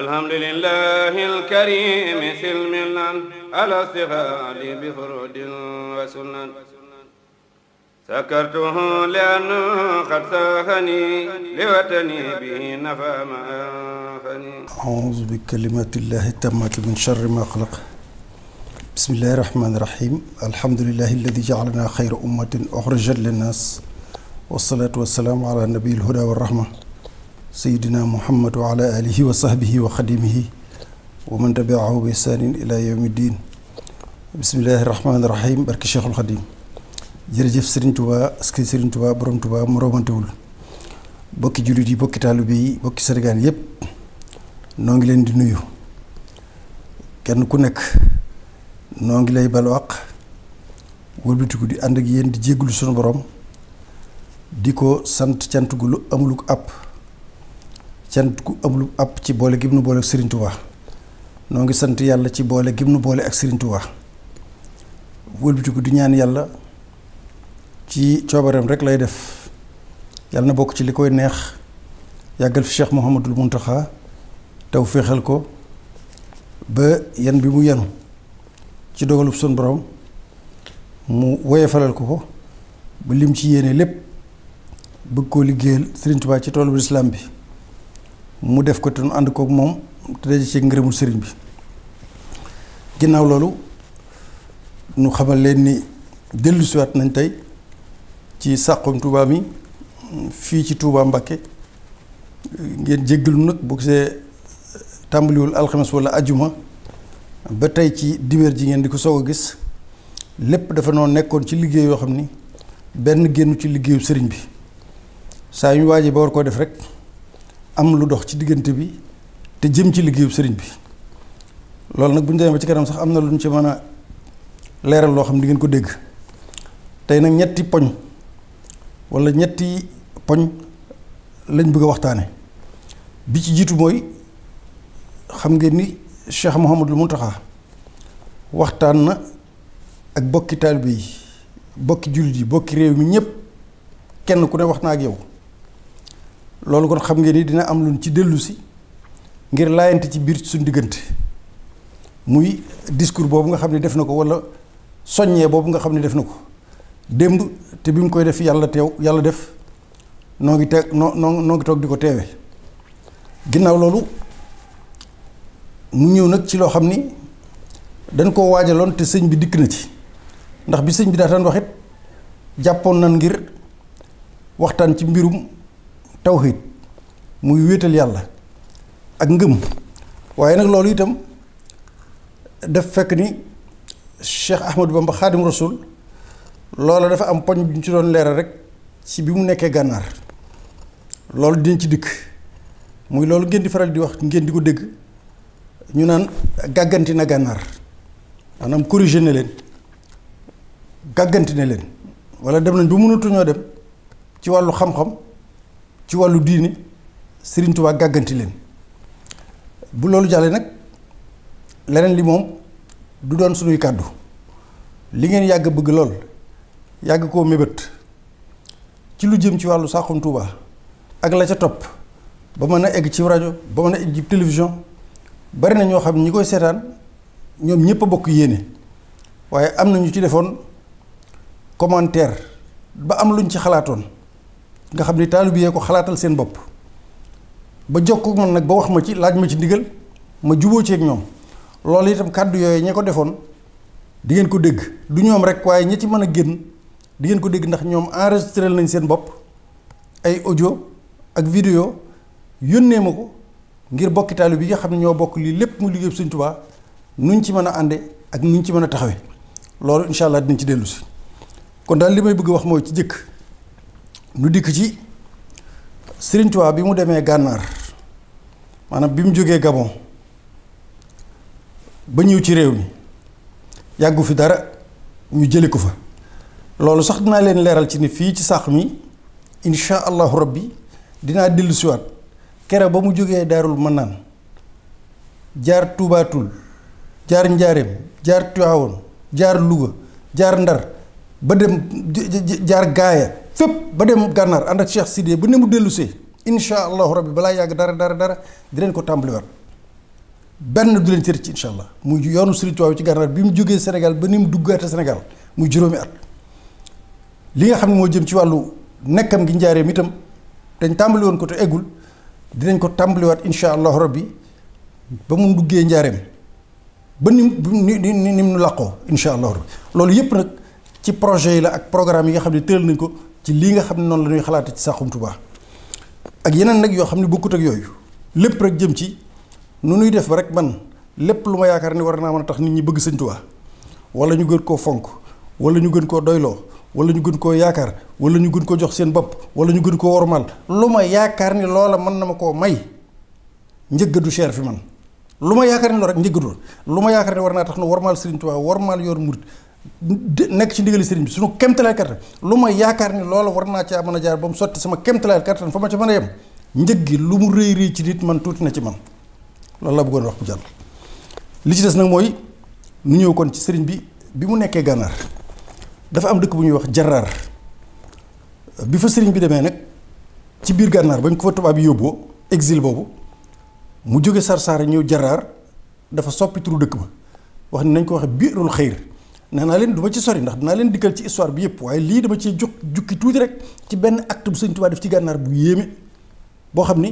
الحمد لله الكريم سلمنا على استفاد بفرود وسنن سكرته لأنه قد ساخني لوطني به نفى ما أنفني أعوذ بكلمات الله التامة من شر ما خلق بسم الله الرحمن الرحيم الحمد لله الذي جعلنا خير أمة أخرجت للناس والصلاة والسلام على النبي الهدى والرحمة sayidina muhammad wa ala alihi wa sahbihi wa xadimihi wa man tabiahu bi ihsaanin ila yawmi ddin bismillahi rahmaani rahim barki cheikhul xadim jërëjëf sëriñ tuba aski sëriñ tuba borom tuba moromantewul bokki jullit yi bokki taalibe yi bokki Sénégal yépp noo ngi leen di nuyu kenn ku nekk noo ngi lay balu àq wëlbatiku di ànd ak yéen di jégglu sunu borom di ko sant cant gu lu amuluk àpp cant ku amul ab ci boole gim nu boole ak Serigne Touba noo ngi sant yàlla ci boole gim nu boole ak Serigne Touba wëlbatiku di ñaan yàlla ci coobareem rek lay def yàlla na bokk ci li koy neex yàggal fi Cheikh Mouhamadul Mountakha taw féexal ko ba yan bi mu yenu ci dogalu sun borom mu woyefalal ko ko ba lim ci yéene lépp bëgg koo liggéeyal Serigne Touba ci toolu lislaam bi. mu def ko te ànd kook moom te daje ci ngërëmul sëriñ bi ginnaaw loolu nu xamal leen ni dellusiwaat nañ tey ci Saxum Touba mi fii ci tuubaa Mbakke ngeen jéggalu nag bu gisee tàmbaliwul alxames wala ajuma ba tey ci dibeer ji ngeen di ko soog a gis lépp dafa noonu nekkoon ci liggéey yoo xam ni benn génn ci liggéeyu sëriñ bi saa yu ñu waajee ba war koo def rek am lu dox ci diggante bi te jëm ci liggéeyu sëriñ bi loolu nag bu ñu demee ba ci kanam sax am na lu ñu ci mën a leeral loo xam di ngeen ko dégg tey nag ñetti poñ wala ñetti poñ lañ bëgg a waxtaane bi ci jiitu mooy xam ngeen ni Cheikh Mouhamadul Mountakha waxtaan na ak bokki taalibe yi bokki jullit yi bokki réew mi ñëpp kenn ku ne wax na ak yow loolu kon xam ngeen ni dina am luñ ci dellu ngir laayante ci biir suñ diggante muy discours boobu nga xam ne def na ko wala soññee boobu nga xam ne def na ko démb te bi mu koy def yàlla teew yàlla def noo ngi teg noo noo ngi toog di ko teewe ginnaaw loolu mu ñëw nag ci loo xam ni dañ koo waajaloon te sëñ bi dikk na ci ndax bi sëñ bi daataan waxit jàppoon nan ngir waxtaan ci mbirum tawxiid muy wéetal yàlla ak ngëm waaye nag loolu itam daf fekk ni Cheikh Ahmadou Bamba Xaadim Rasul loola dafa am poñ bu ñu ci doon leeral rek ci bi mu nekkee gànnaar loolu dinañ ci dikk muy loolu ngeen di faral di wax ngeen di ko dégg ñu naan gàgganti na gànnaar maanaam corrigé na leen gàgganti na leen wala dem nañ ba mënatuñoo dem ci wàllu xam-xam ci wàllu diini Serigne Touba gàgganti leen bu loolu jàllee nag leneen li moom du doon suñuy kàddu li ngeen yàgg bëgg lool yàgg koo mébét ci lu jëm ci wàllu Saxum Touba ak la ca topp ba mën a egg ci rajo ba mën a egg ci télévision bari na ñoo xam ñi koy seetaan ñoom ñëpp a bokk yéene waaye am na ñu ci defoon commentaire ba am luñ ci xalaatoon. nga xam ne taalibe yee ko xalaatal seen bopp ba jokkoo man nag ba wax ma ci laaj ma ci ndigal ma juboo ci ak ñoom loolu itam kàddu yooyu ña ko defoon di ngeen ko dégg du ñoom rek waaye ña ci mën a génn di ngeen ko dégg ndax ñoom enregistré nañ seen bopp ay audio ak vidéo yónnee ma ko ngir bokki taalibe bi nga xam ne ñoo bokk lii lépp mu liggéey Sëñ Tuubaa nuñ ci mën a ànde ak nuñ ci mën a taxawe loolu incha allah ci dellu si kon daal li may bëgg wax mooy ci jëkk nu dikk ci Sëriñ Tuubaa bi mu demee gànnaar maanaam bi mu jógee Gabon ba ñëw ci réew mi yàggu fi dara ñu jële ko fa loolu sax dinaa leen leeral ci ne fii ci sax mi insha allahu rabbi dinaa dellu siwaat kere ba mu jógee daarul Manaan jaar tuubaatul jaar njaareem jaar Tiwaawoon jaar Louga jaar Ndar ba dem jaar gaaya fépp ba dem gànnaar ànd ak Cheikh Sidé bu ne mu dellusee incha allahu rabbi balaa yàgg dara dara dara di leen ko tàmbaliwaat benn du leen tërëcc incha allah yoonu Serigne ci gànnaar bi mu jógee Sénégal ba ni mu duggaate Sénégal muy juróomi at. li nga xam ne moo jëm ci wàllu nekkam gi njaareem itam dañ tàmbali woon ko te eggul dinañ ko tàmbaliwaat incha allahu rabbi ba mu duggee njaareem ba ni ni ni ni mu làqoo incha allahu rabbi loolu yëpp nag ci projet yi la ak programme yi nga xam ne tëral nañ ko. ci lii nga xam ne noonu la ñuy xalaate ci Saxum Touba ak yeneen nag yoo xam ne bokkut ak yooyu lépp rek jëm ci nu nuy def ba rek man lépp lu ma yaakaar ni war naa mën a tax nit ñi bëgg Sëñ Touba wala ñu gën koo fonk wala ñu gën koo doyloo wala ñu gën koo yaakaar wala ñu gën koo jox seen bopp wala ñu gën koo wormaal lu ma yaakaar ni loola mën na ma koo may njëgg du cher fi man lu ma yaakaar ni loo rek njëgg du lu ma yaakaar ni war naa tax na nu wormaal Sëriñ Tuubaa wormaal yoon murit nekk ci ndigali sëriñ bi suñu kéemtalaay kattan lu ma yaakaar ni loola war naa caa mën a jaar ba mu sotti sama kéemtalaay kattan fa ma ca mën a yem njëg gi lu mu rëy rëy ci nit man tuuti na ci man loolu la bëggoon wax bu jàll. li ci des nag mooy nu ñëw kon ci sëriñ bi bi mu nekkee gànnaar dafa am dëkk bu ñuy wax jaraar bi fa sëriñ bi demee nag ci biir gànnaar bañ ko tubaab yi yóbboo exil boobu mu jóge Sarsara ñëw jaraar dafa soppi turu dëkk ba wax ni nañ ko waxee biirul xëyr nee naa leen du ma ci sori ndax dinaa leen dikkal ci histoire bi yëpp waaye lii dama ciy jukk jukki tuuti rek ci benn acte bu Sëñ Tuubaa def ci gànnaar bu yéeme boo xam ni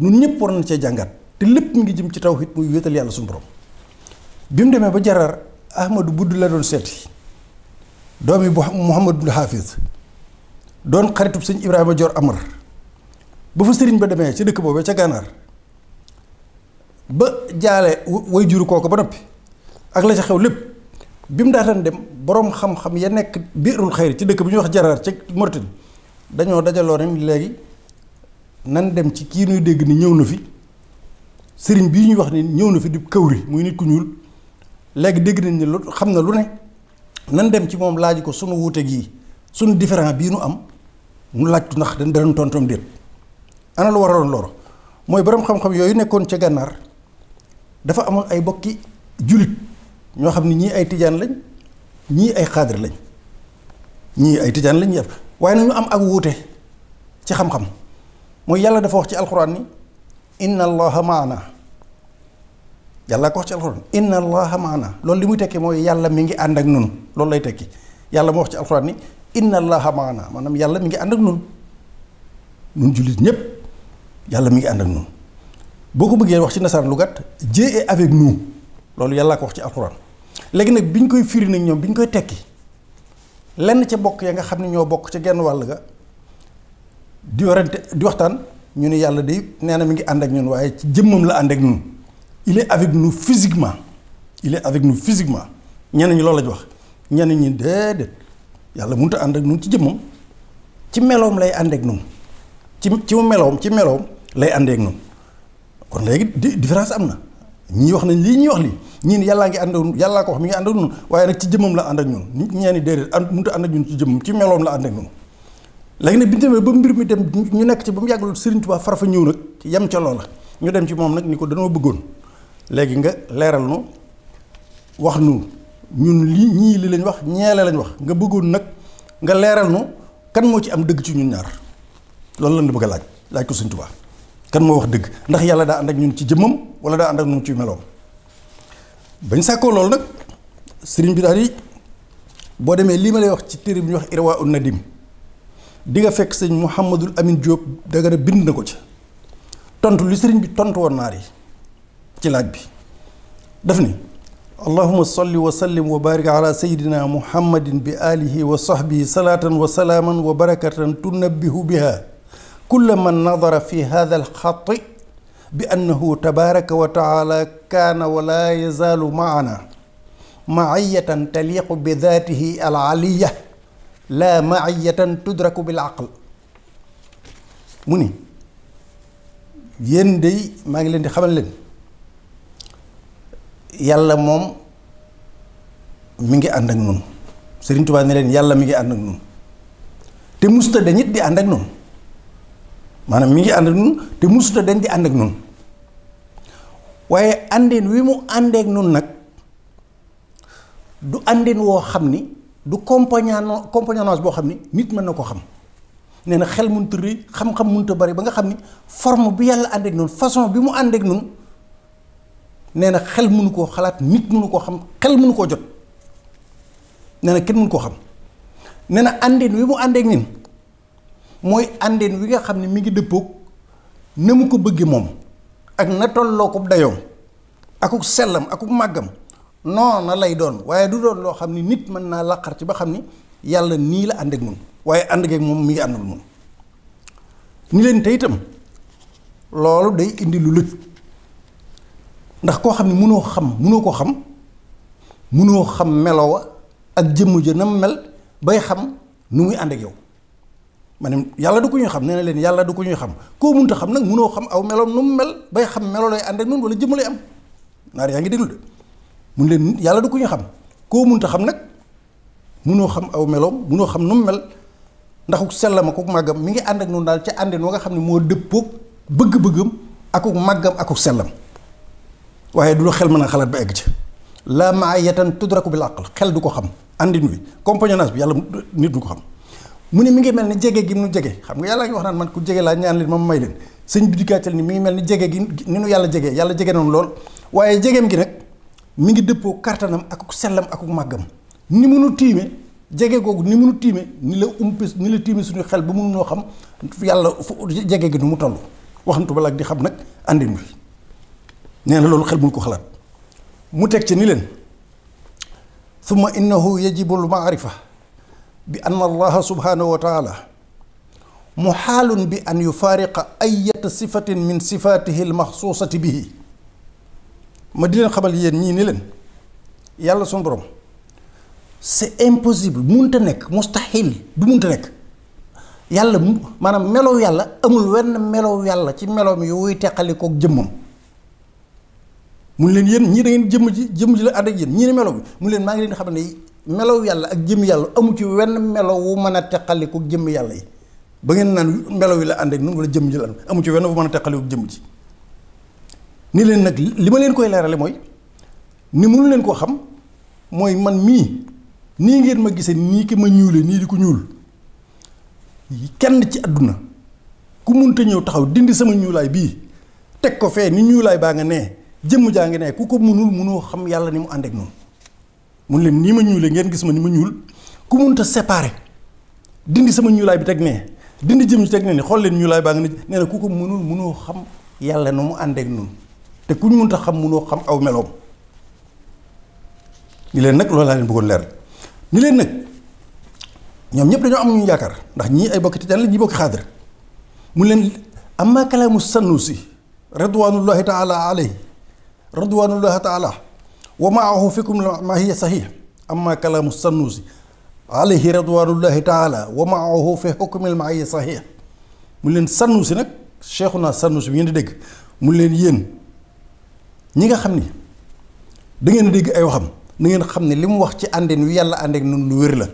ñun ñëpp war nañ cee jàngat te lépp mu ngi jëm ci taw tawhid muy wéetal yàlla suñu borom bi mu demee ba jarar Ahmadou Budd la doon seeti doomi Mouhamadul Hafiz doon xaritub sëñ Ibrahima Dior Amar ba fa sëriñ ba demee ca dëkk boobee ca gànnaar ba jaale way juru kooku ba noppi ak la ca xew lépp bi mu daataan dem borom xam-xam ya nekk biirul xayri ci dëkk bi ñuy wax jaraar ci Mauritanie dañoo dajaloo ne léegi nan dem ci kii nuy dégg ni ñëw na fi sëriñ bii ñuy wax ni ñëw na fi di kawri muy nit ku ñuul léegi dégg nañ ni lu xam na lu ne nan dem ci moom laaj ko sunu wuute gii sunu différent bii nu am nu laajtu ndax dañ daan tontom déet ana lu waraloon loolu mooy borom xam-xam yooyu nekkoon ca gànnaar dafa amoon ay bokki julit ñoo xam ne ñii ay tijaan lañ ñii ay xaadir lañ ñii ay tijaan lañ ñuy waaye nañu am ak wuute ci xam-xam mooy yàlla dafa wax ci alxuraan ni inna allaha maana yàlla ko wax ci alxuraan inna allaha loolu li muy tekki mooy yàlla mi ngi ànd ak nun lay tekki yàlla moo wax ci alxuraan ni inna allaha maana maanaam yàlla mi ngi ànd ak nun nun jullit ñépp yàlla mi ngi ànd ak nun boo ko bëggee wax ci nasaraan lu gàtt Dieu avec nous loolu yàlla ko wax ci alxuraan léegi nag bi ñu koy firi nag ñoom bi ñu koy tekki lenn ca bokk ya nga xam ne ñoo bokk ca genn wàll ga di warante di waxtaan ñu ne yàlla de nee na mi ngi ànd ak ñun waaye ci jëmmam la ànd ak ñun il est avec nous physiquement il est avec nu physiquement ñenn ñi loolu lañ wax ñenn ñi déedéet yàlla mënut a ànd ak ñun ci jëmmam ci meloom lay ànd ak ñun ci ci meloom ci meloom lay ànd ak ñun kon léegi différence am na. ñii wax nañ lii ñii wax li ñii ni yàllaa ngi ànd ak yàllaa ko wax mi ngi ànd ak ñun waaye nag ci jëmmam la ànd ak ñun nit ñee ni déedéet ànd mënut a ànd ci jëmmam ci meloom la ànd ak nag bi demee ba mbir mi dem ñu nekk ci ba mu yàggul Serigne Touba farafa ñëw nag yem ca loola ñu dem ci moom nag ni ko danoo bëggoon léegi nga leeral nu wax nu ñun lii ñii li lañ wax ñeele lañ wax nga bëggoon nag nga leeral nu kan moo ci am dëgg ci ñun ñaar loolu lan la bëgg a laaj laaj ko Serigne Touba kan moo wax dëgg ndax yàlla daa ànd ak ñun ci jëmmam wala daa ànd ak ñun ci meloom bañ sàkkoo loolu nag sëriñ bi daal yi boo demee lii ma lay wax ci téere bi ñuy wax irwa un nadim di nga fekk sëñ Mouhamadul Amin Diop dagana bind na ko ci tontu li sëriñ bi tontu woon naar yi ci laaj bi daf ni allahuma salli wa sallim wa barik ala sayidina muhammadin bi alihi wa sahbihi salaatan wa salaaman wa barakatan tunabbihu biha kulla man nadara fi hada alxati bi annahu tabaraka wa taala kaana wala yazaalu maana maayatan taliqu bi daatihi alaliya la maayatan tudraku bil aql mu ni yéen day maa ngi leen di xamal leen yàlla moom mu ngi ànd ak noonu Sëriñ Tuubaa ne leen yàlla mi ngi ànd ak noonu te musta dañit di ànd ak noonu maanaam mi ngi ànd ak ñun te musuta dañ di ànd ak ñun waaye àndeen wi mu àndeek ñun nag du àndeen woo xam ni du compagnon compagnonnage boo xam ni nit mën na ko xam nee na xel mënut a rëy xam-xam mënut a bari ba nga xam ni forme bi yàlla àndeek ñun façon bi mu àndeek ñun nee na xel mënu koo xalaat nit munu koo xam xel mënu koo jot nee na kenn mënu koo xam nee na àndeen wi mu àndeek ñun mooy àndeen wi nga xam ne mi ngi dëppoog na mu ko bëggee moom ak na tolloo ko dayoom akuk sellam akuk màggam na lay doon waaye du doon loo xam ni nit mën naa laqar ci ba xam ni yàlla nii la ànd ak mun waaye ànd ak moom mi ngi àndul mun ni leen te loolu day indi lu lëj ndax koo xam ne mënoo xam mënoo ko xam mënoo xam melowa ak jëmm ja nam mel bay xam nu muy ànd ak yow ma yàlla du ko ñuy xam nee na leen yàlla du ko ñuy xam koo munta xam nag munoo xam aw meloom nu mu mel bay xam melo lay ànd ak noonu wala jëmm lay am naar yaa ngi déglu de mun leen yàlla du ko ñuy xam koo munta xam nag munoo xam aw meloom munoo xam nu mu mel ndaxuk sellama ko màggam mi ngi ànd ak noonu daal ca àndin wa nga xam ne moo dëppoog bëgg-bëggam akuk màggam akuk sellam waaye du la xel mën a xalaat ba egg ci la maayatan tudraku bi aql xel du ko xam àndin wi compagnonnage bi yàlla nit du ko xam mu ne mi ngi mel ni jege gi nu jege xam nga yàlla ngi wax naan man ku jege laa ñaan leen ma may leen sëñ bi diggaatal ni mu ngi mel ni jege gi ni nu yàlla jege yàlla jege noonu lool waaye jegeem gi nag mi ngi dëppoo kartanam ak sellam ak màggam ni mu nu tiime jege googu ni mu nu tiime ni la umpi ni la tiime suñu xel ba mënu noo xam yàlla fu jege gi nu mu toll waxantu balaa di xam nag àndin wi nee na loolu xel mun ko xalaat mu teg ci ni leen summa innahu yajibul maarifa bi anna allaha subhanahu wa taala muxaalun bi an yufaariqa ayata sifatin min sifaatihi almaxsuusati bihi ma di leen xamal yéen ñii ni leen yàlla suñu borom c'est impossible munta nekk mustaxil du munta nekk yàlla maanaam melow yàlla amul wenn melow yàlla ci meloom yu wuy teqali kook jëmmam mun leen yéen ñii da ngeen jëmm ji jëmm ji la ànd ak yéen ñii ne melow bi mun leen maa ngi leen xamal ne melaw yàlla ak jëm yàlla amu ci wenn melaw wu mën a teqaliku jëm yàlla yi ba ngeen naan melaw yi la ànd ak nun wala jëm ji la ànd amu ci wenn wu mën a teqaliku jëm ji ni leen nag li ma leen koy leerale mooy ni mënu leen koo xam mooy man mii nii ngeen ma gisee nii ki ma ñuulee nii di ko ñuul kenn ci àdduna ku munta ñëw taxaw dindi sama ñuulaay bii teg ko fee ni ñuulaay baa nga nee jëm jaa ngi nee ku ko munul munoo xam yàlla ni mu ànd ak noonu mun leen nii ma ñuulee ngeen gis ma ni ma ñuul ku munta séparer dindi sama ñuulaay bi teg nee dindi jëm ci teg nee ni xool leen ñuulaay baa nga ne nee na ku ko mënul mënoo xam yàlla nu mu àndeek noonu te ku ñu a xam munoo xam aw meloom ni leen nag loolu laa leen bëggoon leer ni leen nag ñoom ñëpp dañoo am ñu yaakaar ndax ñii ay bokki tijaan la ñi bokki xaadir mu leen amma kalaamu sanusi radwanullahi taala alayhi radwanullahi taala wa maahu fikum ma hiya saxiix amma kalaamu sannuusi alayhi ridwaanullahi taala wa maahu fi xukmil ma hiya saxiix mu leen sannuusi nag cheikhuna sannuusi bi ngeen di dégg mu leen yéen ñi nga xam ni da ngeen dégg ay waxam na ngeen xam ne li mu wax ci àndin wi yàlla àndeek nun lu wér la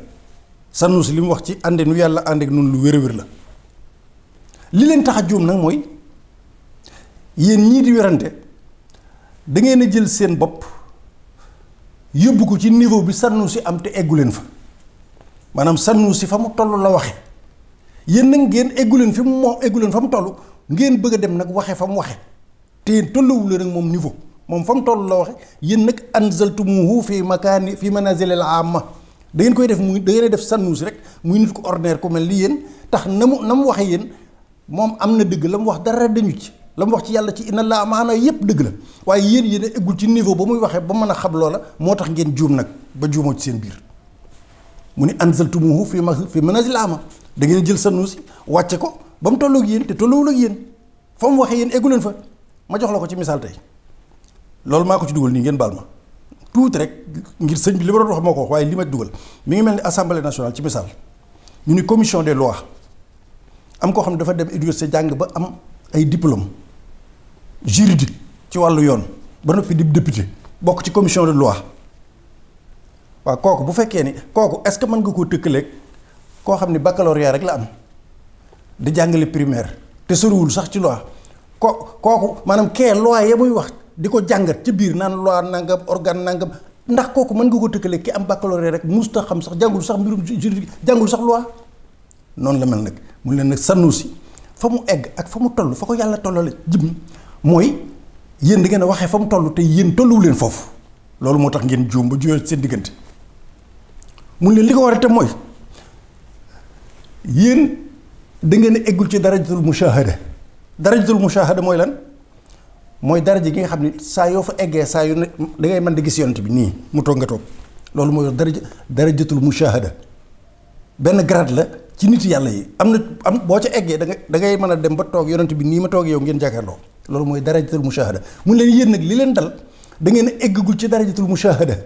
sannuusi li mu wax ci àndin wi yàlla àndeek nun lu wér a wér la li leen tax a juum nag mooy yéen ñii di werante da ngeen a jël seen bopp yóbbu ko ci niveau bi si am te eggu leen fa maanaam si fa mu toll la waxe yéen nag ngeen eggu leen fi mu moo eggu fa mu toll ngeen bëgg a dem nag waxe fa mu waxe te tolluwu leen ak moom niveau moom fa mu toll la waxe yéen nag anzaltumuhu fi makaani fi manazilil amma da ngeen koy def muy da ngeen def Sanusi rek muy nit ko ordinaire ku mel li yéen tax na mu na mu waxe yéen moom am na dëgg la mu wax dara dañu ci la mu wax ci yàlla ci inna laa maana yëpp dëgg la waaye yéen yéen a eggul ci niveau ba muy waxee ba mën a xam loola moo tax ngeen juum nag ba juumoo ci seen biir mu ni anzaltumuhu fi ma fi manazil ama da dangeen jël sanu si wàcce ko ba mu tolloog yéen te tolloowul ak yéen fa mu waxee yéen egguleen fa ma jox la ko ci misaal tey loolu maa ko ci dugal nii ngeen baal ma tuuti rek ngir sëñ bi li ma doon wax moo ko wax waaye li ma dugal mi ngi mel ni assemblée nationale ci misaal ñu ni commission des lois am koo xam ne dafa dem université jàng ba am ay diplôme juridique ci wàllu yoon ba noppi di député bokk ci commission de loi waaw kooku bu fekkee ni kooku est-ce que mën nga koo tëkkaleeg koo xam ne baccalauréat rek la am di jàngale primaire te soriwul sax ci loi ko kooku maanaam kee loi ya muy wax di ko jàngat ci biir naan loi nangam organ nangam ndax kooku mën nga koo tëkkaleeg ki am baccalauréat rek musta xam sax jàngul sax mbirum juridique jàngul sax loi noonu la mel nag mu leen nag Sanusi fa mu egg ak fa mu toll fa yàlla tollale jëm mooy yéen da ngeen a waxee fa mu toll te yéen tolluwu leen foofu loolu moo tax ngeen juum ba juyoo seen diggante mun leen li ko war a te mooy yéen da ngeen a eggul ci darajatul mushahada darajatul mushahada mooy lan mooy daraja gi nga xam ne saa yoo fa eggee saa yu ne da ngay mën di gis yonent bi nii mu toog nga toog loolu mooy daraja darajatul mushahada benn grade la ci nit yàlla yi am na am boo ca eggee da nga da mën a dem ba toog yonent bi nii ma toog yow ngeen jàkkaarloo. loolu mooy darajatul mushahada mun leen yéen nag li leen dal da ngeen eggagul ci darajatul mushahada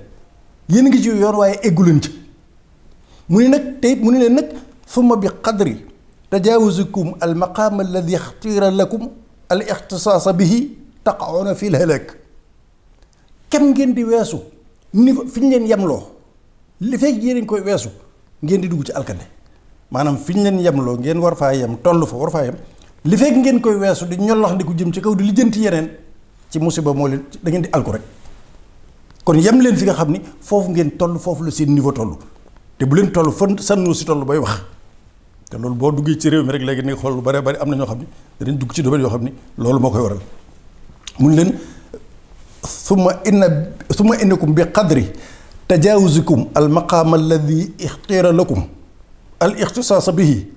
yéen ngi ci yoon waaye egguleen ci mu ni nag tey mu ni leen nag summa bi qadri tajawuzukum al maqaam alladi ixtira lakum al ixtisaasa bihi taqauna fi l halak kem ngeen di weesu ni fi ñu leen yemloo li fekk yéen koy weesu ngeen di dugg ci alkande maanaam fi ñu leen yemloo ngeen war faa yem toll fa war faa yem li fekk ngeen koy weesu di ñolox di ko jëm ci kaw di lijjanti yeneen ci musiba moo leen da ngeen di alku rek kon yem leen fi nga xam ni foofu ngeen toll foofu la seen niveau tollu te bu leen toll fan sànnoo si toll bay wax te loolu boo duggee ci réew mi rek léegi nii xool lu bare bari am na ñoo xam ne danañ dugg ci domaine yoo xam ni loolu moo koy waral mun leen summa inna summa innakum bi qadri tajawuzikum al maqaam alladi ixtira lakum al ixtisaasa bihi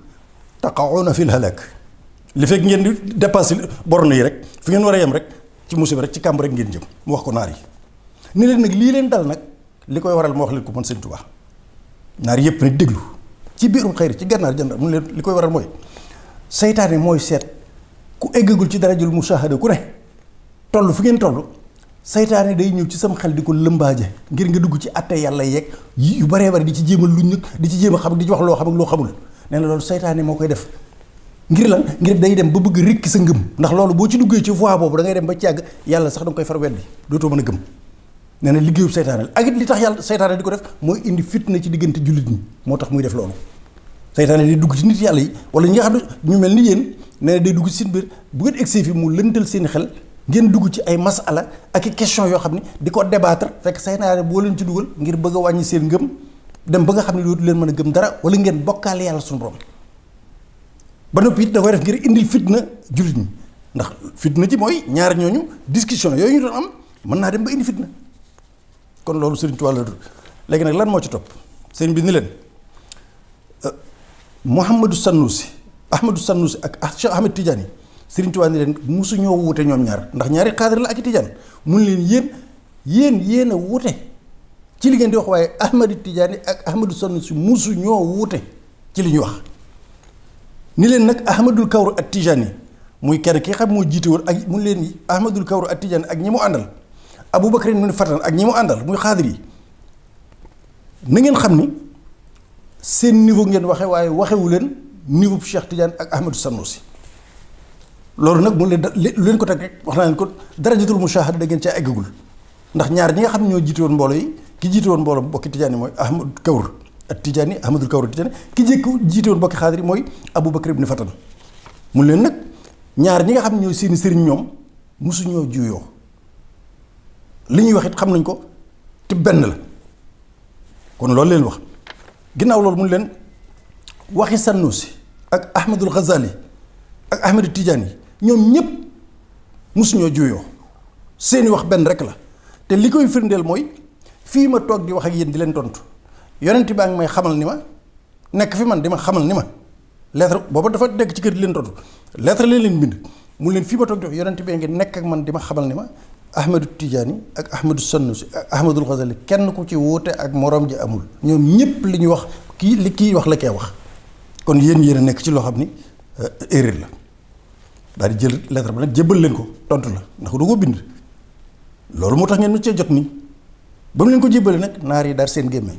taqauna fi l halak li fekk ngeen di dépassé borne yi rek fi ngeen war a yem rek ci musiba rek ci kàmb rek ngeen jëm mu wax ko naar yi ni leen nag lii leen dal nag li koy waral ma wax leen ko man sëñ Tuubaa naar yëpp nag déglu ci biirum xëyri ci gànnaar jënd mu leen li koy waral mooy seytaane mooy seet ku eggagul ci darajul musaahada ku ne toll fi ngeen toll seytaane day ñëw ci sama xel di ko lëmbaaje ngir nga dugg ci atte yàlla yeeg yu baree bari di ci jéem a luñ di ci jéem a xam di ci loo xam ak loo xamul nee na loolu seytaane moo koy def ngir lan ngir day dem ba bëgg rikki sa ngëm ndax loolu boo ci duggee ci voie boobu dangay dem ba ci yàlla sax da koy far weddi dootoo mën a gëm nee na liggéeyu seytaane ak it li tax yàlla seytaane di ko def mooy indi fitna ci diggante jullit ñi moo tax muy def loolu seytaane di dugg ci nit yàlla yi wala ñi nga xam ne ñu mel ni yéen nee day dugg ci seen biir bu ngeen egsee fi mu lëntal seen xel ngeen dugg ci ay masala ak i question yoo xam ne di ko débattre fekk seytaane boo leen ci dugal ngir bëgg wàññi seen ngëm dem ba nga xam ne dootu leen mën a gëm dara wala ngeen bokkaale yàlla suñu ba noppi it da koy def ngir indil fitna jullit ñi ndax fitna ci mooy ñaar ñooñu discussion yooyu ñu doon am mën naa dem ba indi fitna kon loolu sëriñ Tuubaa la léegi nag lan moo ci topp sëriñ bi ni leen euh, Mouhamadou Sanusi Ahmadou Sanusi ak Cheikh Ahmed Tidiane sëriñ Tuubaa ni leen musu ñoo wute ñoom ñaar ndax ñaari xaadir la ak i Tidiane mun leen yéen yéen yéen a wute ci li ngeen di wax waaye Ahmadou Tidiane ak Ahmadou Sanusi musu ñoo wute ci li ñu wax. ni leen nag Ahmadul Kawru at Tijani muy kenn ki xam moo jiite woon ak mu leen ni Ahmadul Kawru at Tijani ak ñi mu àndal abu Aboubacar ibn Fatan ak ñi mu àndal muy xaadir yi na ngeen xam ni seen niveau ngeen waxe waaye waxewu leen niveau bu Cheikh Tidiane ak Ahmadou Sanusi loolu nag mu leen lu leen ko teg rek wax naa leen ko darajatul mushahada da ngeen caa eggagul ndax ñaar ñi nga xam ñoo jiite woon mbooloo yi ki jiite woon mbooloo bokki Tidiane yi mooy Ahmadou ak Tidjani Ahmadul Kawar Tidjani ki njëkk jiite woon bokki xaadir mooy abu Aboubacar ibn Fatan mu leen nag ñaar ñi nga xam ne ñooy seen sëriñ ñoom mosuñoo juyoo li ñuy wax it xam nañ ko te benn la kon loolu leen wax ginnaaw loolu mu leen waxi Sanusi ak Ahmadul Ghazali ak Ahmadu Tidjani ñoom ñëpp mosuñoo juyoo seeni wax benn rek la te li koy firndeel mooy fii ma toog di wax ak yéen di leen tontu. yonent baa ngi may xamal ni ma nekk fi man di ma xamal ni ma lettre booba dafa nekk ci kër di leen tontu lettre leen leen bind mu leen fii ba toog def yonent bee ngi nekk ak man di ma xamal ni ma Ahmadu Tijaani ak Ahmadu Sanusi ak Ahmadul Xasali kenn ku ci wuute ak morom ji amul ñoom ñëpp li ñu wax kii li kii wax la koy wax kon yéen yéen a nekk ci loo xam ni euh, erreur la daal di jël lettre ba nag jébbal leen ko tontu la ndax du ko bind loolu moo tax ngeen cee jot nii ba mu ko jébbalee nag naar yi daal seen gémmeñ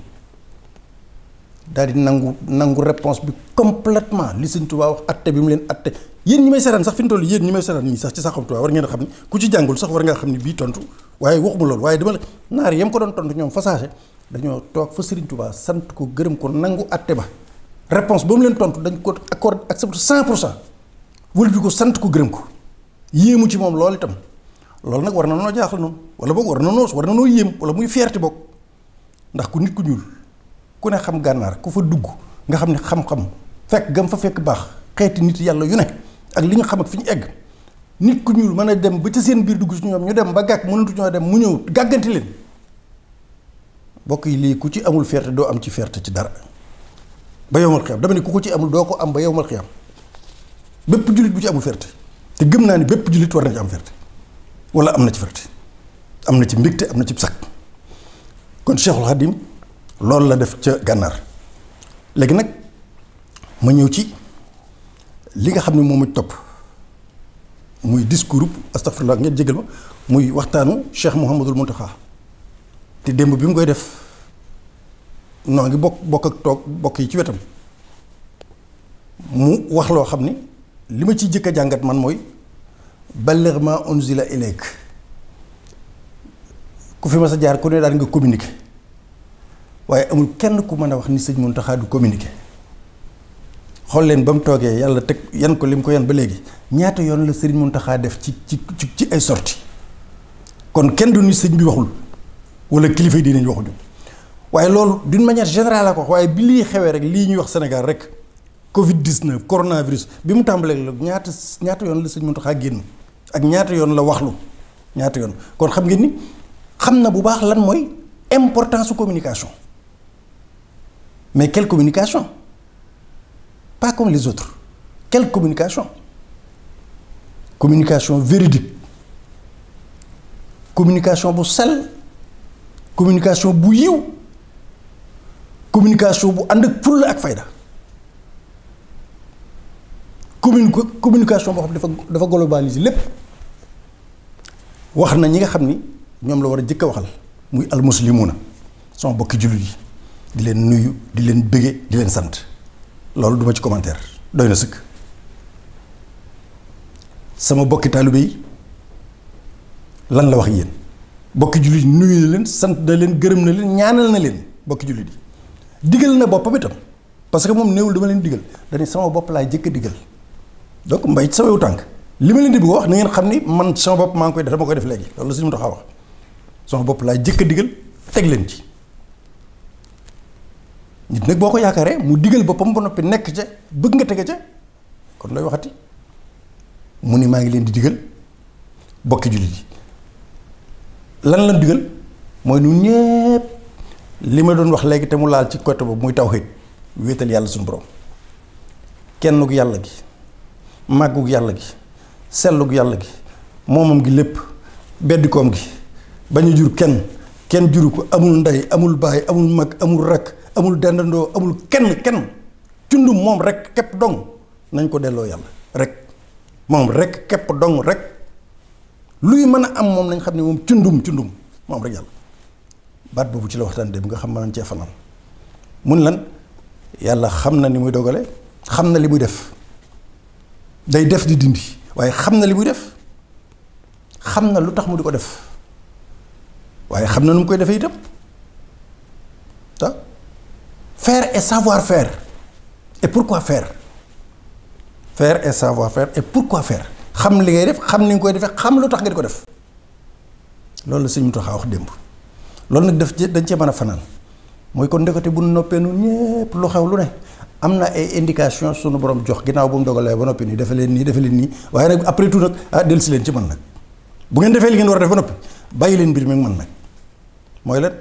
daal di nangu nangu réponse bi complètement li Sëñ Tuubaa wax atte bi mu leen atte yéen ñi may saraan sax fi mu toll yéen ñi may saraan ñii sax ci Saxum Touba war ngeen a xam ne ku ci jàngul sax war ngaa xam ne bii tontu waaye waxuma loolu waaye dama naar yam ko doon tontu ñoom fasaase dañoo toog fa Sëriñ Tuubaa sant ko gërëm ko nangu atte ba réponse ba leen tontu dañ ko accordé accepté cent pour cent wël bi ko sant ko gërëm ko yéemu ci moom loolu itam loolu nag war na noo jaaxal noonu wala boog war na noo war na noo wala muy fierté boog ndax ku nit ku ñuul ku ne xam gànnaar ku fa dugg nga xam ne xam-xam fekk gam fa fekk baax xeeti nit yàlla yu ne ak li ñu xam ak fi ñu egg nit ku ñuul mën a dem ba ca seen biir dugg ci ñoom ñu dem ba gàkk mënatu ñoo dem mu ñëw gàgganti leen mbokk yi lii ku ci amul fierté doo am ci fierté ci dara ba yowmal xiyam dama ne ku ko ci amul doo ko am ba yow yowmal xiyam bépp jullit bu ci amul fierté te gëm naa ne bépp jullit war na ci am fierté wala am na ci fierté am na ci mbigte am na ci sag kon Cheikhul Khadim loolu la def ca gànnaar léegi nag ma ñëw ci li nga xam ne moom mu topp muy discours astafurlah ngeen jégal ma muy waxtaanu Cheikh Mouhamadul Mountakha te démb bi mu koy def noo ngi bokk bokk ak toog bokk yi ci wetam mu wax loo xam ni li ma ciy jëkk a jàngat man mooy balligh ma unzila ilayk ku fi ma sa jaar ku ne daan nga communiquer waaye amul kenn ku mën a wax ni sëñ Mountakha du communiqué xool leen ba mu toogee yàlla teg yan ko lim ko yan ba léegi ñaata yoon la sëriñ Mountakha def ci ci ci ay sorti kon kenn du ni sëñ bi waxul wala kilifa yi dinañ waxuñu waaye loolu d'une manière générale ko waaye bi lii xewee rek lii ñuy wax Sénégal rek Covid 19 coronavirus bi mu tàmbalee la ñaata ñaata yoon la sëñ Mountakha génn ak ñaata yoon la waxlu ñaata yoon kon xam ngeen ni xam na bu baax lan mooy importance su communication. Mais quelle communication Pas comme communication Communication véridique. Communication bu sell. Communication bu yiw. Communication bu ànd ak fulla ak fayda. commune communication boo xam dafa dafa globaliser lépp wax na ñi nga xam ni ñoom la war a jëkk a waxal muy almuslimuna sama bokki jullit yi di leen nuyu di leen bëgge di leen sant loolu duma ci commentaire doy na sëkk sama bokki taalibe yi lan la wax yéen bokki jullit nuyu na leen sant na leen gërëm na leen ñaanal na leen bokki jullit yi digal na boppam itam parce que moom néewul dama leen digal dañu sama bopp laa jëkk a digal donc mbay ci tànk li ma leen di bu ko wax na ngeen xam ni man sama bopp maa ngi koy def dama koy def léegi loolu la dox doxaa wax sama bopp laa jëkk a digal teg leen ci nit nag boo ko yaakaaree mu digal boppam ba noppi nekk ca bëgg nga tege ca kon looy waxati mu ni maa ngi leen di digal bokki jullit yi lan lan digal mooy ñun ñëpp li ma doon wax léegi te mu laal ci côté boobu muy tawhid wéetal yàlla suñu borom kennug yàlla gi màggug yàlla gi sellug yàlla gi moomam gi lépp koom gi bañu jur kenn kenn juru ko amul ndey amul baay amul mag amul rakk amul dendandoo amul kenn kenn tund moom rek képp dong nañ ko delloo yàlla rek moom rek képp dong rek luy mën a am moom nañ xam ne moom cundum cundum moom rek yàlla baat boobu ci la waxtaan dem nga xam mën nañ cee fanal mun lan yàlla xam na ni muy dogale xam na li muy def day def di dindi waaye xam na li muy def xam na lu tax mu di ko def waaye xam na nu mu koy defee itam ta faire et savoir faire et pourquoi fair faire et savoir faire et pourquoi faire xam li ngay def xam ni nga koy defee xam lu tax nga di ko def loolu suñu tax a wax démb loolu nag daf dañ cee man a fanaan mooy kon ndekete bu noppee nun ñëpp lu xew lu ne am na ay indication suñu borom jox ginnaaw bu mu dogalee ba noppi nii defe leen nii defe leen nii waaye nag après tout nag ah si leen ci man nag bu ngeen defee li ngeen war a def ba noppi bàyyi leen mbir mi man nag mooy lan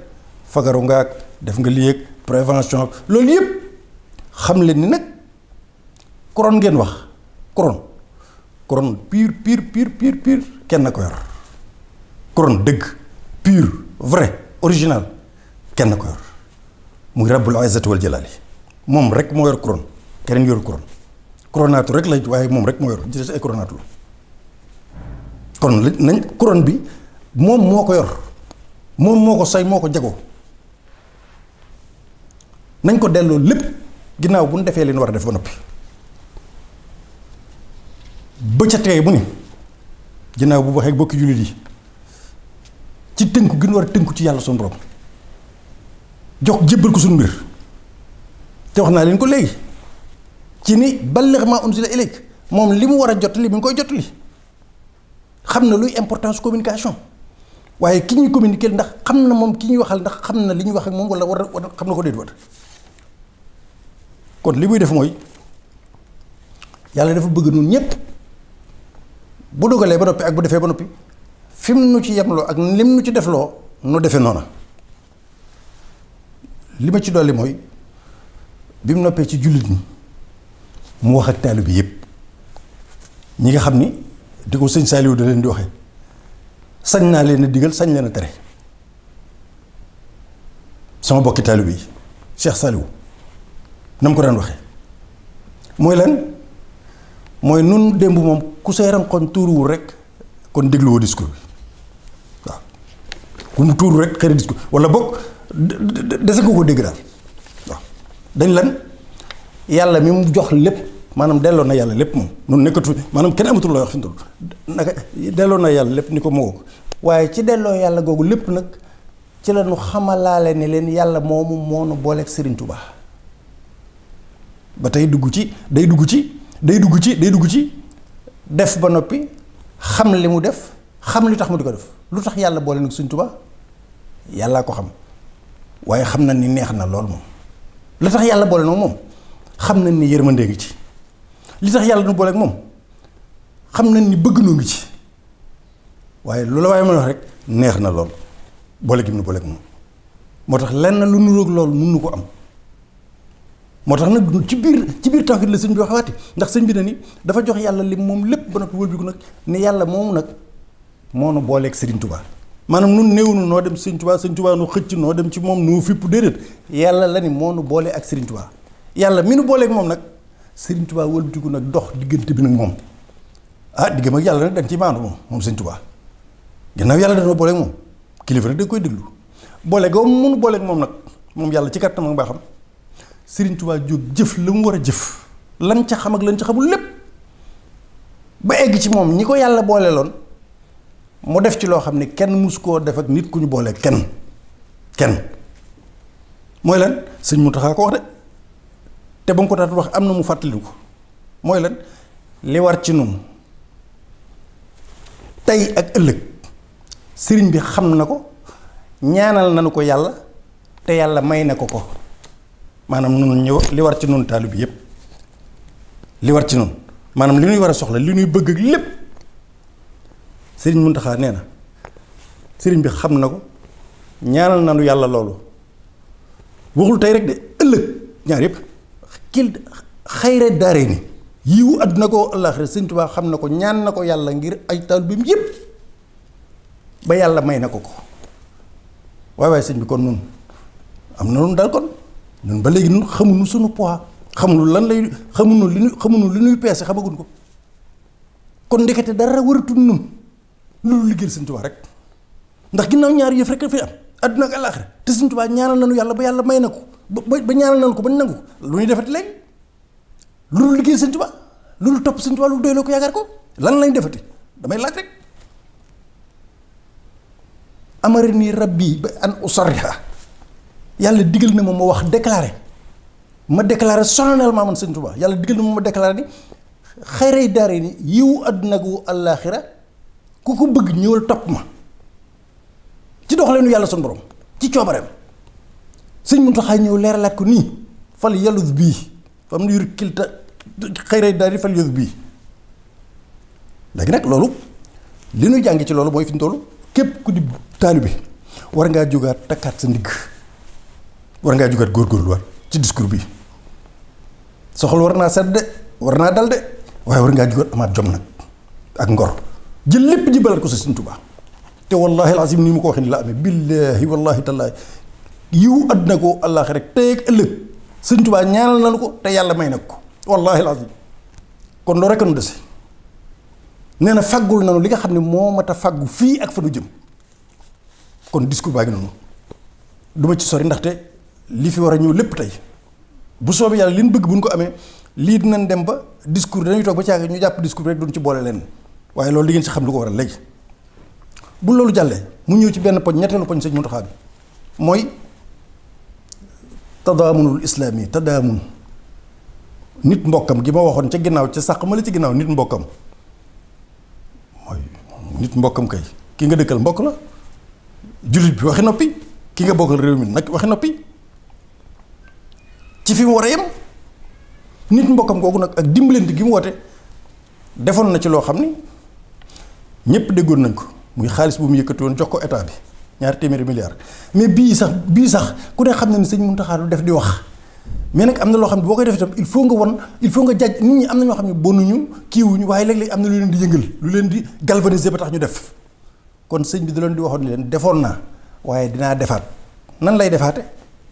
fagaru ngaak def nga lii ak prévention loolu yëpp xam leen ni nag couronne ngeen wax couronne couronne pur piir piir piir pur kenn ko yor couronne dëgg pur vrai original kenn ko yor muy rabbul izzati wal jalaali moom rek moo yor couronne keneen yor couronne couronnaatu rek la waaye moom rek moo yor ci ay couronnaatu la kon nañ couronne bi moom moo ko yor moom moo ko say moo ko jago nañ ko delloo lépp ginnaaw bu ñu defee leen war a def ba noppi ba ca tey bu ne ginnaaw bu waxee bokki jullit yi ci tënku gi ñu war a tënku ci yàlla suñu borom jox jébbal ko suñu mbir te wax naa leen ko léegi ci ni balligh maa unzila ilayk moom li mu war a jot jotali mi ngi koy jotali xam na luy importance communication waaye ki ñuy communiquer ndax xam na moom ki ñuy waxal ndax xam na li ñu wax ak moom wala war a xam na ko déet war kon li muy def mooy yàlla dafa bëgg noonu ñëpp bu dogalee ba noppi ak bu defee ba noppi fi mu nu ci yemloo ak lim nu ci defloo nu defe noona li ma ci dolli mooy bi mu noppee ci jullit ñi mu wax ak taalibe bi yëpp ñi nga xam ni di ko sëñ Saliou da leen di waxee sañ naa leen a digal sañ leen a tere sama bokki taalibe bi Cheikh Saliou na mu ko daan waxee mooy lan mooy nun démb moom ku say rankoñ tuuruwul rek kon dégluwoo discours bi waaw ku mu tuuru rek xëri discours wala boog dese nga ko dégg daal waaw dañ lan yàlla mi mu jox lépp maanaam delloo na yàlla lépp moom noonu nekkatu maanaam kenn amatul loo wax fi naka delloo na yàlla lépp ni ko moo waaye ci delloo yàlla googu lépp nag ci la ñu xamalaale ne leen yàlla moomu moo nu booleeg Serigne Touba. ba tey dugg ci day dugg ci day dugg ci day dugg ci def ba noppi xam li mu def xam li tax ma di ko def lu tax yàlla boole nag Sëñ Tuubaa yàllaa ko xam waaye xam na ni neex na lool moom li tax yàlla boole nag moom xam nañ ni yërmande ngi ci li yàlla nu boole moom xam nañ ni bëgg noo ngi ci waaye lu la waaye mën wax rek neex na lool boole gi mu nu boole moom moo tax lenn lu nuroog lool munu ko am moo tax nag ci biir ci biir tawhid la sëñ bi waxawaati ndax sëñ bi na ni dafa jox yàlla lim moom lépp ba noppi wëlbiku nag ne yàlla moomu nag moo nu booleeg Serigne Touba maanaam nun néewunu noo dem Serigne Touba Serigne Touba nu noo dem ci moom nu fipp déedéet yàlla la ni moo nu ak Serigne yàlla mi nu booleeg moom nag Serigne Touba wëlbiku nag dox diggante bi nag moom ah diggam ak yàlla nag dañ ci maandu moom moom Serigne Touba gannaaw yàlla dañoo booleeg moom kilifa rek da koy déglu boole goo munu booleeg moom nag moom yàlla ci kattanam ak mbaaxam Serigne Touba jóg jëf la mu war a jëf lan ca xam ak lan ca xamul lépp ba egg ci moom ñi ko yàlla booleeloon mu def ci loo xam ne kenn mus koo def ak nit ku ñu boole kenn kenn mooy lan sëñ Mountakha ko wax de te ba nga ko daan wax am na mu fàttaliku ko mooy lan li war ci nun tey ak ëllëg sëriñ bi xam na ko ñaanal nanu ko yàlla te yàlla may na ko ko maanaam nun ñu li war ci nun taalu bi yëpp li war ci nun maanaam li ñuy war a soxla li ñuy bëgg ak lépp sëriñ Muntaxa nee na sëriñ bi xam na ko ñaanal nanu yàlla loolu waxul tey rek de ñaar yëpp kil xayre daare ko àllaaxira sëriñ Tuubaa xam na ko ñaan na ko yàlla ngir ay taalibeem yépp ba yàlla may na ko ko waaye waaye sëñ bi kon nun am na nun kon ñun ba léegi ñun xamuñu suñu pois xamuñu lan lay xamuñu li ñu li ñuy peese xamaguñ ko kon ndekete dara waratul ñun loolu liggéey Sëñ Tuubaa rek ndax ginnaaw ñaari yëf rek a fi am àdduna ak àllaaxira te Sëñ Tuubaa ñaanal nañu yàlla ba yàlla may na ko ba ba ñaanal nañu ko ba nangu lu ñuy defati léegi liggéey liggéeyal Sëñ Tuubaa loolu topp Sëñ Tuubaa lu doyloo ko yaakaar ko lan lañ defati damay laaj rek amari nii rabbi ba an yàlla digal na ma ma wax déclaré ma déclaré solennellement man sëñ Tuubaa yàlla digal na ma ma déclaré ni xayray daare ni yiwu àdduna gu àllaaxira ku ko bëgg ñëwal topp ma ci doxaleenu yàlla suñu borom ci coobareem sëñ Muntaxa ñëw leeralaat ko nii fal yalus bii fam nu yur kilta xayray daare fal yalus bii léegi nag loolu li ñu jàng ci loolu mooy fi ñu toll képp ku di taalibe war ngaa jógaat takkaat sa ndigg war ngaa jugaat góorgóorluwaat ci discours bi soxal war naa sedd de war naa dal de waaye war ngaa jugaat amaat jom nag ak ngor jël lépp jibalaat ko si Sëriñ te wallaahi alazim ni mu ko waxee ni la amee billaahi wallaahi tallaahi yiw àddina ko allah rek tey ak ëllëg Sëriñ Tuubaa ñaanal ko te yàlla may nag ko wallaahi alazim kon loolu rek nu dese nee na faggul nanu li nga xam ne moo mat a fàggu fii ak fa nu jëm kon discours baa ngi noonu du ci sori ndaxte. li fi war a ñëw lépp tey bu soobee yàlla li ñu bëgg bu ñu ko amee lii dinañ dem ba discours dañuy toog ba caag ñu jàpp discours rek duñ ci boole leen waaye loolu li ngeen si xam lu ko waral léegi. bu loolu jàllee mu ñëw ci benn poñ ñetteelu poñ sëñ Muntaxa bi mooy tadaamunul islaam yi tadaamun nit mbokkam gi ma waxoon ca ginnaaw ca sàq ma la ci ginnaaw nit mbokkam mooy nit mbokkam kay ki nga dëkkal mbokk la jullit bi waxi noppi ki nga bokkal réew mi nag waxi noppi. ci fi mu war a yem nit mbokkam kooku nag ak dimbalante gi mu woote defoon na ci loo xam ni ñëpp déggoon nañ ko muy xaalis bu mu yëkkati woon jox ko état bi ñaari téeméeri milliards mais bii sax bii sax ku ne xam na ni sëñ Mountakha lu def di wax mais nag am na loo xam ne boo koy def il faut nga won il faut nga jaaj nit ñi am na ñoo xam ne bonuñu kiiwuñu waaye léeg-léeg am na lu leen di yëngal lu leen di galvaniser ba tax ñu def kon sëñ bi da leen di waxoon leen defoon naa waaye dinaa defaat nan lay defaate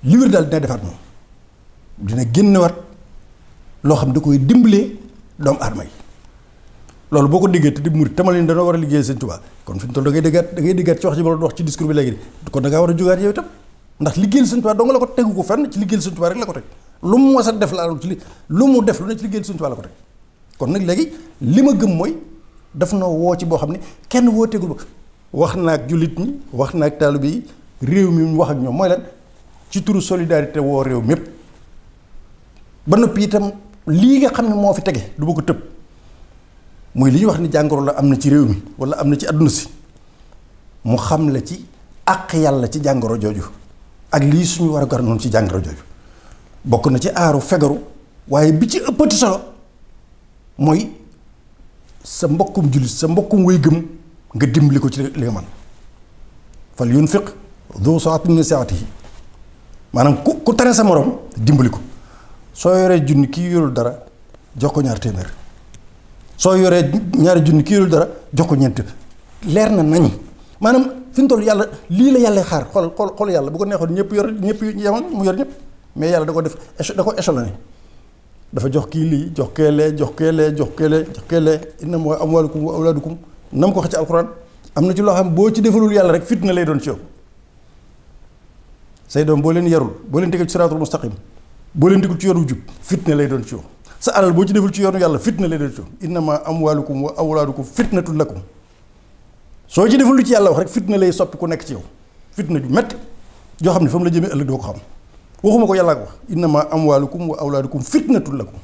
liwér daal dinaa defaat moom dina génn génnewaat loo xam da koy dimbalee doomu aadama yi loolu boo ko déggee te di murit tamal ni dana war a liggéeyal Sëñ Tuubaa kon fi ñu toll da ngay déggaat da ngay déggaat ci wax ji ma doon wax ci discours bi léegi kon da ngaa a jógaat la ko tegu ko fenn ci liggéeyal Sëñ Tuubaa rek la ko teg lu mu mos a def la ci lu mu def lu ne ci liggéeyal Sëñ Tuubaa la ko teg kon nag léegi li ma gëm mooy daf na woo ci boo xam ne kenn woo tegul ba wax na ak jullit ñi wax na ak taalibe yi réew mi mu wax ak ñoom mooy lan ci turu solidarité woo réew mépp ba noppi itam lii nga xam ne moo fi tege du ma ko tëb muy li ñu wax ni jàngoro la am na ci réew mi wala am na ci àdduna si mu xam la ci àq yàlla ci jàngoro jooju ak lii suñu war a gar noonu ci jàngoro jooju bokk na ci aaru fegaru waaye bi ci ëppati solo mooy sa mbokkum jullit sa mbokkum way gëm nga dimbali ko ci li nga man fal yunfiq du saatin min saatihi maanaam ku ku tane sa morom dimbali ko soo yoree junni kii yorul dara jox ko ñaar téeméer soo yoree ñaari junni kii yorul dara jox ko ñeent leer na nañ maanaam fi mu toll yàlla lii la yàlla xaar xool xool xool yàlla bu ko neexoon ñëpp yor ñëpp yemoon mu yor ñëpp mais yàlla da ko def da ko échelonné dafa jox kii lii jox keelee jox keelee jox keelee jox am innamaa amwaalukum wa awlaadukum nam ko xëcc alquran am na ci loo xam boo ci defalul yàlla rek fitna lay doon ci yow say doom boo leen yarul boo leen tegal ci siraatul mustaqim boo leen digul ci yoonu jub fitna lay doon ci yow sa alal boo ci deful ci yoonu yàlla fitna lay doon ci yow innama amwaalukum wa awlaadukum fitnatun lakum soo ci deful lu ci yàlla wax rek fitna lay soppi ku nekk ci yow fitna ju métti joo xam ne fa mu la jëmee ëllëg doo ko xam waxuma ko yàlla ko wax innama amwaalukum wa awlaadukum fitnatun ko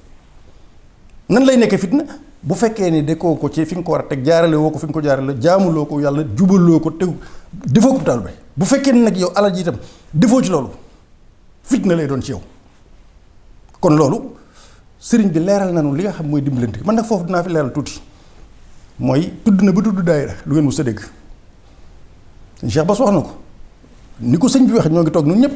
nan lay nekkee fitna bu fekkee ne koo ko ci fi nga ko war a teg jaarale woo ko fi nga ko jaarale jaamuloo ko yàlla jubaloo ko te defoo ko bi bu fekkee ne nag yow alal ji itam defoo ci loolu fitna lay doon ci yow kon loolu sëriñ bi leeral nañu li nga xam mooy dimbalante man nag foofu dinaa fi leeral tuuti mooy tudd na ba tudd daayira lu ngeen mos sa dégg Cheikh Bass wax na ko ni ko sëñ bi weex ñoo ngi toog ñun ñëpp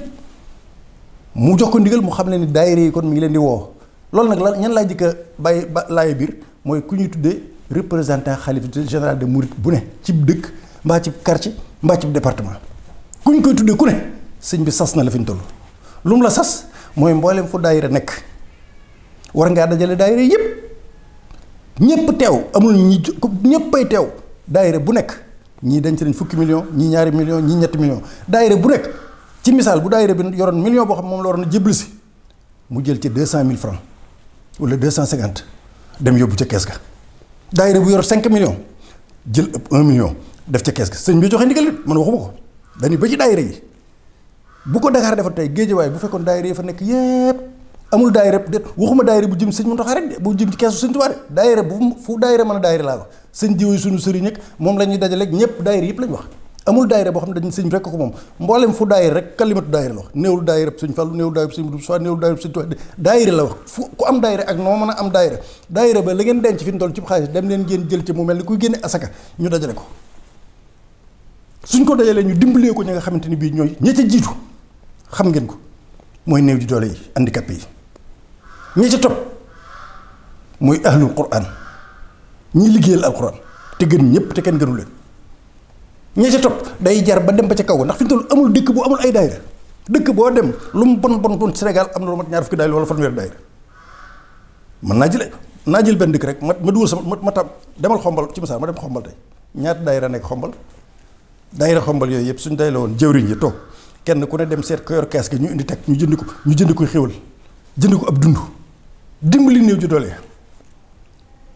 mu jox ko ndigal mu xam ne ni daayira yi kon mi ngi leen di woo loolu nag la ñan laa jëkk bàyyi ba laay biir mooy ku ñuy tuddee représentant xalif général de Mouride bu ne cib dëkk mbaa cib quartier mbaa cib département ku ñu koy tuddee ku ne sëñ bi sas na la fi ñu toll lu la sas. mooy mboolem fu daayira nekk war ngaa dajale daayira yëpp ñëpp teew amul ñi ñëppay teew daayira bu nekk ñii denc nañ fukki million ñii ñaari million ñii ñetti million daayira bu nekk ci misaal bu daayira bi yoroon million boo xam moom la waroon a jébal si mu jël ci deux cent mille francs wala deux cent cinquante dem yóbbu ca kees ga daayira bu yor cinq million jël ëpp un million def ci kees ga sëñ bi joxe ndigal man waxuma ko dañuy ba ci daayira yi bu ko Dakar defa tey géejawaay bu fekkoon daayira yi fa nekk yépp amul daayira de waxuma daayira bu jëm sëñ Muntaxa rek de bu jëm ci keesu sëñ Tuubaa de daayira bu fu daayira mën a daayira laa wax sëñ jiwoy suñu sëriñ ak moom la ñuy dajaleeg ñëpp daayira yëpp lañ wax amul daayira boo xam ne dañ sëñ rek ko moom mboolem fu daayira rek kalimatu daayira la wax néewul daayira sëñ Fallu néewul daayira sëñ Mudu Sow néewul daayira sëñ Tuubaa daayira la wax fu ku am daayira ak noo mën a am daayira daayira ba la ngeen denc fi mu toll ci xaalis dem leen ngeen jël ci mu mel ni kuy génne asaka ñu dajale ko suñ ko dajalee ñu dimbalee ko ñi nga xamante ni bii ñooy ña ca jiitu xam ngeen ko mooy néew di doole yi handicapé yi ñi ca topp mooy ahlul quran ñi liggéeyal alquran te gën ñëpp te kenn gënu leen ñi ca topp day jar ba dem ba ca kaw ndax fi ñu toll amul dëkk bu amul ay daayira dëkk boo dem lu mu bon bon bon Sénégal am na lu mat ñaar fukki daayira wala fanweeri daayira mën naa jële naa jël benn dëkk rek ma ma dugal sama ma tam demal xombal ci misaal ma dem xombal tey ñaata daayira nekk xombal daayira xombal yooyu yëpp suñ daayira woon jëwriñ yi toog kenn ku ne dem seet ko yor kees gi ñu indi teg ñu jënd ko ñu jënd ko xéwal jënd ko ab dund dimbali néew ju doole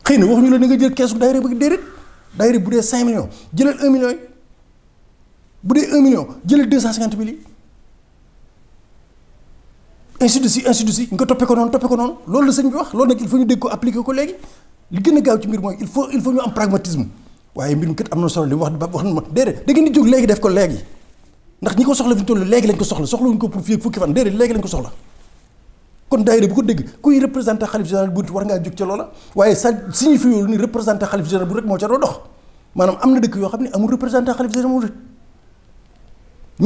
xëy na waxuñu la di nga jël keesu daayira ba déedéet daayira bu dee 5 millions jëlal 1 million yi bu dee 1 million jëlal 250 mille yi ainsi de suite ainsi de suite nga toppee ko noonu toppee ko noonu loolu la bi wax loolu nag il faut ñu dégg ko appliquer ko léegi li gën gaaw ci mbir mooy il faut il faut ñu am pragmatisme waaye mbir na solo wax wax na ma déedéet di jóg léegi def ko léegi. ndax ñi ko soxla fi ñu toll léegi lañ ko soxla soxlawuñ ko pour fii ko soxla kon daayira bu ko dégg kuy représenté xalif général bu war ngaa jóg ca loola waaye sa signifiewul ni représenté xalif général bu rek moo ca doo dox maanaam am na dëkk yoo xam ne amul représenté xalif général mu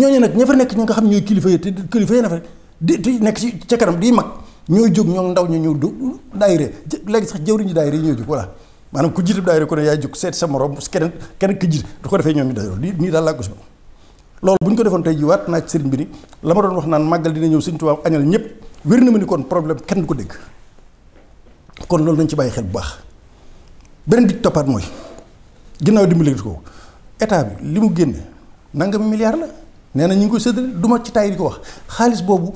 ñooñu nag ña fa nekk ñi nga xam ñooy kilifa yi te kilifa yi na fa ca kanam di mag ñooy jóg ñoom ndaw ñu ñëw du daayira léegi sax jëwriñu daayira yi ñooy jóg voilà maanaam ku jiitu daayira ko ne yaay jóg seet sa morom keneen keneen ku jiit du ko defee ñoom ñu daayira nii daal laa gis loolu bu ñu ko defoon tey ji waat naa ci sëriñ bi ni la ma doon wax naan màggal dina ñëw sëriñ Tuubaa añal ñëpp wér na ma ni kon problème kenn du ko dégg kon loolu nañ ci bàyyi xel bu baax beneen bi toppaat mooy ginnaaw dimbali ko état bi li mu génne nangam milliard la nee na ñu ngi koy séddale du ma ci tay di ko wax xaalis boobu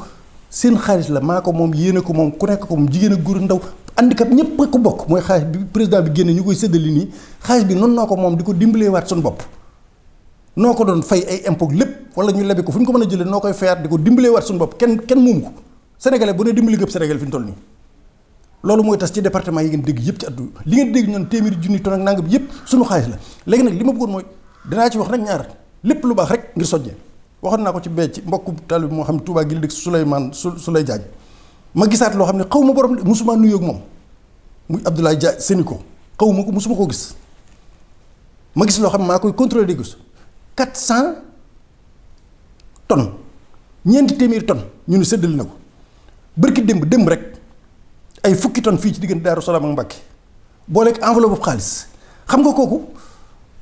seen xaalis la maa ko moom yéene ko moom ku nekk ko moom jigéen ak góor ndaw handicap ñëpp ko bokk mooy xaalis bi président bi génne ñu koy séddali nii xaalis bi noonu noo ko moom di ko dimbalee waat suñu bopp noo ko doon fay ay impôt lépp wala ñu lebi ko fu ñu ko mën a jëlee noo koy fayaat di ko dimbalee waat suñu bopp kenn kenn moomu ko sénégalais bu ne dimbali gëpp sénégal fi ñu toll nii loolu mooy tas ci département yi ngeen dégg yëpp ci addu li ngeen dégg ñoon téeméeri junni ton ak nangam yëpp suñu xaalis la léegi nag li ma bëggoon mooy dinaa ci wax rek ñaar lépp lu baax rek ngir sojjee waxoon naa ko ci becc mbokku talib moo xam ne Touba gi la dëkk Souleymane su Souley Diagne ma gisaat loo xam ne xaw ma borom musuma nuyoo ak moom muy Abdoulaye Dia Séniko xaw ma ko musuma koo gis ma loo xam maa koy contrôler di gis quatre cent tonnes ñeenti téeméeri tonnes ñu ne séddale na ko bërki démb démb rek ay fukki tonnes fii ci diggante Daaru Salaam ak Mbàkke booleeg enveloppe xaalis xam nga kooku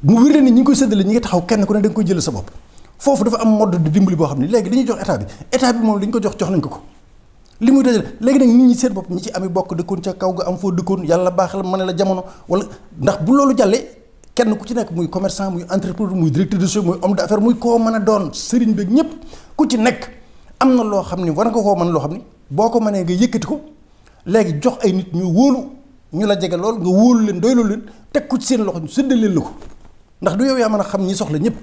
mu wér leen ni ñi ngi koy séddale ñi ngi taxaw kenn ku ne da nga koy jël sa bopp foofu dafa am mode de dimbali boo xam ne léegi li ñuy jox état bi état bi moom li ñu ko jox jox nañ ko ko li muy dajale léegi nag nit ñi seen bopp ñi ci amee bokk dëkkoon ca kaw ga am foo dëkkoon yàlla baax la ma ne la jamono wala ndax bu loolu jàllee kenn ku ci nekk muy commercant muy entrepreneur muy directeur de société muy homme d'affaires muy koo mën a doon sëriñ beeg ñëpp ku ci nekk am na loo xam ni war nga koo mën loo xam ni boo ko mënee nga yëkkati ko léegi jox ay nit ñu wóolu ñu la jege lool nga wóolu leen doyloo leen teg ku ci seen loxo ñu séddaleen la ko ndax du yow yaa mën a xam ñi soxla ñëpp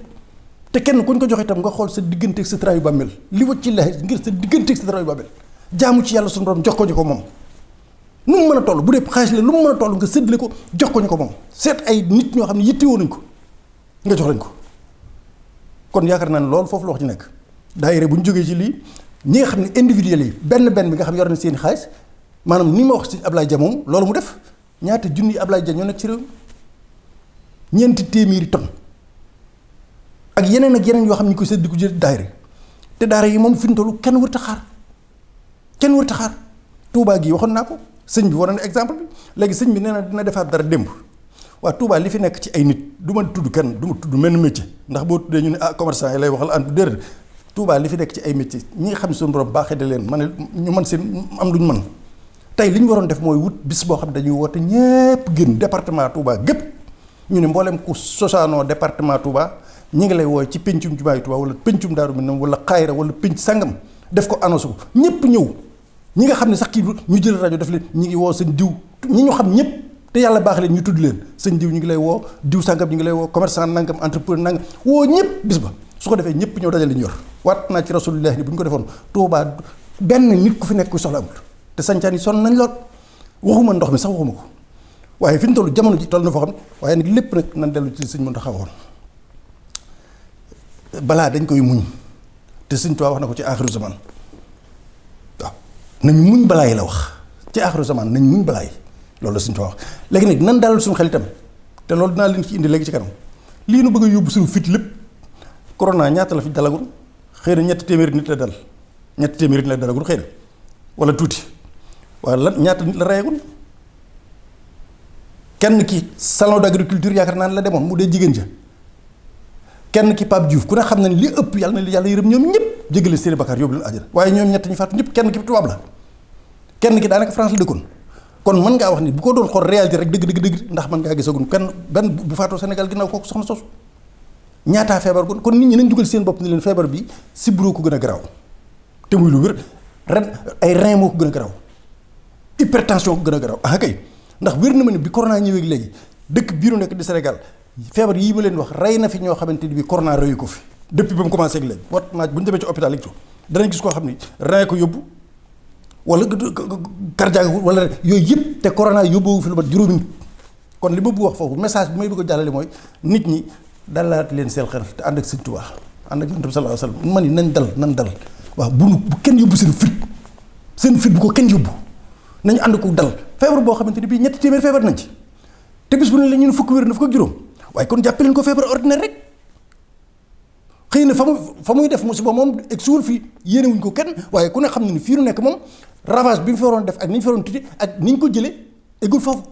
te kenn ku kuñ ko joxe itam nga xool sa digganteeg sa travail bàmmeel li wacc ci laaj ngir sa digganteeg sa travail bàmmeel ci yàlla suñu borom jox ko ñu ko moom. nu mu mën a toll bu dee xaalis la lu mu mën a toll nga séddale ko jox ko ñu ko moom seet ay nit ñoo xam ne yittewoo nañ ko nga jox lañ ko kon yaakaar naa ne loolu foofu la wax ci nekk daayira bu ñu jógee ci lii xam ne individuels benn benn bi nga xam yor na seen xaalis maanaam ni ma wax ci Ablaye Dia moom loolu mu def ñaata junni Ablaye Dia ñoo nekk ci réew ñeenti téeméeri tonnes ak yeneen ak yeneen yoo xam ne ñu ko sédd ko jël daayira te daara yi moom fi mu toll kenn warut a xaar kenn warut a xaar Touba gii waxoon naa ko. sëñ bi war na exemple bi léegi sëñ bi neena dina defaat dara démb waa Touba li fi nekk ci ay nit du ma tudd kenn du ma tudd menn métier ndax boo tuddee ñu ne ah commerçant yi lay waxal an ah, dér Touba li fi nekk ci ay métier ñi xam ne suñu baaxee da leen ma ne ñu mën seen am lu man tey li ñu waroon def mooy wut bis boo xam ne dañuy woote ñépp génn département Touba gépp ñu ne mbooleem ku sosaanoo département Touba ñu ngi lay wooy ci péncum jumaay Touba wala péncum daaru minam wala xaayra wala pénc sangam def ko annonce ko ñëpp ñëw ñi nga xam ne sax kii ñu jël rajo def leen ñu ngi woo seen diw ñi ñu ñëpp te yàlla baax leen ñu tudd leen sëñ diw ñu ngi lay woo diw sàngam ñu ngi lay woo commerçant nangam entrepreneur nangam woo ñëpp bis ba su ko defee ñëpp ñëw dajale ñu yor waat naa ci rasulullah ni bu ñu ko defoon Tuubaa benn nit ku fi nekk ku soxla amul te sancaan yi sonn nañ lool waxuma ndox mi sax waxuma ko waaye fi ñu toll jamono ji toll na foo xam waaye nag lépp nag nan dellu ci sëñ Muntaxa woon balaa dañ koy muñ te sëñ Tuubaa wax na ko ci aaxiru zaman nañu muñ balaay la wax ci aaxiru zamaan nañ muñ balaay loolu la suñu fa wax léegi nag nan dalal suñu xel itam te loolu dinaa leen ci indi léegi ci kanam lii nu bëgg yóbbu suñu fit lépp corona ñaata la fi dalagul xëy na ñetti téeméeri nit la dal ñett téeméeri la dalagul xëy na wala tuuti waaye lan ñaata nit la reyagul kenn ki salon d'agriculture yaakaar naa la demoon mu dee jigéen ja kenn ki Pape Diouf ku ne xam na li ëpp yàlla na yàlla yërëm ñoom ñëpp jégale seeni bakkaar yóbbu leen àjjana waaye ñoom ñett ñu faatu ñëpp kenn ki tubaab la kenn ki daanaka France la dëkkoon kon mën ngaa wax ni bu ko doon xool réalité rek dëgg dëgg dëgg ndax mën ngaa gisagun kenn benn bu faatoo Sénégal ginnaaw kooku soxna soosu ñaataa feebar gon kon nit ñi nañ jugal seen bopp ni leen feebar bi sibro ko gën a garaaw te muy lu wér ren ay rein moo ko gën a garaaw hypertension gën a garaaw ah ndax wér na ma ni bi corona ñëwee léegi dëkk biiru nekk di feebar yii ba leen wax rey na fi ñoo xamante ni bi corona reyu ko fi depuis ba mu commencé ak léegi wat naaj bu ñu demee ci hôpital yi danañ gis koo xam ni rein ko yóbbu wala cardiaque wala yooyu yëpp te corona yóbbuwu fi lu mat juróomi kon li ma bëgg wax foofu message bi may bëgg a mooy nit ñi dalaat leen seen xel te ànd ak Sëñ Tuubaa ànd ak Yonent bi sallallaahu alayhi wa sallam man ni nañ dal nañ dal waaw bu bu kenn yóbbu seen fit seen fit bu ko kenn yóbbu nañu ànd ko dal feebar boo xamante ni bii ñetti téeméer feebar nañ ci te bis bu ne la ñu fukk fukki wér na fukk ak juróom waaye kon jàppe leen ko feebar ordinaire rek xëy na fa mu fa muy def musiba moom egsiwul fii yéene wuñ ko kenn waaye ku ne xam na ni fii nu nekk moom ravage bi mu fi def ak ni ñu fi waroon ak ni ñu ko jëlee eggul foofu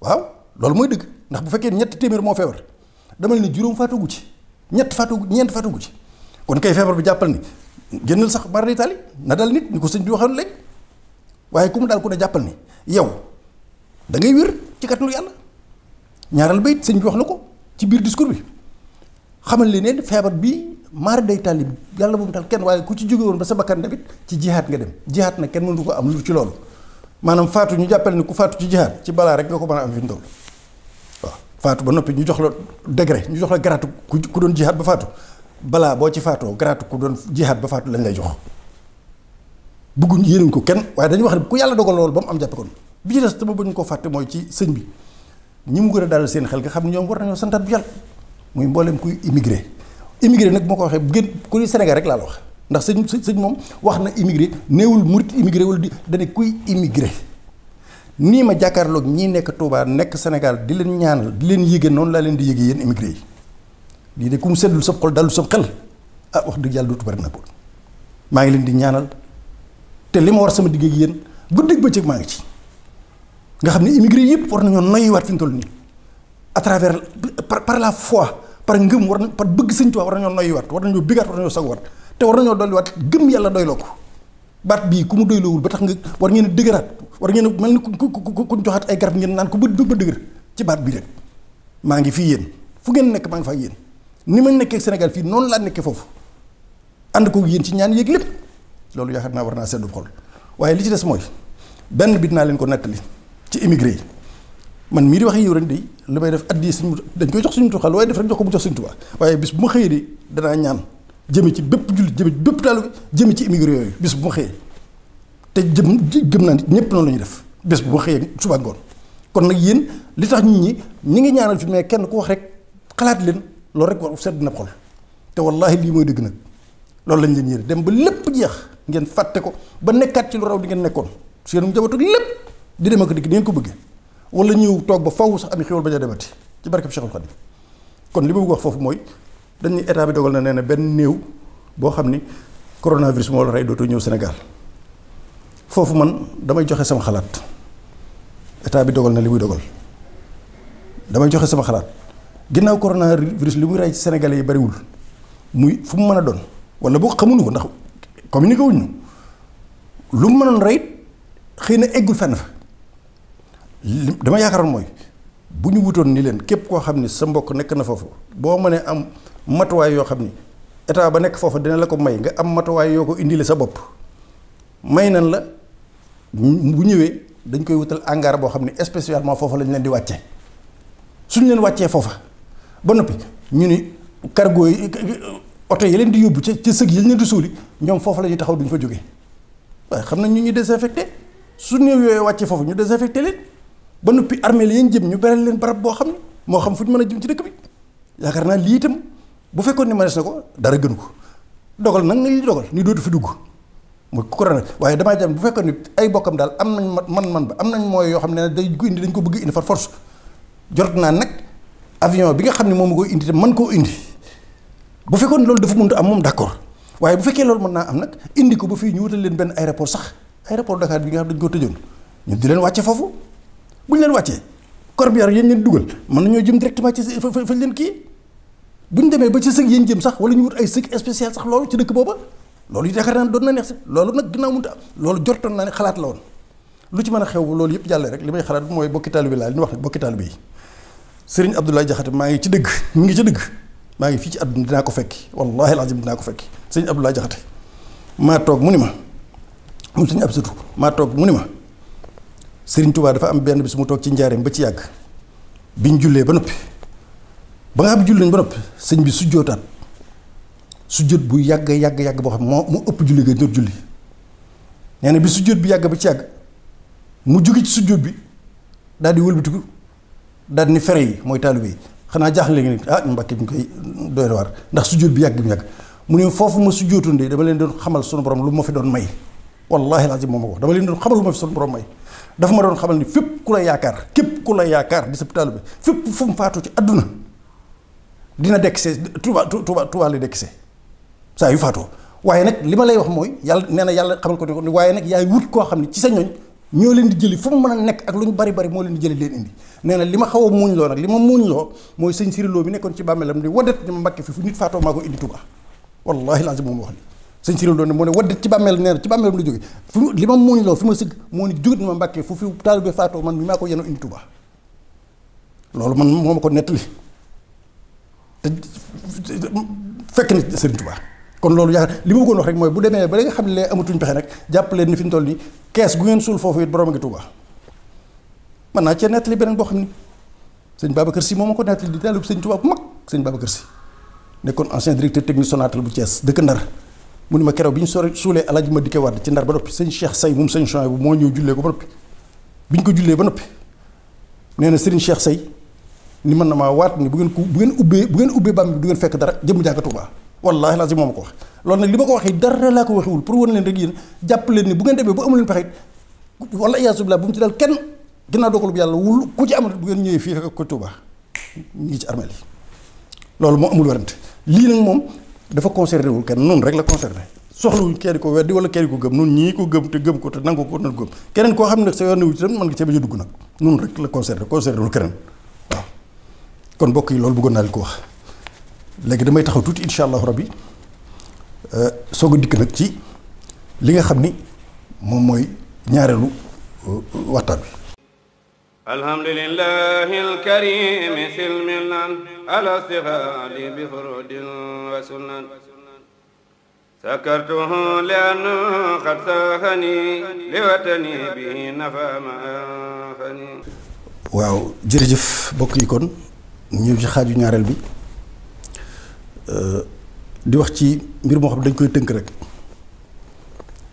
waaw mooy dëgg ndax bu fekkee ñetti téeméer moo feebar dama ne juróom faatoogu ci ñett faatoogu ñeent faatoogu ci kon kay feebar bi jàppal ni sax mara d'Italie na dal nit ni ko sëñ bi waxoon léegi waaye ku mu daal ku ne jàppal ni yow dangay ngay wér ci kattanu yàlla. ñaaral bayit sëñ bi wax na ko ci biir discours bi xamal li ne feebar bi maari day tàlli yàlla bu mu tal kenn waaye ku ci jóge woon ba sa bakkan tamit ci jihaat nga dem jihaat na kenn mënu ko am lu ci loolu maanaam faatu ñu jàppale ni ku faatu ci jihaat ci balaa rek ko mën a am fi waaw faatu ba noppi ñu jox la degré ñu jox la garaatu ku doon jihaat ba faatu balaa boo ci faatoo garaatu ku doon jihaat ba faatu lañ lay jox bëgguñ yéenuñ ko kenn waaye dañu wax ne ku yàlla dogal loolu ba mu am jàppe kon bi ci des te ba ko fàtte mooy ci sëñ bi ñi mu gën a dalal seen xel nga xam ne ñoom war nañoo santat bu yàlla muy mbooleem kuy immigré immigré nag moo ko waxee bu gën ku ni Sénégal rek laa la wax ndax sëñ sëñ moom wax na immigré néewul murit immigré wala di dane kuy immigré nii ma jàkkaarloog ñii nekk tuubaa nekk senegal di leen ñaanal di leen yéege noonu laa leen di yéege yéen immigré yi lii de ku mu seddul sab xol dalul sab xel ah wax dëgg yàlla dootu bari na ko maa ngi leen di ñaanal te li ma war sama digg ak yéen guddi bëccëg maa ngi ci nga xam ne immigré yëpp war nañoo noyyiwaat fi ñu toll nii à travers par par la foi par ngëm war na par bëgg Sëñ Tuubaa war nañoo noyyiwaat war nañoo bëggaat war nañoo saguwaat te war nañoo dolliwaat gëm yàlla doyloo ko baat bii ku mu doyloowul ba tax nga war ngeen a dëgëraat war ngeen a mel ni ku ku ku joxaat ay garab ngeen naan ko ba ba dëgër ci baat bi rek maa ngi fii yéen fu ngeen nekk maa ngi fa ak yéen ni ma nekkee Sénégal fii noonu laa nekkee foofu ànd ko yéen ci ñaan yéeg lépp loolu yaakaar naa war naa seddu xol waaye li ci des mooy benn bi dinaa leen ko nettali ci immigré yi man mii di wax yow ren di li may def addi suñu dañ koy jox suñu tuxal waaye def rek jox ko mu jox suñu tubaab waaye bis bu ma xëyee di danaa ñaan jëme ci bëpp jullit jëme ci bépp taalibe ci immigré yooyu bis bu ma xëyee te jëm gëm naa nit ñëpp noonu la ñuy def bés bu ma xëyee suba ngoon kon nag yéen li tax nit ñi ñu ngi ñaanal fi mais kenn ku wax rek xalaat leen loolu rek war sedd na xol te wallaahi lii mooy dégg nag loolu lañ leen yére dem ba lépp jeex ngeen fàtte ko ba nekkaat ci lu raw ngeen nekkoon seen njaboot ak lépp di dem ak dikk ni ngeen ko bëggee wala ñëw toog ba faw sax ami xéwal ba ca demati ci barkeb Cheikhul Khadim kon li ma bëgg wax foofu mooy dañuy état bi dogal na nee na benn néew boo xam ni coronavirus moo la rey dootoo ñëw senegal foofu man damay joxe sama xalaat état bi dogal na li muy dogal damay joxe sama xalaat ginnaaw coronavirus li muy rey ci Sénégalais bariwul muy fu mu mën a doon wala boo xamuñu ko ndax communiqué wuñu lu mu a rey xëy na eggul fenn li dama yaakaaroon mooy bu ñu wutoon ni leen képp koo xam ni sa mbokk nekk na foofu boo mënee am matuwaay yoo xam ni état ba nekk foofa dina la ko may nga am matuwaay yoo ko indile sa bopp may nan la bu ñëwee dañ koy wutal hangar boo xam ne spécialement foofa lañ leen di wàcce suñ leen wàccee foofa ba noppi ñu ni cargo yi yi leen di yóbbu ca ca sëg yi leen suuli ñoom foofa la ñuy taxaw duñ fa jógee waaye xam nañ ñu ñuy désinfecté su néew yooyu wàccee foofu ñu désinfecté leen. ba noppi armée la yéen jëm ñu beneen leen barab boo xam ne moo xam fu ñu mën a jëm ci dëkk bi yaakaar naa lii itam bu fekkoon ne mënees na ko dara gënu ko dogal nag na li dogal ni dootu fi dugg mooy corona waaye damaa jàmm bu fekkoon ne ay bokkam daal am nañ man man ba am nañ mooy yoo xam ne day ko indi dañ ko bëgg indi far force jot naa nag avion bi nga xam ne moom ma koy indi te man koo indi bu fekkoon loolu dafa mun mënut am moom d'accord waaye bu fekkee loolu mën naa am nag indi ko ba fii ñu wutal leen benn aéroport sax aéroport Dakar bi nga xam dañ ko tëjoon ñun di leen wàcce bu ñu leen wàccee corbillard yéen leen dugal mën nañoo jëm directement ci fañ leen kii bu ñu demee ba ci sëg yéen jëm sax wala ñu wut ay sëg spécial sax loolu ci dëkk booba loolu yaakaar naa doon na neex si loolu nag ginnaaw mënut am loolu jortoon naa ne xalaat la woon lu ci mën a xew loolu yëpp jàllee rek li may xalaat mooy bokki taalibe laa li ñu wax bokki taalibe yi sëriñ Abdoulaye jaxate maa ngi ci dëgg mu ngi ci dëgg maa ngi fii ci àdduna dinaa ko fekki wallahi alazim dinaa ko fekki sëriñ Abdoulaye Diakhaté maa toog mu ni ma mu sëriñ Abdou maa toog mu ni ma Serigne Touba dafa am benn bi mu toog ci njaareem ba ci yàgg biñ jullee ba noppi ba nga xam julli nañ ba noppi sëñ bi su jootaat su jot bu yàgg yàgg yàgg boo xam moo moo ëpp julli nga doon julli nee bi su jot bi yàgg ba ci yàgg mu jóge ci su jot bi daal di wëlbatiku daal di ni mooy taalibe yi xanaa jaaxle ngeen ah mbàkke bi koy doy waar ndax su jot bi yàgg bi yàgg mu ne foofu ma su de dama leen doon xamal sunu borom lu ma fi doon may wallaahi laaj moom ma ko dama leen doon xamal lu ma fi sunu borom may. dafa ma doon xamal ni fépp ku la yaakaar képp ku la yaakaar di sa taalibe fépp fu mu faatu ci àdduna dina dekk see Tuuba Tuuba Tuuba la dekk see saa yu faatoo waaye nag li ma lay wax mooy yàlla nee na yàlla xamal ko ni waaye nag yaay wut koo xam ne ci sa ñooñ ñoo leen di jëli fu mu mën a nekk ak lu ñu bari bari moo leen di jëli leen indi nee na li ma xaw muuñ loo nag li ma muuñ loo mooy sëñ Siriloo bi nekkoon ci bàmmeelam di wadet ni ma mbàkke fi fu nit faatoo maa ko indi Tuuba wallaahi moom wax sëñ Siril doon ne moo ne wadd ci bàmmeel nee ci bàmmeel la jóge fi li ma muuñ loo fi ma sëgg moo ne jógit ma mbàkkee fu fi taalibe faatoo man mi maa ko yenu indi Tuuba loolu man moom ma ko nettali te fekk na sëriñ Tuuba kon loolu yaakaar li ma bëggoon wax rek mooy bu demee ba nga xam lee amatuñ pexe nag jàpp leen ni fi ñu toll nii kees gu ngeen suul foofu it borom a ngi Tuuba mën naa cee nettali beneen boo xam ni sëñ Babacar Si moo ma ko nettali di taalib sëñ Tuuba bu mag sëñ Babacar Si nekkoon ancien directeur technique Sonatel bu Thiès dëkk Ndar mu ni ma keroog bi ñu sore suulee alaaji ma dikkee wàdd ci ndar ba noppi sëñ Cheikh Say moom sëñ Chouaïbou moo ñëw jullee ko ba noppi bi ñu ko jullee ba noppi nee na sëriñ Cheikh Say ni mën na maa waat ni bu ngeen ko bu ngeen ubbee bu ngeen bi du ngeen fekk dara jëm ko wax loolu li ma ko waxee dara laa ko waxewul pour wan leen rek yéen jàpp leen ni bu ngeen demee bu amu leen pexe wala iyaasu billah bu mu ci dal kenn ginnaaw dogalu bu yàlla wul ku ci amul bu ngeen ñëwee fii ko Tuubaa ngi ci armeel yi loolu moo amul werante lii nag moom dafa concerné wul kenn nun rek la concerné soxlawuñ kenn ko weddi wala kenn ko gëm nun ñii ko gëm te gëm ko te nangu ko nan koo xam ne sa yoon wu ci tam mën nga cee bañ a dugg nag nun rek la concerné concerné wul waaw kon mbokk yi loolu bëggoon naa leen ko wax léegi damay taxaw tuuti incha allahu rabbi euh, soog a dikk nag ci li nga xam ni moom mooy ñaareelu euh, waxtaan bi الحمد لله الكريم سلمنا على استفاد بفرود وسنن سكرته لأنه قد ساخني لوطني به نفى مآفني waaw jërëjëf bokk yi kon ñu ci xaaju ñaareel bi di wax ci mbir moo xam dañ koy tënk rek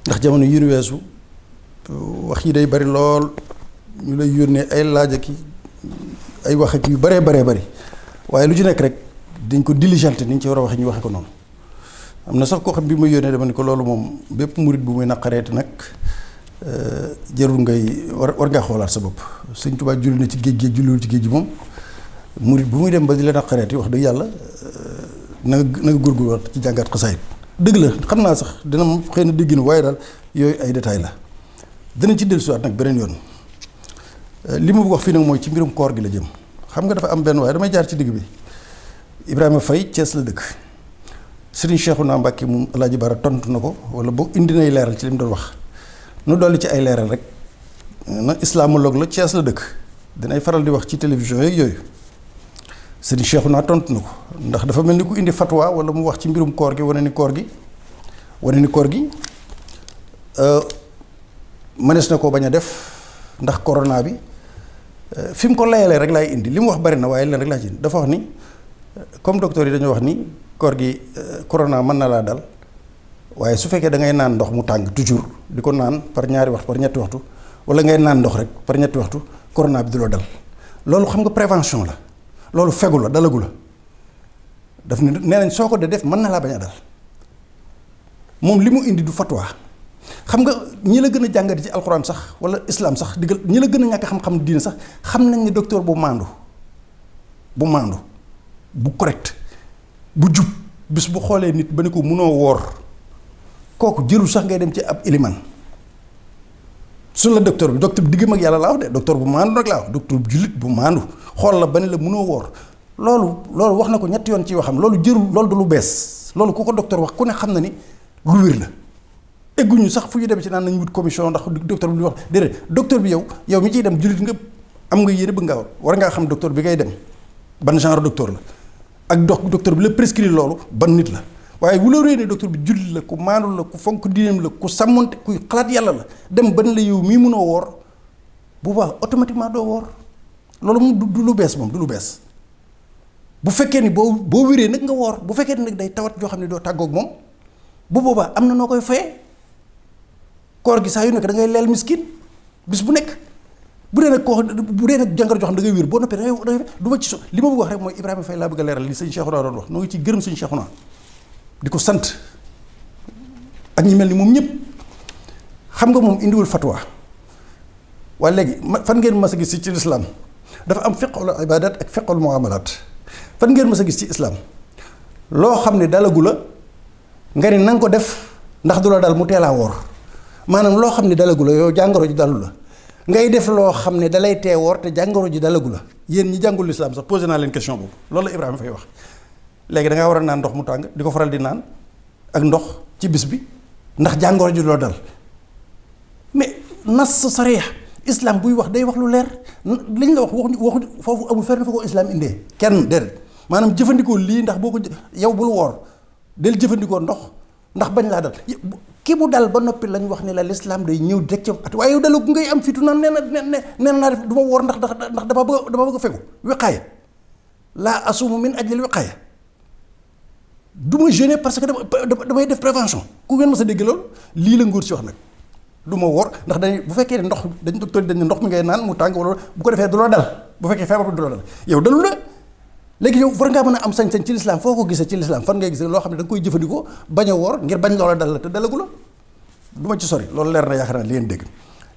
ndax jamono yu weesu wax yi day bari lool ñu lay yónnee ay laaj ki ay wax ak yu bëree bëree bëri waaye lu ci nekk rek dañ ko diligenté ni ñu ci war a waxee ñu waxee ko noonu am na sax koo xam bi muy yónnee dama ne ko loolu moom bépp murit bu muy naqareeti nag euh, jarul ngay war war ngaa xoolaat sa bopp Sëñ Tuubaa julli na ci géej gi julliwul ci géej gi moom murit bu muy dem ba di la naqareeti wax dëgg yàlla euh, na nga na nga ci jàngat xasaayit dëgg la xam naa sax dina xëy na dégg na waaye daal yooyu ay détails la dinañ ci dellusiwaat nag beneen yoon. Euh, li mu wax fii nag mooy ci mbirum koor gi la jëm xam nga dafa am benn waaye damay jaar ci digg bi Ibrahima fay cees la dëkk Serigne Cheikhouna Mbacké moom El Hadj Bara tontu na ko wala boog indi nay leeral ci li mu doon wax nu dolli ci ay leeral rek na islamologue la Thiès la dëkk dinay faral di wax ci télévision yooyu yooyu Serigne Cheikhouna tontu na ko ndax dafa mel ni ku indi fatwa wala mu wax ci mbirum koor gi wane ni koor gi wane ni koor gi euh, mënees na koo bañ a def ndax corona bi. Euh, fi mu ko layalee rek laay indi li mu wax bari na waaye leen rek laa ci indi dafa wax ni euh, comme docteur yi dañoo wax ni koor gi euh, corona mën na laa dal waaye su fekkee da ngay naan ndox mu tàng toujours di ko naan par ñaari waxtu par ñetti waxtu wala ngay naan ndox rek par ñetti waxtu corona bi du la dal loolu xam nga prévention la loolu fegu la dalagu la daf ne nee nañ soo ko dee def mën na laa bañ a dal moom li mu indi du fatwa xam nga ñi la gën a jàngati ci alxuraan sax wala islam sax diggal ñi la gën a ñàkk xam-xam diine sax xam nañ ne docteur bu maandu bu maandu bu correct bu jub bis bu xoolee nit ba ne ko mënoo woor kooku jërul sax ngay dem ci ab iliman suñ la bi docteur bi diggam ak yàlla laa wax de docteur bu maandu nag laa bu jullit bu maandu xool la ba ne la mënoo woor loolu loolu wax na ko ñetti yoon ci waxam loolu jërul loolu du lu bees loolu ku ko docteur wax ku ne xam na ni lu wér la egguñu sax fu ñu dem ci naan nañ wut commission ndax docteur bi lu wax déedéet docteur bi yow yow mi ciy dem jullit nga am nga yére bëgg ngaa war ngaa xam docteur bi ngay dem ban genre doctor la ak dox docteur bi la prescrire loolu ban nit la waaye wuloo réer ne docteur bi jullit la ku maanul la ku fonk diineem la ku sàmmonte kuy xalaat yàlla la dem ban la yow mii mënoo woor bu baax automatiquement doo woor loolu mu du lu bees moom du lu bees bu fekkee ni boo boo wéree nag nga woor bu fekkee ni nag day tawat joo xam ne doo tàggoog moom bu boobaa am na noo koy fayee koor gi sax yu nekk da ngay leel miskin bis bu nekk bu dee nag koo bu dee nag jàngoro joo xam da boo noppee da ngay da ngay du ma ci so li ma bëgg wax rek mooy Ibrahima a leeral li sëñ Cheikhouna doon wax ko sant ak ñi mel ni moom ñëpp xam nga moom indiwul fatwa waaye léegi fan ngeen mas a gis ci lislaam dafa am fiqhul ibadat ak fiqhul muamalat fan ngeen mas a gis ci islam loo xam ne dalagu la nga ni na ko def ndax du la daal mu teelaa woor maanaam loo xam ne dalagu la yow jàngoro ji dalu la ngay def loo xam ne dalay teewoor te jàngoro ji dalagu la yéen ñi jàngul lislaam sax posé naa leen question boobu loolu la Ibrahima Faye wax léegi dangaa war a naan ndox mu tàng di ko faral di naan ak ndox ci bis bi ndax jàngoro ji loo dal mais nas sariya islam buy wax day wax lu leer liñ la wax waxuñu waxuñu foofu amul fer fa ko islam indee kenn déedéet maanaam jëfandikoo lii ndax boo ko yow bul woor del jëfandikoo ndox ndax bañ laa ki mu dal ba noppi lañ wax ne la l'islam day ñëw direct ci at waaye yow dala ngay am fitu naan nee na nee naa def ma woor ndax ndax ndax dama bëgg dama bëgg a fegu wiqaaya laa asumu min ajlil wiqaaya du ma jeûner parce que dama damay def prévention ku ngeen ma sa dégg loolu lii la nguur si wax nag du ma woor ndax dañuy bu fekkee ndox dañ docteur dañ ndox mi ngay naan mu tàng wala bu ko defee du la dal bu fekkee feebar bi du la dal yow dalu la léegi yow far ngaa mën a am sañ-sañ ci lislaam foo ko gisee ci lislaam fan ngay gisee loo xam ne da koy jëfandikoo bañ a ngir bañ loola dal la te dalagu la du ma ci sori loolu leer na yaakaar naa li ngeen dégg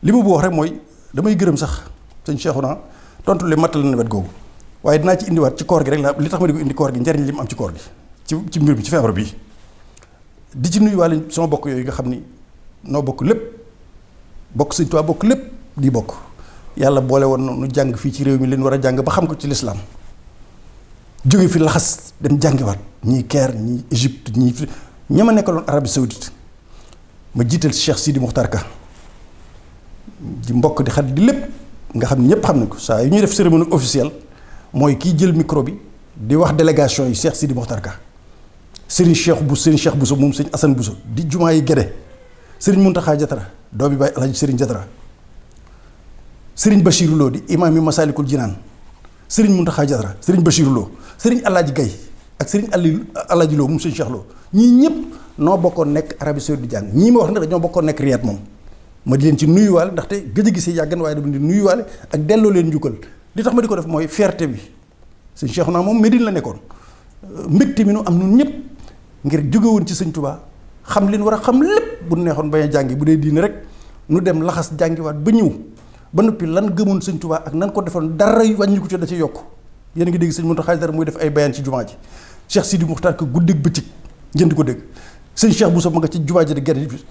li mu boo wax rek mooy damay gërëm sax sëñ Cheikhouna tontu li mattal na wet googu waaye danaa ci indiwaat ci koor gi rek la li tax ma di ko indi koor gi njariñ li mu am ci koor gi ci ci mbir mi ci feebar bi di ci nuyuwaale sama bokk yooyu nga xam ni noo bokk lépp bokk sëñ Tuubaa bokk lépp di bokk yàlla boole woon nu jàng fii ci réew mi leen war a jàng ba xam ci lislaam jóge fi laxas dem jàngiwaat ñii Caire ñii Égypte ñii fi ña ma nekkaloon Arabie Saoudite ma jiital Cheikh Sidi Mokhtar Ka di mbokk di xarit di lépp nga xam ne ñëpp xam nañ ko saa yu ñuy def cérémonie officielle mooy kiy jël micro di wax délégation yi Cheikh Sidi Mokhtar Ka Serigne Cheikh Bousso Serigne Cheikh Bousso moom Serigne Assane Bousso di jumaa yi Guédé Serigne Mountakha Diatara doomi baay Alhaji Serigne Diatara Serigne Bachirou Lo di imaam yi Masalikul Jinaan Serigne Mountakha Diatara Serigne Bachirou Lo sëriñ Alaaji Gay ak sëriñ Aliou Alaaji Lo moom sëriñ ñii ñëpp noo bokkoon nekk Arabie Saoudite di jàng ñii ma wax ne dañoo bokkoon nekk Riyad moom ma di leen ci nuyuwaale ndaxte gëj si yàgg yàggan waaye dama di nuyuwaale ak delloo leen njukkal li tax ma di ko def mooy fierté bi sëriñ Cheikh naa moom Médine la nekkoon mbégte mi nu am nun ñëpp ngir jóge ci sëñ tubaa xam leen ñu war a xam lépp bu neexoon bañ a jàngi bu dee diine rek nu dem laxas jàngiwaat ba ñëw ba noppi lan gëmoon sëñ Tuubaa ak nan ko defoon dara wàññi ko ci da ci yokk yéen a ngi dégg sëñ Mountakha dara muy def ay bayaan ci jumaa ji Cheikh Sidi Moukhtar ko guddeeg bëccëg ngeen di ko dégg sëñ Cheikh Bousso ma ci jumaa ji di gerte gi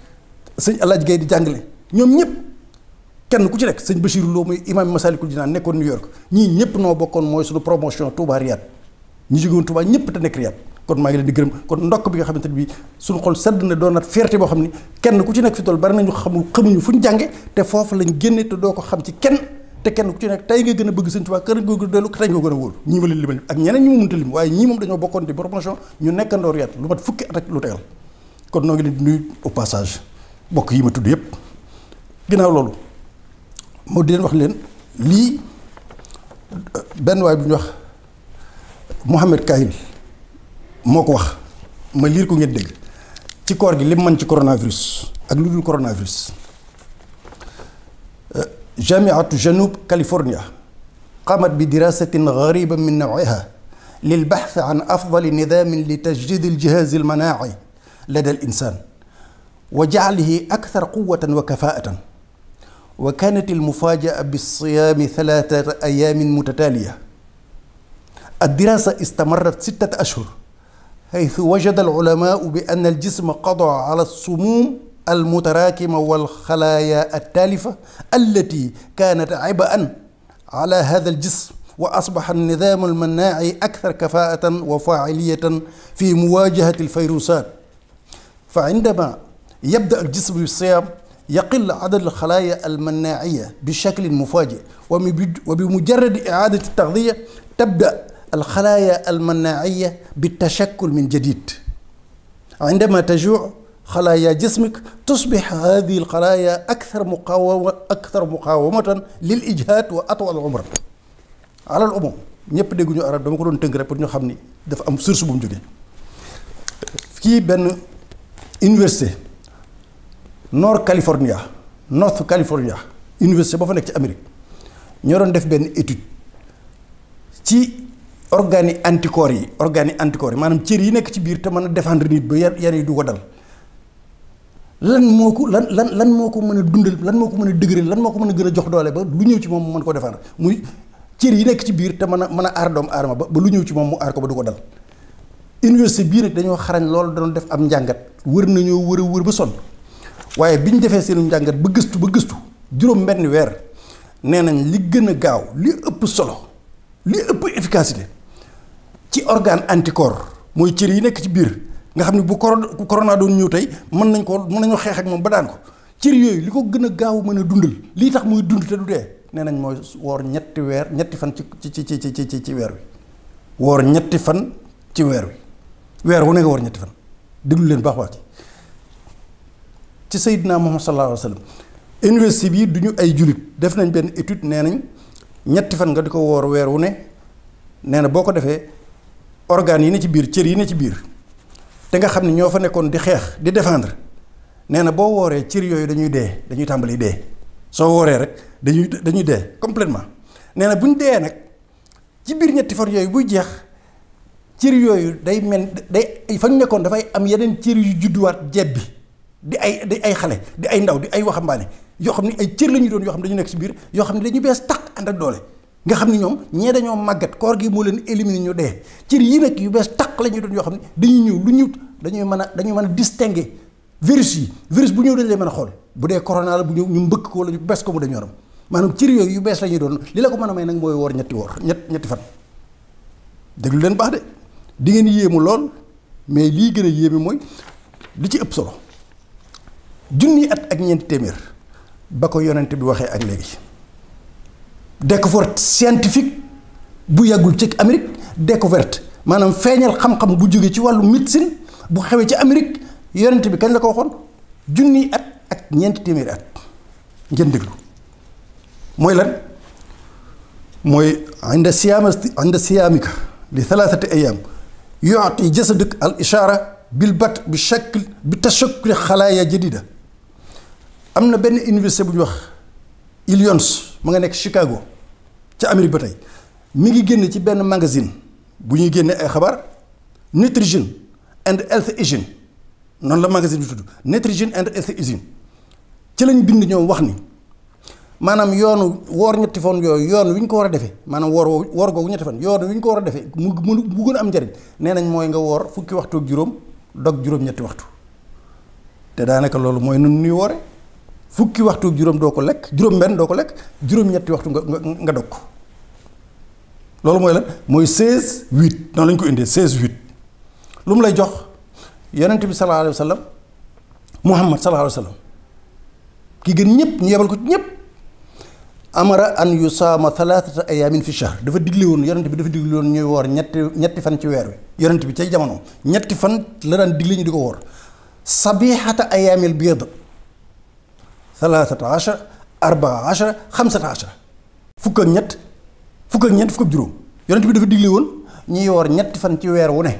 sëñ El Hadj di jàngale ñoom ñëpp kenn ku ci nekk sëñ Bachir Lo muy imam Masalikul Jinaan nekkoon New York ñii ñëpp noo bokkoon mooy suñu promotion Touba ñu jógewoon Touba ñëpp te nekk kon maa ngi leen di kon ndokk bi nga xamante ne bii suñu xol sedd na doon naat fierté boo xam ni kenn ku ci nekk fi tool bari nañu xamul xamuñu fu ñu jànge te foofu lañ génne te doo ko xam ci kenn te kenn ku ci nekk tey nga gën a bëgg Sëñ Tuubaa kër nga gën a dellu tey nga gën a wóolu ñii ma leen limal ak ñeneen ñi ma mënta lim waaye ñii moom dañoo bokkoon di promotion ñu nekkandoor yat lu mat fukki at kon noo ngi leen di nuyu au passage yi ma tudd yëpp loolu moo di wax leen lii benn waay bu ñu wax Mouhamed Kahil moo ko wax ma liir ko ngeen dégg ci koor gi li mën ci coronavirus ak lu dul coronavirus جامعة جنوب كاليفورنيا قامت بدراسة غريبة من نوعها للبحث عن أفضل نظام لتجديد الجهاز المناعي لدى الإنسان وجعله أكثر قوة وكفاءة وكانت المفاجأة بالصيام ثلاثة أيام متتالية الدراسة استمرت ستة أشهر حيث وجد العلماء بأن الجسم قضى على السموم almutaraakima wal xalaaya attaalifa allati kaanat ibaan ala hada aljism wa asbaxa alnidaamu almannaaci akthar kafaatan wa faaciliyatan fi muwaajahati alfayruusaat fa indama yabda aljism bisiyaam يقل عدد الخلايا المناعية بشكل مفاجئ وبمجرد إعادة التغذية تبدأ الخلايا المناعية بالتشكل من جديد عندما تجوع خلايا جسمك تصبح هذه الخلايا أكثر مقاومة أكثر مقاومة للإجهاد وأطول عمرا على العموم ñëpp dégguñu arab dama ko doon tënk rek pour ñu xam ni dafa am source bu mu jógee kii benn université North California North California université ba fa nekk ci Amérique ñoo doon def benn étude ci organes yi anticorps yi organes yi anticorps yi maanaam cër yi nekk ci biir te mën a défendre nit ba yan yi du ko dal lan moo ko lan lan lan moo ko mën a dundal lan moo ko mën a dëgëral lan moo ko mën a gën a jox doole ba lu ñëw ci moom mu mën ko defar muy cër yi nekk ci biir te mën a mën a aar doomu aadama ba ba lu ñëw ci moom mu aar ko ba du ko dal université bii nag dañoo xarañ loolu doon def am njàngat wër nañoo wër a wër ba sonn waaye bi ñu defee seen njàngat ba gëstu ba gëstu juróom benn weer nee nañ li gën a gaaw li ëpp solo li ëpp efficacité ci organe anticorps mooy cër yi nekk ci biir nga xam ne bu corona corona doon ñëw tey mën nañ ko mën nañoo xeex ak moom ba daan ko cër yooyu li ko gën a gaaw mën a dundal lii tax muy dund te du dee nee nañ mooy woor ñetti weer ñetti fan ci ci ci ci ci ci weer wi. woor ñetti fan ci weer wi weer wu ne nga woor ñetti fan déglu leen baax baax ci ci Seydina Muhammad sallallahu alayhi wa sallam université bi du ñu ay julit def nañ benn étude nee nañ ñetti fan nga di ko woor weer wu ne nee na boo ko defee organes yi ne ci biir cër yi ne ci biir. te nga xam ne ñoo fa nekkoon di xeex di défendre nee na boo wooree cër yooyu dañuy dee dañuy tàmbali dee soo wooree rek dañuy dañuy dee completement nee na bu ñu dee nag ci biir ñetti fan yooyu buy jeex cër yooyu day mel day fa ñu nekkoon dafay am yeneen cër yu judduwaat bi di ay di ay xale di ay ndaw di ay waxambaane yoo xam ne ay cër la ñu doon yoo xam ne dañu nekk si biir yoo xam ne dañuy bees taq ànd ak doole. nga xam ne ñoom ñee dañoo màggat koor gi moo leen éliminer ñu dee cër yi nag yu bees taq la ñu doon yoo xam ne dañuy ñëw lu ñu dañuy mën a dañuy mën a distinguer virus yi virus bu ñëw dañ lay mën a xool bu dee corona bu ñëw ñu mbëkk ko wala ñu bes ko mu dañoo ram maanaam cër yooyu yu bees la ñuy doon li la ko mën a may nag mooy woor ñetti woor ñett ñetti fan déglu leen baax de di ngeen yéemu lool mais lii gën a yéeme mooy li ci ëpp solo junni at ak ñeenti téeméer ba ko yonent bi waxee ak léegi découverte scientifique bu yàggul ci Amérique découverte maanaam feeñal xam-xam bu jóge ci wàllu médecine bu xewee ci Amérique yonent bi kañ la ko waxoon junniy at ak ñeenti téeméeri at ngeen mooy lan mooy inda siyaama inda siyaamika li thalathati ayam yuati jasadak al ishaara bil bat bi shakl bi tashakkuli xalaaya jadida am na benn université bu ñu wax Illinois mu nga nekk Chicago ca Amérique ba tey mu ngi génn ci benn magasin bu ñuy génne ay xabaar Nutrition and Health Hygiene noonu la magazine bi tudd Nutrition and Health Hygiene ci lañ bind ñoom wax ni maanaam yoonu woor ñetti fan yooyu yoon wi ñu ko war a defe maanaam woor woor googu ñetti fan yoon wi ñu ko war a defee mu mu gën am njariñ nee nañ mooy nga woor fukki waxtu ak juróom dog juróom-ñetti waxtu te daanaka loolu mooy nun nuy woore fukki waxtu juróom doo ko lekk juróom-benn doo ko lekk juróom-ñetti waxtu nga nga dog ko loolu mooy lan mooy 16 8 noonu la ko indee 16 8 lu mu lay jox yonent bi sallallahu alayhi wa sallam Muhammad sallallahu alayhi wa sallam ki gën ñëpp ñu ko ci ñëpp. amara an yusaama thalathata ayamin fi shahr dafa digle woon yonent bi dafa digle woon ñuy woor ñetti ñetti fan ci weer wi yonent bi cay jamono ñetti fan la daan digle ñu di ko woor sabihata ayamil biid salaasata achara arbaa achara xamsata achara fukk ak ñett fukk ak ñett fukk ak juróom yonent bi dafa digle woon ñuy woor ñetti fan ci weer wu ne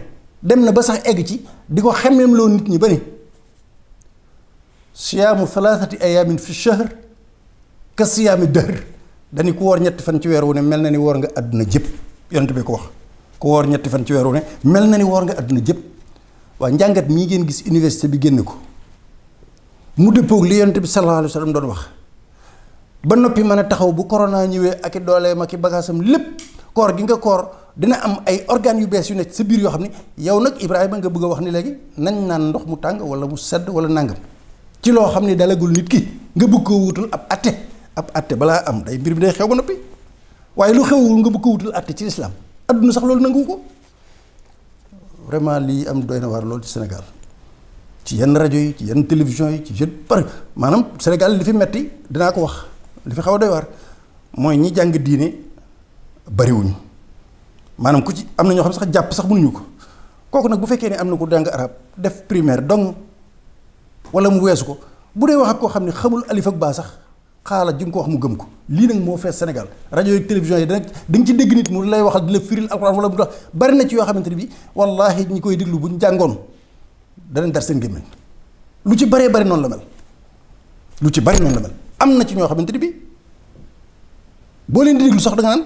dem na ba sax egg ci di ko xemmeem loo nit ñi ba ni siyaamu salaasati ayaamin fi shahr ka siyaami dëhr dañu ku woor ñetti fan ci weer wu ne mel na ni woor nga àdduna jëpp yonent bi ko wax ku woor ñetti fan ci weer wu ne mel na ni woor nga àdduna jëpp waa njàngat mii ngeen gis université bi génn ko mu dëppoog li yonent bi sallallahu alayhi wa doon wax ba noppi mën a taxaw bu corona ñëwee ak i dooleem ak bagaasam lépp koor gi nga koor dina am ay organes yu bees yu nekk sa biir yoo xam ne yow nag Ibrahima nga bëgg a wax ni léegi nañ naan ndox mu tàng wala mu sedd wala nangam ci loo xam ne dalagul nit ki nga bëgg ko wutul ab atte ab atte balaa am day mbir bi day xew ba noppi waaye lu xew nga bëgg ko wutul atte ci lislaam adduna sax loolu nangu ko vraiment lii am doy na waar loolu ci Sénégal. ci yenn rajo yi ci yenn télévision yi ci yenn par maanaam Sénégal li fi metti dinaa ko wax li xaw a doy waar mooy ñi jàng diine bariwuñu maanaam ku ci am na ñoo xam sax jàpp sax mënuñu ko kooku nag bu fekkee ne am na ko jàng arab def primaire dong wala mu weesu ko bu dee wax ak koo xam ne xamul alif ak baa sax xaala ji nga ko wax mu gëm ko lii nag moo fees Sénégal rajo yi télévision yi dana da ci dégg nit mu lay waxal di la firil alxuraan wala mu tax bari na ci yoo xamante ne bi wallaahi ñi koy déglu buñ jàngoon danañ dar seen gémmiñ lu ci bëree bëri noonu la mel lu ci bëri noonu la mel am na ci ñoo xamante ni bi boo leen di déglu sax da nga naan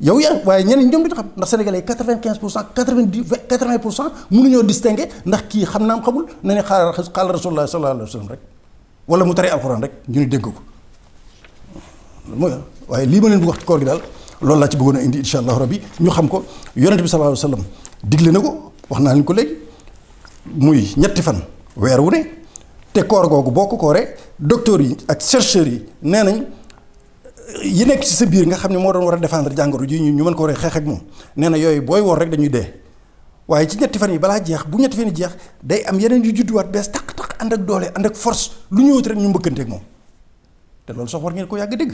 yow yaa waaye ñeneen ñoom du ñu xam ndax sénégalais quatre vingt quinze pour cent quatre vingt dix quatre vingt pour cent mënuñoo distingué ndax kii xam naam xamul na ne xaaral xaaral rasulullah sallallahu alayhi wa rek wala mu taree alxuraan rek ñu ni dénk ko mooy waaye lii ma leen bëgg wax ci koor gi daal lool laa ci bëggoon indi incha allahu rabbi ñu xam ko yonent bi sallallahu alayhi wa sallam digle na ko wax naa leen ko léegi. muy ñetti fan weer wu ne te koor googu boo ko kooree docteurs yi ak chercheurs yi nee nañ euh, yi nekk ci sa biir nga xam ne moo doon war a défendre jàngoro ji ñu mën ko waree xeex ak moom nee yooyu booy woor rek dañuy dee waaye ci ñetti fan yi balaa jeex bu ñetti fan yi jeex day am yeneen yu judduwaat bees taq-taq ànd ak doole ànd ak force lu ñëwati rek ñu mbëkkante ak moom te loolu sax war ngeen ko yàgg dégg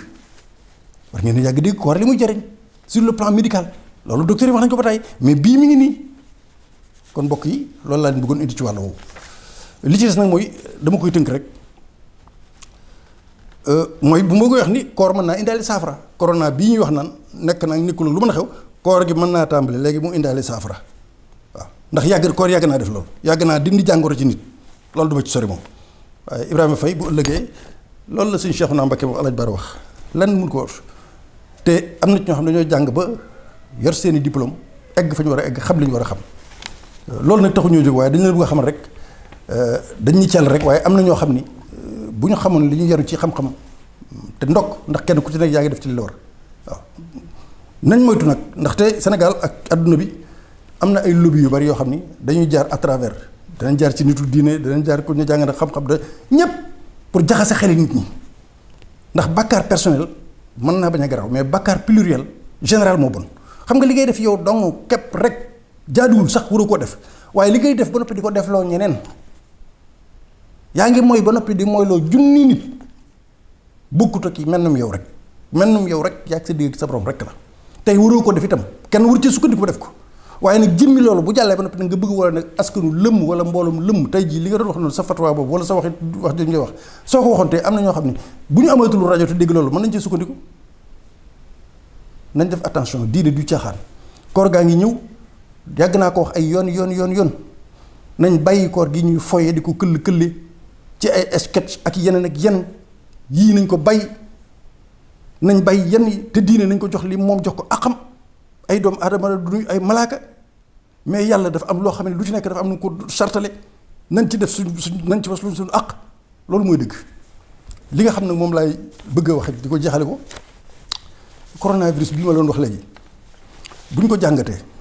war ngeen yàgg dégg koor li muy jëriñ sur le plan loolu docteur yi wax bii mi ngi nii. kon mbokk yi loolu laa leen bëggoon indi ci wàll woowu li ci des nag mooy dama koy tënk rek euh, mooy bu ma ko wax ni koor mën naa indaale saafara corona bii ñuy wax naan nekk naa nekkul lu mën a xew koor gi mën naa tàmbali léegi mu indaale saafara waaw ndax yàgg koor yàgg naa def loolu yàgg naa dindi jàngoro ci nit loolu du ma ci sori moom waaye Ibrahima Faye bu ëllëgee loolu la suñu Cheikhouna Mbacké moom Alaaji Bara wax lan mun ko te am na ci ñoo xam ne dañoo jàng ba yor seeni diplôme egg fa war egg xam li war a xam. loolu nag taxu ñoo jóg waaye dañ leen bëgg a rek euh, dañ ñu ceel rek waaye am na ñoo xam ni euh, bu ñu xamoon li ñu yaru ci xam-xam te ndokk ndax kenn ku ci nekk yaa ngi def ci li la war waaw nañ moytu nag ndaxte Sénégal ak adduna bi am na ay lobby yu bari yoo xam ni dañuy jaar à travers danañ jaar ci nitul diine danañ jaar ku ñu jàng nag xam-xam da ñëpp pour jaxase xeli nit ñi ndax bàkkaar personnel mën naa bañ a garaaw mais bàkkaar pluriel général moo bon xam nga li ngay def yow dong képp rek. jaaduwul sax waru ko def waaye li ngay def ba noppi di ko defloo ñeneen yaa ngi mooy ba noppi di mooy loo junni nit bokkut ak mennum yow rek mennum yow rek yaa sa digg sa borom rek la tey waroo ko def itam kenn waru ci sukkandiku ba def ko waaye nag jëmmi loolu bu jàllee ba noppi nag nga bëgg wala nag askanu lëmm wala mboolum lëmm tey jii li nga doon wax noonu sa fatwa boobu wala sa waxi wax jooju ngay wax soo ko waxoon tey am na ñoo xam ne bu ñu amatul rajo te dégg loolu mën def attention diine du caaxaan koor gaa ngi ñëw yàgg naa ko wax ay yoon yoon yoon yoon nañ bàyyi koor gi ñuy foye di ko këll këlle ci ay sketch ak yeneen ak yenn yii nañ ko bàyyi nañ bàyyi yenn te diine nañ ko jox li moom jox ko xam ay doom aadama la du ay malaaka mais yàlla dafa am loo xam ne lu ci nekk dafa am nu ko sartale nañ ci def suñ suñ nañ ci was luñ suñu àq loolu mooy dëgg li nga xam ne moom lay bëgg a wax di ko jeexale ko coronavirus bi ma doon wax léegi buñ ko jàngatee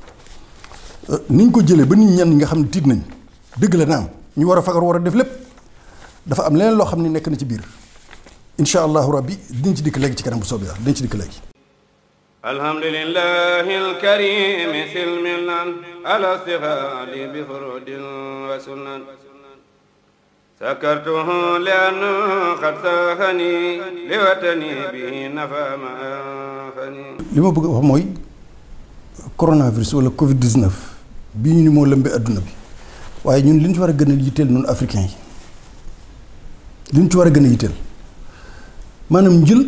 ni ñu ko jëlee ba nit ñenn nga xam ne tiit nañ dëgg la naam ñu war a fagar war a def lépp dafa am leneen loo xam ne nekk na ci biir incha allahu rabbi dinañ ci dikk léegi ci kanam bu soobee dinañ ci dikk léegi. alhamdulillahi alkarim silmilan ala sihadi bi furudin wa sunan sakartuhu lianu xat saxani li watani bi nafa ma fani li ma bëgg wax mooy coronavirus wala covid 19 bii ñu ni moo lëmbee adduna bi waaye ñun li ñu ci war a gën a yitteel noonu africain yi li ñu ci war a gën a yitteel maanaam njël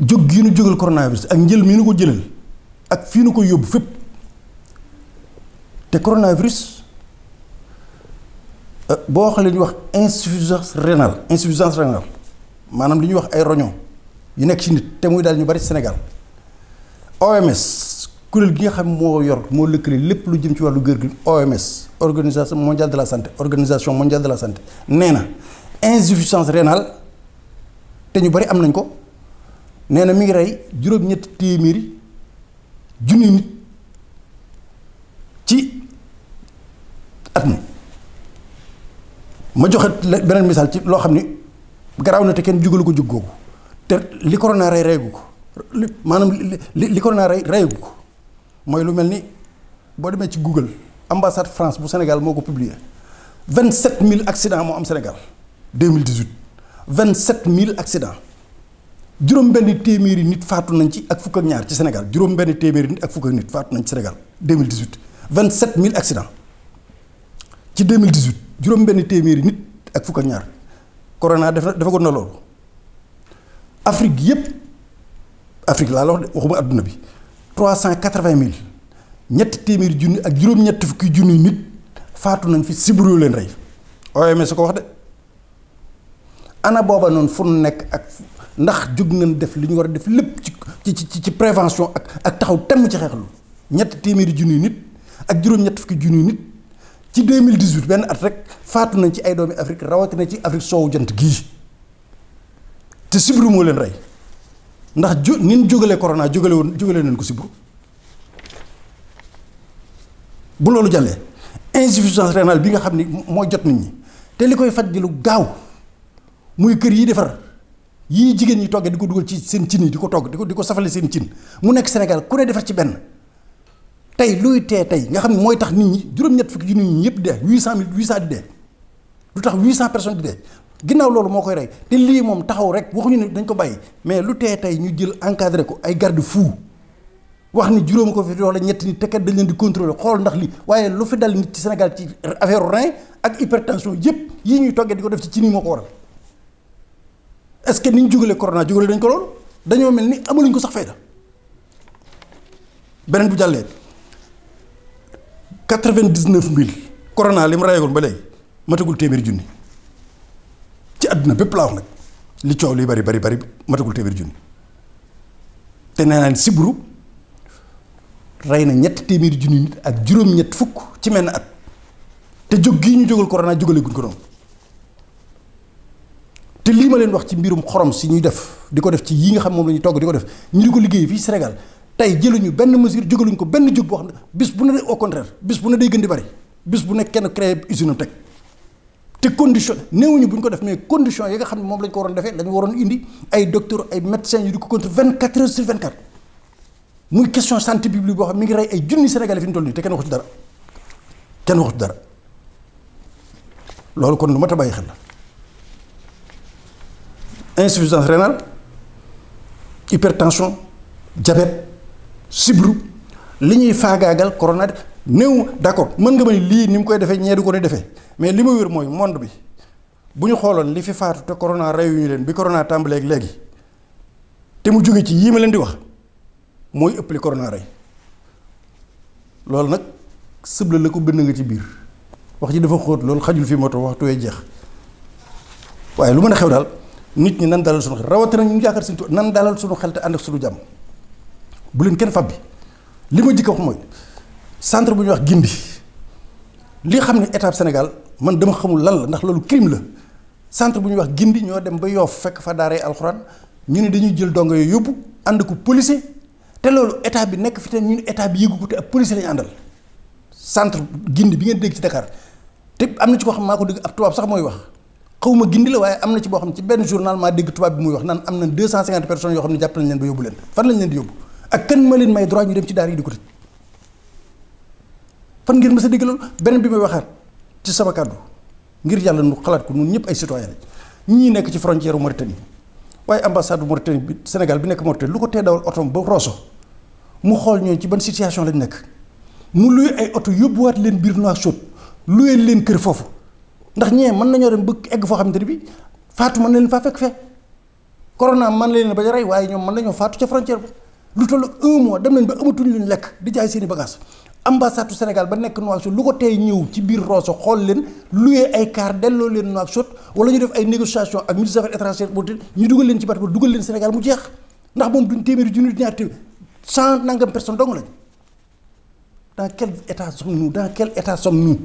jóg yi nu jógal coronavirus ak njël mi nu ko jëlal ak fii nu ko yóbbu fépp te coronavirus euh, boo xam ne ñuy wax insuffisance rénale insuffisance rénale maanaam li ñuy wax ay roñon yu nekk ci nit te muy daal ñu bari Sénégal OMS kuréel gi nga xam moo yor moo lëkkale lépp lu jëm ci wàllu gër gi OMS organisation mondiale de la santé organisation mondiale de la santé nee na insuffisance rénale te ñu bari am nañ ko nee na mi ngi rey juróom-ñetti téeméeri junni nit ci at mi ma joxe beneen misaal ci loo xam ni garaaw na te kenn jugalu ko jug googu te li corona rey reyagu ko maanaam li li corona rey reyagu ko. mooy lu mel ni boo demee ci Google ambassade France bu Sénégal moo ko publier vingt sept mille accidents moo am Sénégal deux mille dix huit vingt sept mille accidents juróom benn téeméeri nit faatu nañ ci ak fukk ak ñaar ci Sénégal juróom benn téeméeri nit ak fukk ak nit nañ ci Sénégal deux mille dix huit vingt ci deux mille dix téeméeri nit ak fukk ñaar corona dafa defagoon na loolu Afrique yépp Afrique laa la wax de waxuma adduna bi. trois cent quatre-vingt mille ñett téeméeri junni ak juróom-ñetti fukki junni nit faatu nañ fi sibiru leen rey OMS ko wax de ana booba noonu fu nu nekk ak ndax jóg nañ def li ñu war a def lépp ci ci ci prévention ak ak taxaw temm ci xeexlu ñett téeméeri junni nit ak juróom-ñetti fukki junni nit ci 2018 benn at rek faatu nañ ci ay doomi Afrique rawatina ci Afrique soowu jant gii te sibiru moo leen rey ndax ju ni ñu jógalee corona jógale woon jógale nañ ko si buru bu loolu jàllee insuffisance rénale bi nga xam ni mooy jot nit ñi te li koy faj di lu gaaw muy kër yi defar yii jigéen ñi toggee di ko dugal ci seen cin yi di ko togg di ko di ko safale seen cin mu nekk Sénégal ku ne defar ci benn tey luy tee tey nga xam ne mooy tax nit ñi juróom-ñett fukki junni ñi ñëpp de huit cent mille huit cent di dee lu tax huit cent personnes di dee ginnaaw loolu moo koy rey te lii moom taxaw rek waxuñu ne dañ ko bàyyi mais lu tee tey ñu jël encadré ko ay garde fou wax ni juróom ko fi wala ñetti nit te kat dañ leen di contrôler xool ndax li waaye lu fi dal nit ci Sénégal ci affaire rein ak hypertension yëpp yii ñuy toggee di ko def ci ci nii moo ko waral est-ce que ni ñu jugalee corona jugale dañ ko loolu dañoo mel ni amul amaluñ ko sax fayda beneen bu jàllee quatre-vingt-dix-neuf mille corona li mu rayagul ba léegi matagul téeméeri junni. ci àdduna bépp laa wax nag li coow li bari bari bari matagul téeméer junni te nee naa sibru rey na ñett téeméeri junni nit ak juróom-ñett fukk ci menn at te jóg gii ñu jógal corona jógale guñ ko noonu te lii ma leen wax ci mbirum xorom si ñuy def di ko def ci yii nga xam moom la ñuy togg di ko def ñu di ko liggéey fii Sénégal tey ñu benn mesure jógaluñ ko benn jóg boo xam ne bu ne au contraire bis bu ne day gën di bari bis bu ne kenn créé usine teg. te condition néewuñu bu ñu ko def mais condition yi nga xam ne moom lañ ko waroon defee dañu waroon indi ay docteur ay médecins yu di ko contre vingt quatre heures sur vingt quatre muy question santé publique boo xam mi ngi rey ay junni Sénégalais fi ñu toll nii te kenn waxu ci dara kenn waxu ci dara loolu kon lu mat a bàyyi xel la insuffisance rénale hypertension diabète sibru li ñuy faagaagal corona néew d'accord mën nga may lii ni mu koy defee ñee du ko ni defee mais li ma wér mooy monde bi bu ñu xooloon li fi faatu te corona reyu ñu leen bi korona tàmbaleek léegi te mu jóge ci yii ma leen di wax mooy ëppli li corona rey loolu nag sëbla la ko bënn nga ci biir wax ji dafa xóot loolu xajul fi moto waxtu wee jeex waaye lu mën a xew daal nit ñi nan dalal suñu xel rawatina ñu yaakaar suñu nan dalal suñu xel te ànd ak suñu jàmm bu leen kenn fab bi li ma jëkk mooy centre bu ñuy wax Gindi li xam ne état Sénégal man dama xamul lan la ndax loolu crime la centre bu ñu wax Gindi ñoo dem ba Yoff fekk fa daaree alxuraan ñu ne dañuy jël dongo yooyu yóbbu ànd ko policier te loolu état bi nekk fi te ñu ne état bi yëgu ko te ab policier lañu àndal centre Gindi bi ngeen dégg ci Dakar te am na ci koo xam maa ko dégg ab tubaab sax mooy wax xawma Gindi la waaye am na ci boo xam ci benn journal maa dégg tubaab bi muy fan ngeen ma a dégg loolu beneen bi may waxaat ci sama kàddu ngir yàlla nu xalaat ko ñun ñëpp ay citoyen lañ ñii nekk ci frontière Mauritanie waaye ambassade Mauritanie bi Sénégal bi nekk Mauritanie lu ko tee dawal otom ba Rosso mu xool ñooñu ci ban situation lañ nekk mu luy ay oto yóbbuwaat leen biir Nouakchott luyeel leen kër foofu ndax ñee mën nañoo dem bëgg egg foo xamante ne bi faatu man na leen faa fekk fee corona man leen ba rey waaye ñoom mën nañoo faatu ca frontière ba lu toll un dem nañ ba amatuñ luñ lekk di jaay seen i ambassade Sénégal ba nekk Nouakchott lu ko tey ñëw ci biir Rosso xool leen loué ay car delloo leen Nouakchott wala ñu def ay négociation ak ministre des affaires ñu dugal leen ci bateau dugal leen Sénégal mu jeex ndax moom duñ téeméeri junni ñaar téeméer cent nangam personne dong lañ dans quel état sommes-nous dans quel état sommes-nous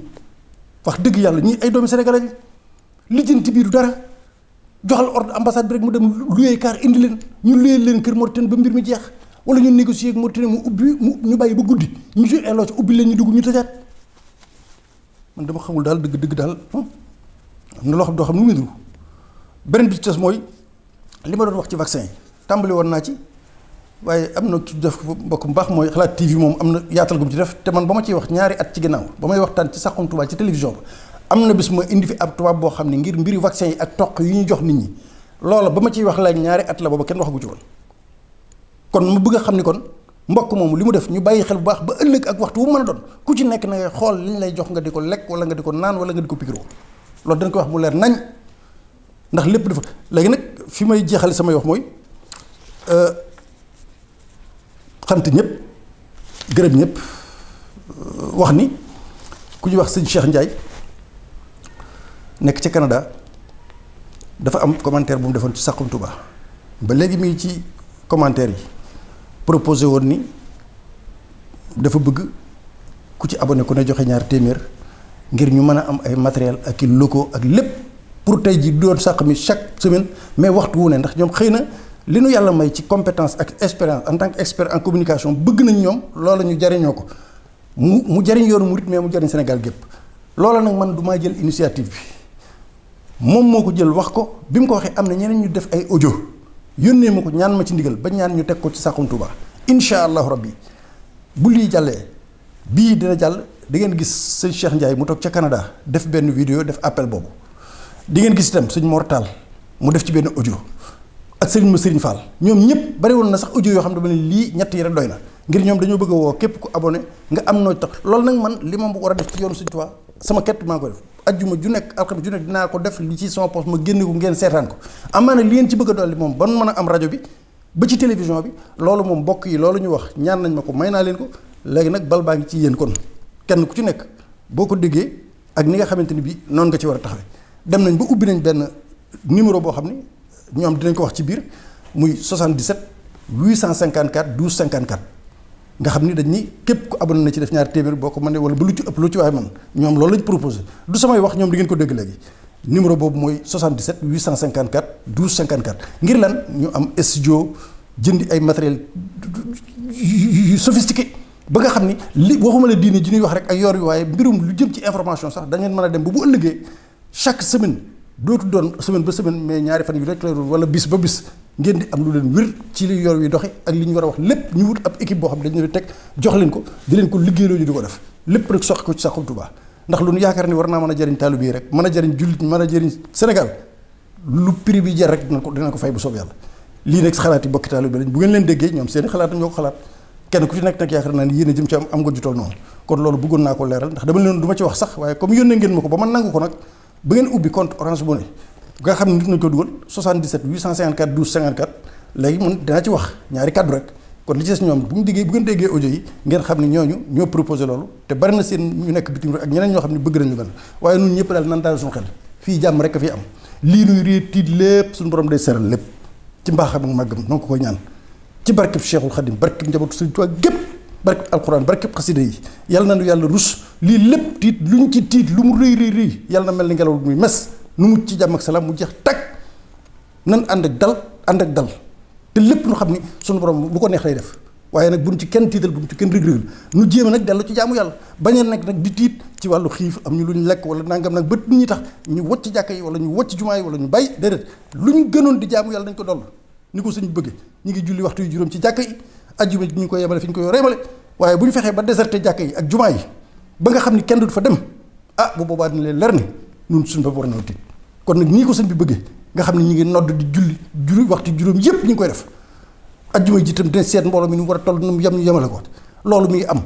wax dëgg yàlla ñii ay doomi Sénégal lañ lijjanti biir du dara joxal ordre ambassade bi rek mu dem loué car indi leen ñu loué leen kër Mauritanie ba mbir mi jeex wala ñu négocier ak Mauritanie mu ubbi ñu bàyyi ba guddi ñu jël ay loge ubbi leen ñu dugg ñu tëjaat man dama xawul daal dëgg dëgg daal ah, am na loo xam doo xam nu mu niru beneen bi ci mooy li ma doon wax ci vaccin yi tàmbali woon naa ci waaye am na ci def mbokk mu baax mooy xalaat TV moom am na yaatal gu mu ci def te man ba ma ci wax ñaari at ci ginnaaw ba may waxtaan ci Saxum Touba ci télévision ba am na bis ma indi fi ab tubaab boo xam ne ngir mbiri vaccin yi ak toq yu ñu jox nit ñi loola ba ma ciy wax laaj ñaari at la booba kenn waxagu ci woon kon mu bëgg a xam ni kon mbokk moomu li mu def ñu bàyyi xel bu baax ba ëllëg ak waxtu wu mën a doon ku ci nekk na ngay xool li lay jox nga di ko lekk wala nga di ko naan wala nga di ko pikiroo loolu dañ koy wax mu leer nañ ndax lépp dafa léegi nag fi may jeexale samay wax mooy xant euh, ñëpp gërëm ñëpp euh, wax ni ku ñuy wax sëñ Cheikh Ndiaye nekk ca Canada dafa am commentaire bu mu defoon ci Saxum ba léegi mii ci commentaire yi proposé woon ni dafa bëgg ku ci abonné ku ne joxe ñaar téeméer ngir ñu mën a am ay matériel ak i ak lépp pour tey ji doon sàq mi chaque semaine mais waxtu wu ne ndax ñoom xëy na li nu yàlla may ci compétence ak expérience en tant que expert en communication bëgg nañ ñoom loola ñu jariñoo ko mu mu jariñ yoonu murit mais mu jariñ Sénégal gépp loola nag man du jël initiative bi moom moo ko jël wax ko bi mu ko waxee am na ñeneen ñu def ay audio yónnee ma ko ñaan ma ci ndigal ba ñaan ñu teg ko ci Saxum Touba incha allahu rabbi bu lii jàllee bii dina jàll di ngeen gis sëñ Cheikh Ndiaye mu toog ca Canada def benn vidéo def appel boobu di ngeen gis itam sëñ Mortal mu def ci benn audio ak sëriñ ma sëriñ Fall ñoom ñëpp bari woon na sax audio yoo xam ne dama ne lii ñett yi doy na ngir ñoom dañoo bëgg woo képp ku abonné nga am noo tax lool nag man li ma war a def ci yoonu sëñ Touba sama kett maa ko def. ajjuma ju nekk alxames ju nekk dinaa ko def li ci son poste ma génne ko ngeen seetaan ko amaana li ngeen ci bëgg a dolli moom ban mën a am rajo bi ba ci télévision bi loolu moom bokk yi loolu ñu wax ñaan nañ ma ko may naa leen ko léegi nag bal baa ngi ci yéen kon kenn ku ci nekk boo ko déggee ak ni nga xamante ni bii noonu nga ci war a taxawee dem nañ ba ubbi nañ benn numéro boo xam ni ñoom dinañ ko wax ci biir muy 77 854 12 54. nga xam ni dañ ni képp ku abonné na ci def ñaari téeméer boo ko mënee wala ba lu ci ëpp lu ci waaye man ñoom loolu lañ proposé du samay wax ñoom di ngeen ko dégg léegi numéro boobu mooy 77 854 12 54 ngir lan ñu am studio jëndi ay matériel yu sophistiqué ba nga xam ni li waxuma la diine ji ñuy wax rek ay yor yu waaye mbirum lu jëm ci information sax da ngeen mën a dem ba bu ëllëgee chaque semaine dootu doon semaine ba semaine mais ñaari fan yu rek lay doon bis ba bis ngeen di am lu leen wér ci li yor wi doxe ak li ñu war a wax lépp ñu wut ab équipe boo xam ne dañu leen teg jox leen ko di leen ko liggéeyloo ñu di ko def lépp rek soqi yaakaar ni war naa mën a jëriñ taalibe yi rek mën a jëriñ jullit a jëriñ Sénégal lu prix bi jar rek dina ko dina ko fay bu soob yàlla lii nag xalaat yi bokki taalibe lañ bu ngeen leen déggee ñoom seen xalaat ñoo ko xalaat kenn ku ci nekk nag yaakaar naa ni yéen a jëm ci am am nga ju noonu kon loolu bëggoon naa ko leeral ndax dama leen du ci wax sax waaye comme ba ngeen ubbi compte orange money nga xam ne nit nañ ko dugal 77 854 12 54 léegi man dinaa ci wax ñaari kàddu rek kon li ci des ñoom bu ñu déggee bu ngeen yi ngeen xam ne ñooñu ñoo proposé loolu te bari na seen ñu nekk bitim réew ak ñeneen ñoo xam ne bëgg nañu mel waaye ñun ñëpp daal nan daal suñu xel fii jàmm rek a fi am lii nuy réer tiit lépp suñu borom day seral lépp ci mbaaxam ak màggam noo ko koy ñaan ci barkeb Cheikhul Khadim barkeb barkeb alxuraan barkeb xasida yi yal na nu yàlla rus lii lépp tiit lu ñu ci tiit lu mu rëy rëy rëy yal na mel ni ngelaw muy mes nu mu ci jàmm ak salaam mu jeex takk nan ànd ak dal ànd ak dal te lépp nu xam ni sunu borom lu ko neex lay def waaye nag buñ ci kenn tiital buñ ci kenn rëg-rëgal nu jéem nag dellu ci jaamu yàlla bañ nag nekk nag di tiit ci wàllu xiif am ñu lu ñu lekk wala nangam nag bët ñi tax ñu wocc jàkk yi wala ñu wocc jumaa wala ñu bàyyi déedéet lu ñu gënoon di jaamu yàlla dañ ko doll ni ko sëñ bëgge ñu ngi julli waxtu yu juróom ci jàkka yi ajjuma ji ñu koy yebale fi ñu koy reebale waaye bu ñu fexee ba déserté jàkk yi ak jumaa yi ba nga xam ni kenn du fa dem ah bu boobaa dina leen leer ni ñun suñu bopp war nañu tiit kon nag nii ko sëñ bi nga xam ne ñu ngi nodd di julli juróom waxtu juróom yépp ñu ngi koy def ajjuma ji itam dina seet mbooloo war a toll nu mu yem ñu yemale ko loolu mi am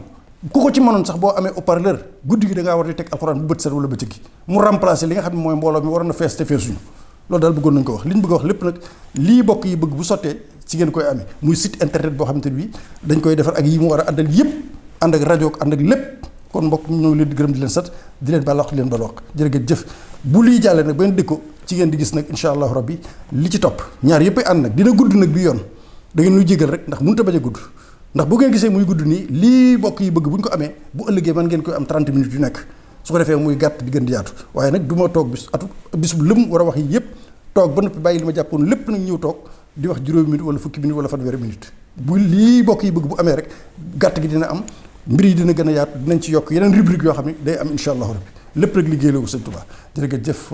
ku ko ci mënoon sax boo amee haut-parleur guddi gi da ngaa war di teg alxuraan bu bët set wala bëccëg gi mu remplacer li nga xam ne mooy mbooloo mi waroon na fees te feesuñu loolu daal bëggoon nañu ko wax li ñu bëgg a wax lépp nag lii bokk yi bëgg bu sottee ci ngeen koy amee muy site internet boo xamante bi dañ koy defar ak yi mu war a àndal yëpp ànd ak rajo ak ànd ak lépp kon mbokk ñoo leen di gërëm di leen sat di leen bàllax di leen baloox jërë ngeen jëf bu lii jàllee nag benn dëkko ci ngeen di gis nag incha allahu rabbi li ci topp ñaar yëpp ay ànd nag dina gudd nag bi yoon da ngeen ñu jégal rek ndax mënut a bañ a gudd ndax bu ngeen gisee muy gudd nii lii mbokk yi bëgg bu ñu ko amee bu ëllëgee mën ngeen koy am 30 minutes yu nekk ko defee muy gàtt di di yaatu waaye nag du ma toog atu bis bu lëm a wax yi yëpp toog ba noppi bàyyi li ma jàppoon lépp nag ñëw toog di wax juróomi minute wala fukki minute wala fanweeri minute bu lii bokk yi bëgg bu amee rek gàtt gi dina am mbir yi dina gën a yaat dinañ ci yokk yeneen rubrique yoo xam ne day am incha allahu rabbi lépp rek liggéey la ko sëñ Tuubaa jërëjëf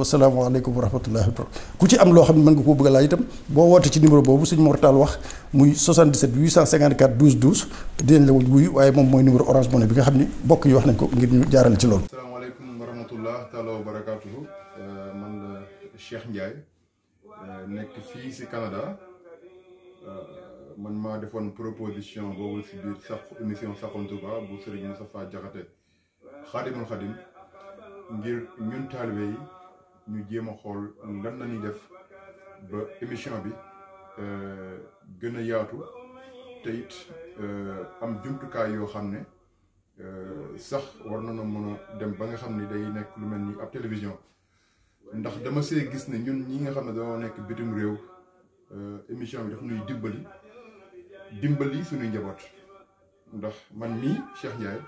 ku ci am loo xam ne mën nga koo bëgg boo woote ci numéro boobu sëñ Mortal wax muy 77 854 12 12 dinañ la wuy wuyu waaye moom mooy numéro Orange Money bi nga xam ni bokk yi wax nañ ko ngir ñu jaarale ci loolu. asalaamaaleykum wa rahmatullah taala wa barakaatuhu euh, man la Cheikh Ndiaye euh, nekk fii si Canada. Euh, man maa defoon proposition boobu si biir sax émission Saxum Touba bu Serigne Moustapha Diakhaté xaadimul xaadim ngir ñun taalibe yi ñu jéem a xool lan la ñuy def ba émission bi euh, gën a yaatu te euh, am jumtukaay yoo xam ne sax war na na mën a dem ba nga xam ni day nekk lu mel ni ab télévision ndax dama see gis ne ñun ñi nga xam ne dañoo nekk bitim réew Euh, émission bi daf nuy dimbali dimbali suñuy njaboot ndax man mii Cheikh Ndiaye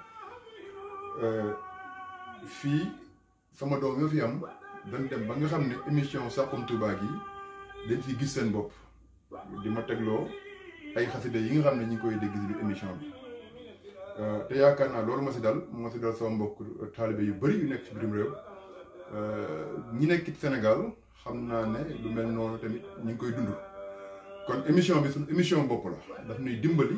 euh, fii sama doom yoo fi am dañ dem ba nga xam ne émission Saxum Touba gi dañ ci gis seen bopp di ma tegloo ay xasida yi nga xam ne ñu ngi koy dégg ci biir émission bi euh, te yaakaar naa loolu ma ci dal ma ci dal sama mbokk taalibe yu bari yu nekk ci bitim réew ñi nekk ci xam naa ne lu mel noonu tamit ñu ngi koy dund kon émission bi suñu émission bopp la daf ñuy dimbali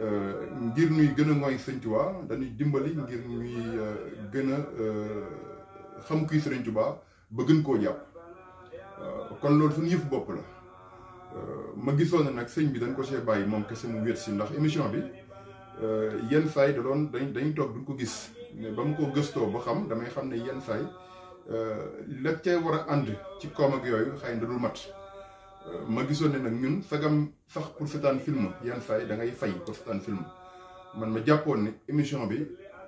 euh, ngir ñuy gën a mooy Sëñ dañuy dimbali ngir ñuy euh, gën a euh, xam kuy Sëñ Tuubaa ba gën koo jàpp kon loolu suñu yëfu bopp la ma gisoon na nag sëñ bi dañ ko see bàyyi moom kese mu wéet si ndax émission bi yenn saay da doon dañ dañ toog duñ ko gis mais ba mu ko gëstoo ba xam damay xam ne yenn saay la cay war a ànd ci koom ak yooyu xëy na mat ma gisoon ne nag ñun sagam sax pour seetaan film yenn saa da ngay fay pour seetaan film man ma jàppoon ni émission bi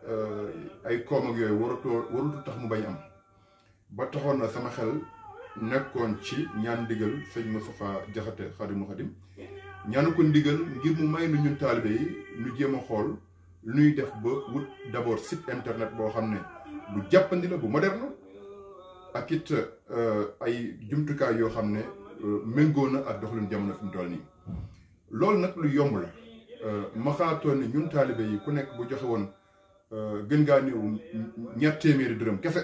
euh, ay koom yooyu waratoo waratu tax mu bañ am ba taxoon na sama xel nekkoon ci ñaan ndigal sëñ Moustapha Jaxate Xaadimu Xaadim ñaanu ko ndigal ngir mu may nu ñun taalibe yi ñu jéem a xool luy def ba wut d'abord site internet boo xam ne bu jàppandi la bu moderne ak it euh, ay jumtukaay yoo xam ne Euh, méngoo na ak doxalin jamono fi mu toll nii loolu nag lu yomb la euh, ma xaatoon ne ñun taalibe yi ku nekk bu joxe woon euh, gën ngaa néew ñaar téeméeri dërëm kese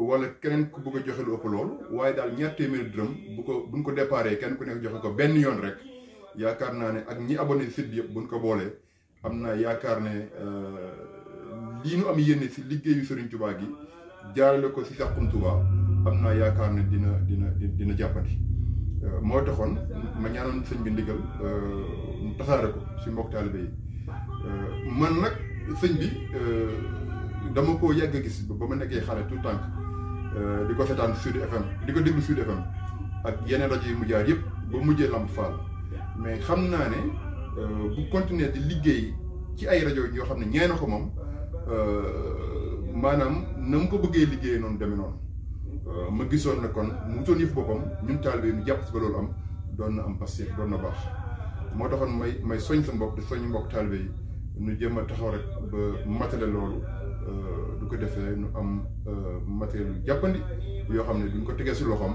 wala keneen ku bëgg a joxe lu ëpp loolu waaye daal ñaar téeméeri bu ko buñ ko déparé kenn ku nekk joxe ko benn yoon rek yaakaar naa ne ak ñi abonné site yëpp buñ ko boolee am naa yaakaar ne lii nu am yéene si liggéeyu Serigne Touba gi jaarale ko si Saxum Touba. am naa yaakaar ne dina dina dina jàppandi euh, moo taxoon ma ñaanoon sëñ bi ndigal euh, mu tasaare ko si mbokk taalibe euh, man nag sëñ bi dama ko yàgg gis ba ma nekkee xale tout tànk di ko seetaan Sud FM di ko déglu Sud FM ak yeneen rajo yi mu jaar yëpp ba mujjee Lamp Fall mais xam naa ne bu continuer di liggéey ci ay rajo yoo xam ne ñee na ko moom maanaam na mu ko bëggee liggéey noonu demee noonu. Euh, ma gisoon ne kon mu wutoon yëf boppam ñun taalibe mu jàpp si ba loolu am doon na am passif doon na baax moo taxoon may may soñ sa mbokk di soñ mbokk taalibe yi nu jéem a taxaw rek ba matale loolu euh, du ko defee nu am euh, matériel yu jàppandi yoo xam ne duñ ko tegee si loxoom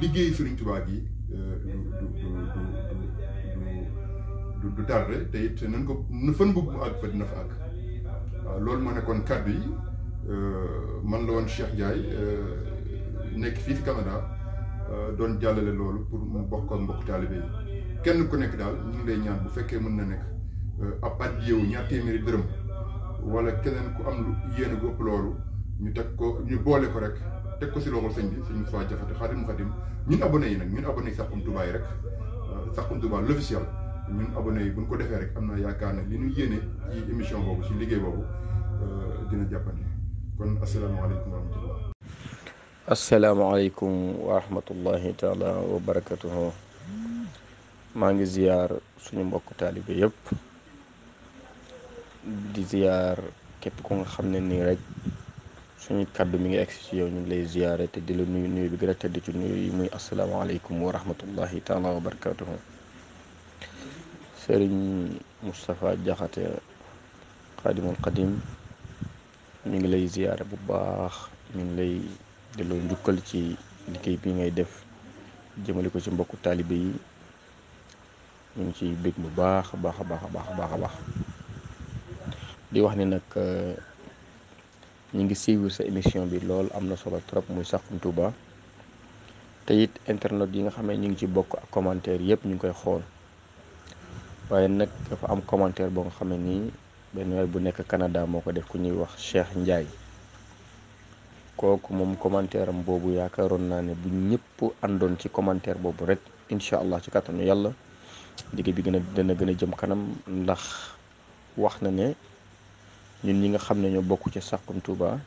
liggéey Sëriñ Tuubaa gi yi du du du te it nañ ko na fan bëgg mu àgg fa dina fa àgg waaw loolu moo nekkoon kàddu yi man la woon Cheikh jaay nekk fii ci Canada euh, doon jàllale loolu pour mu bokk ak mbokk taalibe yi kenn ku nekk daal ñu lay ñaan bu fekkee mën na nekk euh, ab at yeewu ñaar téeméeri dërëm wala keneen ku am lu yéene gu ëpp loolu ñu teg ko ñu boole ko rek teg ko si loxol sëñ bi sëñ Moustapha Diakhaté Xaadim Xaadim ñun abonné yi nag ñun abonné yi Saxum Touba yi rek euh, Saxum Touba l'officiel ñun abonné yi bu ñu ko defee rek am naa yaakaar ne li ñu yéene ci émission boobu si liggéey boobu dina jàppandi kon asalaamaaleykum wa asalaamaaleykum wa rahmatullahi taala wa barakatuhu maa ngi ziyaar suñu mbokk taalibe yëpp di ziyaar képp ko nga xam ne ni rek suñu kàddu mi ngi egsi ci yow ñu ngi lay ziyaare te di la nuyu nuyu bi gën a tedd ci nuyu muy asalaamaaleykum wa rahmatullahi taala wa barakatuhu sëriñ Moustapha Jaxate xaadimul xadim mi ngi lay ziyaare bu baax mi ngi lay delloo njukkal ci liggéey bi ngay def jëmale ko ci mbokku taalibe yi ñu ngi ci bég bu baax a baax a baax a baax a baax di wax ni nag euh, ñu ngi suivre sa émission bi lool am na solo trop muy Saxum Touba te it internet yi nga xam ne ñu ngi ci bokk ak commentaire yëpp ñu ngi koy xool waaye nag dafa am commentaire boo nga xam ne nii benn waay bu nekk Canada moo ko def ku ñuy wax Cheikh Ndiaye. kooku moom commentaire am boobu yaakaaroon naa ne bu ñëpp andoon ci commentaire boobu rek incha allah ci kàttanu yàlla liggéey bi gën a dana gën a jëm kanam ndax wax na ne ñun ñi nga xam ne ñoo bokk ci Saxum Touba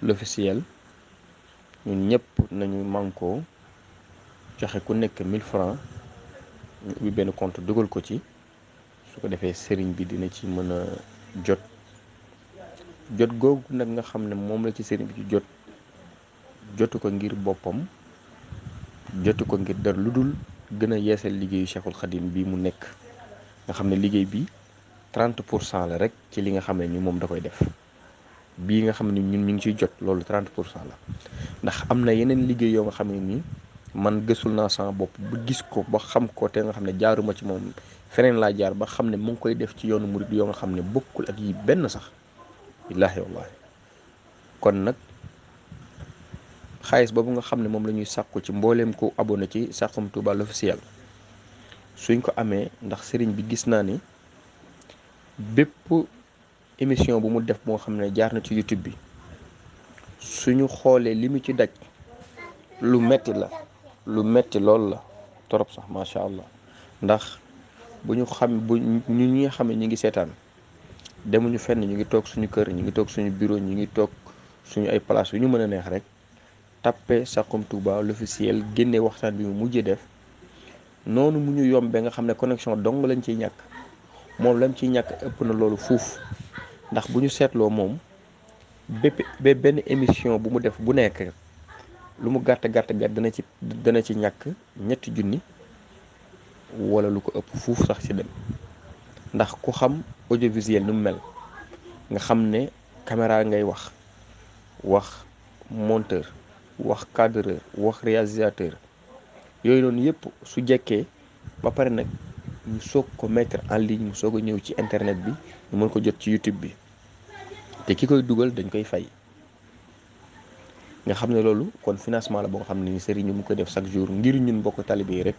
l'officiel ñun ñëpp nañu mànkoo joxe ku nekk 1000 francs ñu benn compte dugal ko ci su ko defee sëriñ bi dina ci mën a jot jot googu nag nga xam ne moom la ci seen bi jot jotu ko ngir boppam jotu ko ngir dara lu dul gën a yeesal liggéeyu Cheikhul Khadim bi mu nekk nga xam ne liggéey bi 30 pour cent la rek ci li nga xam ne ni moom da koy def bii nga xam ne ñun ñu ngi ciy jot loolu 30 pour cent la ndax am na yeneen liggéey yoo nga xam ne nii man gësul naa sama bopp bu gis ko ba xam ko te nga xam ne jaaruma ci moom feneen laa jaar ba xam ne mu ngi koy def ci yoonu murid yoo nga xam ne bokkul ak yi benn sax billaahi wallaahi kon nag xaalis boobu nga xam ne moom la ñuy sàkku ci mbooleem ku abonné ci Saxum Touba l'officiel suñ ko amee ndax sëriñ bi gis naa ni bépp émission bu mu def moo xam ne jaar na ci YouTube bi suñu xoolee li mu ci daj lu metti la lu metti lool la torop sax macha allah ndax bu ñu xam bu ñu xam ne ñu ngi seetaan demuñu fenn ñu ngi toog suñu kër ñu ngi toog suñu bureau ñu ngi toog suñu ay place yu ñu mën a neex rek tappe Saxum Touba l'officiel génne waxtaan bi mu mujjee def noonu mu ñu yombe nga xam ne connexion dong lañ ciy ñàkk moom lañ ciy ñàkk ëpp na loolu fuuf ndax bu ñu seetloo moom bépp ba benn émission bu mu def bu nekk lu mu gàtt gàtt gàtt dana ci dana ci ñàkk ñetti junni wala lu ko ëpp fuuf sax ci dem ndax ku xam audiovisuel nu mu mel nga xam ne caméra ngay wax wax monteur wax cadreur wax réalisateur yooyu noonu yëpp su jekkee ba pare nag ñu soog ko mettre en ligne mu soog a ñëw ci internet bi ñu mën ko jot ci YouTube bi te ki koy dugal dañ koy fay nga xam ne loolu kon financement la boo xam ne ni sëriñ bi mu koy def chaque jour ngir ñun bokk talibe yi rek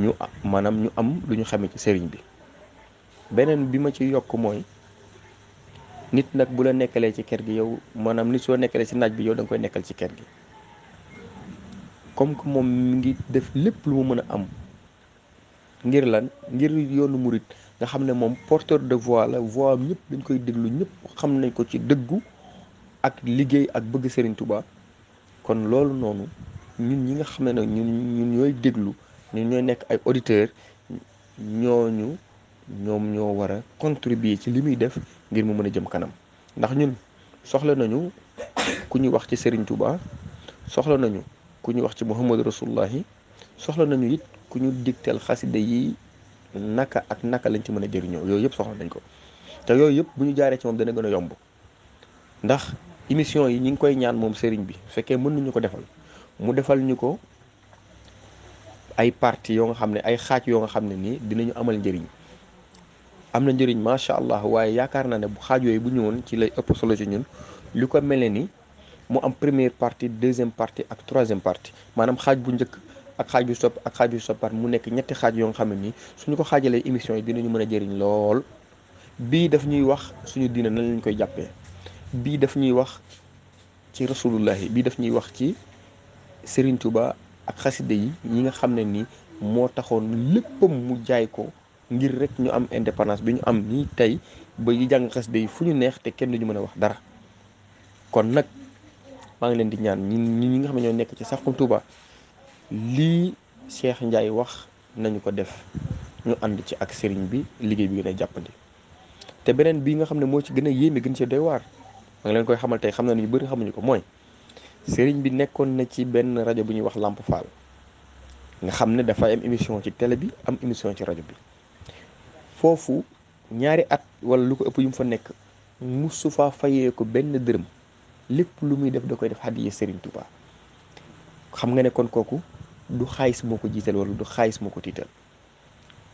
ñu maanaam ñu am lu ñu xamee ci sëriñ bi. beneen bi ma ci yokk mooy nit nag bu la nekkalee ci kër gi yow maanaam nit soo nekkalee ci naaj bi yow da koy nekkal ci kër gi comme que moom mi ngi def lépp lu mu mën a am ngir lan ngir yoonu murit nga xam ne moom porteur de voix la voix am ñëpp dañ koy déglu ñëpp xam nañ ko ci dëggu ak liggéey ak bëgg Sëriñ Tuubaa kon loolu noonu ñun ñi nga xam ne nag ñun ñun ñooy déglu ñun ñooy nekk ay auditeur ñooñu ñoom ñoo war a contribuer ci li muy def ngir mu mën a jëm kanam ndax ñun soxla nañu ku ñu wax ci Serigne Touba soxla nañu ku ñu wax ci Muhammad Rasulullahi soxla nañu it ku ñu digteel xasida yi naka ak naka lañ ci mën a jëriñoo yooyu yëpp soxla nañ ko te yooyu yëpp bu ñu jaaree ci moom dana gën a yomb ndax émission yi ñu ngi koy ñaan moom Serigne bi fekkee mën nañu ko defal mu defal ñu ko ay parti yoo nga xam ne ay xaaj yoo nga xam ne nii dinañu amal njëriñ am na njëriñ macha allah waaye yaakaar naa ne bu xaaj yooyu bu ñëwoon ci lay ëpp solo ci ñun lu ko mel ne ni mu am première partie deuxième partie ak troisième partie maanaam xaaj bu njëkk ak xaaj bu sopp ak xaaj bu soppaat mu nekk ñetti xaaj yoo nga xam ne nii suñu ko xaajalee émission yi dinañu mën a jëriñ lool bii daf ñuy wax suñu diina na lañ koy jàppee bii daf ñuy wax ci rasulullahi bii daf ñuy wax ci Serigne Touba ak xaside yi ñi nga xam ne nii moo taxoon léppam mu jaay ko ngir rek ñu am indépendance bi ñu am nii tey ba yi jàng xasida yi fu ñu neex te kenn du ñu mën a wax dara kon nag maa ngi leen di ñaan ñi ñi nga xam ne ñoo nekk ci Saxum Touba lii Cheikh Ndiaye wax nañu ko def ñu ànd ci ak sëriñ bi liggéey bi gën a jàppandi te beneen bi nga xam ne moo ci gën a yéeme gën ci doy waar maa ngi leen koy xamal tey xam na ñu bëri xamuñu ko mooy sëriñ bi nekkoon na ci benn rajo bu ñuy wax làmp Fall nga xam ne dafa am émission ci télé bi am émission ci rajo bi foofu ñaari at wala lu ko ëpp yu mu fa nekk musu faa fayee ko benn dërëm lépp lu muy def da koy def hadiya Serigne Touba xam nga ne kon kooku du xaalis moo ko jiital wala du xaalis moo ko tiital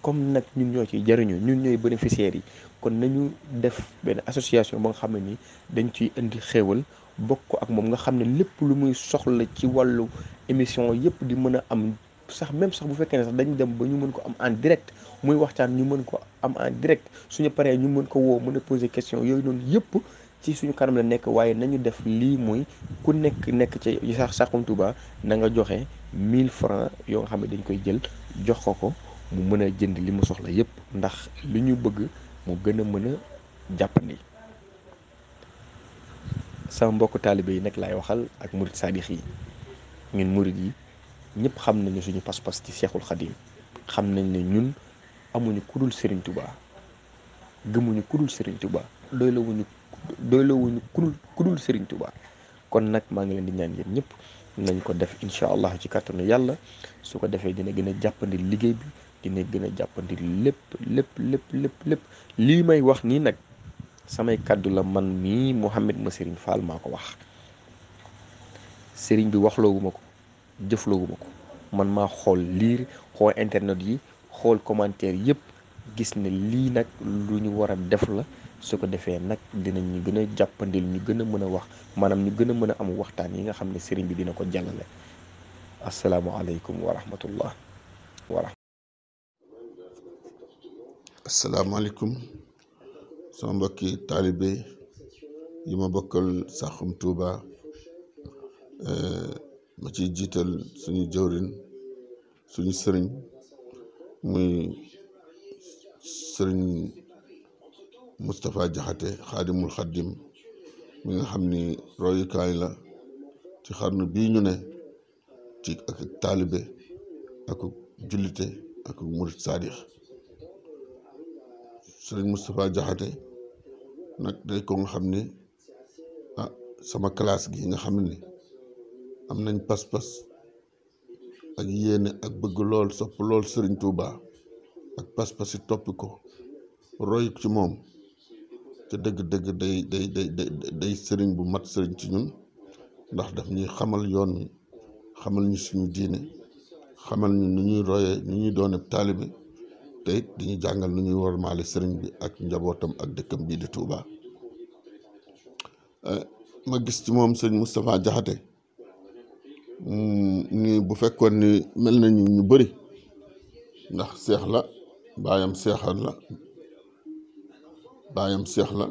comme nag ñun ñoo ciy jariñu ñun ñooy bénéficiaires yi kon nañu def benn association ba nga xam ne ni dañ ciy indi xéewal bokk ko ak moom nga xam ne lépp lu muy soxla ci wàllu émission yépp di mën a am sax même sax bu fekkee ne sax dañu dem ba ñu mën ko am en direct muy waxtaan ñu mën ko am en direct suñu paree ñu mën ko woo mën a poser question yooyu noonu yëpp ci suñu kanam la nekk waaye nañu def lii muy ku nekk nekk ci sax Saxum Touba na nga joxe 1000 francs yoo nga xam ne dañ koy jël jox ko ko mu mën a jënd li mu soxla yëpp ndax li ñu bëgg mu gën a mën a jàppandi sama mbokk taalibe yi nag laay waxal ak murit saadix yi ñun murit yi ñëpp xam nañu suñu pas-pas ci seexul xadim xam nañ ne ñun amuñu kudul sëriñ tubaa gëmuñu kudul sëriñ tubaa doylawuñu doylawuñu kudul kudul sëriñ tubaa kon nag maa ngi leen di ñaan yéen ñëpp nañ ko def incha allah ci kàttanu yàlla su ko defee dina gën a jàppandi liggéey bi dina gën a jàppandi lépp lépp lépp lépp lépp lii may wax nii nag samay kàddu la man mii Mouhamed ma sëriñ Fall maa ko wax sëriñ bi waxloowu ko jëfloogu ma ko man maa xool liir xool internet yi xool commentaire yëpp gis ne lii nag lu ñu war a def la su ko defee nag dinañ ñu gën a jàppandil ñu gën a mën a wax maanaam ñu gën a mën a am waxtaan yi nga xam ne sëriñ bi dina ko jàllale asalaamualeykum wa rahmatullah wa rahmatullah asalaamaaleykum sama mbokki taalibe li ma bokkal Saxum Touba eh, ma ci jiital suñu jëwrin suñu sëriñ muy sëriñ Moustapha Jaxate xaadimul xaddim mi nga xam ni royukaay la ci xarnu bii ñu ne ci ak taalibe ak jullite ak murit saadix sëriñ Moustapha Jaxate nag day ko nga xam ni ah sama classe gi nga xam ni am nañ pas-pas ak yéene ak bëgg lool sopp lool sëriñ Touba ak pas-pas yi toppi ko roy ci moom te dëgg-dëgg day day day sëriñ bu mat sëriñ ci ñun ndax def ñuy xamal yoon wi xamal ñu suñu diine xamal ñu nu ñuy royee nu ñuy doone taalibe te it dañuy jàngal nu ñuy wormaale sëriñ bi ak njabootam ak dëkkam bii di Touba eh, ma gis ci moom sëriñ Moustapha Jaxate Mm, ni bu fekkoon ni mel nañu ñu bari ndax seex la baayam seexal la baayam seex la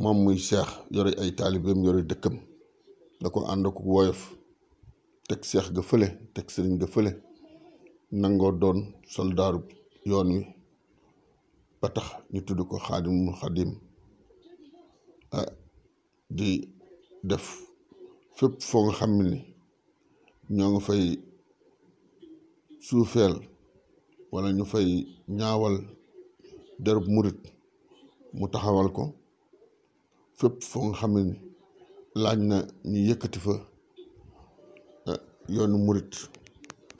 moom muy seex yore ay taalibeem yore dëkkam da ko ànd ak woyof teg seex ga fële teg sëriñ ga fële nangoo doon soldaaru yoon wi ba tax ñu tudd ko xaadimul xadim ah, di def fépp foo nga xam ni ñoo nga fay suufeel walla ñu fay ñaawal derub murit mu taxawal ko fépp foo nga xam ni laaj na ñu yëkkati fa eh, yoonu murit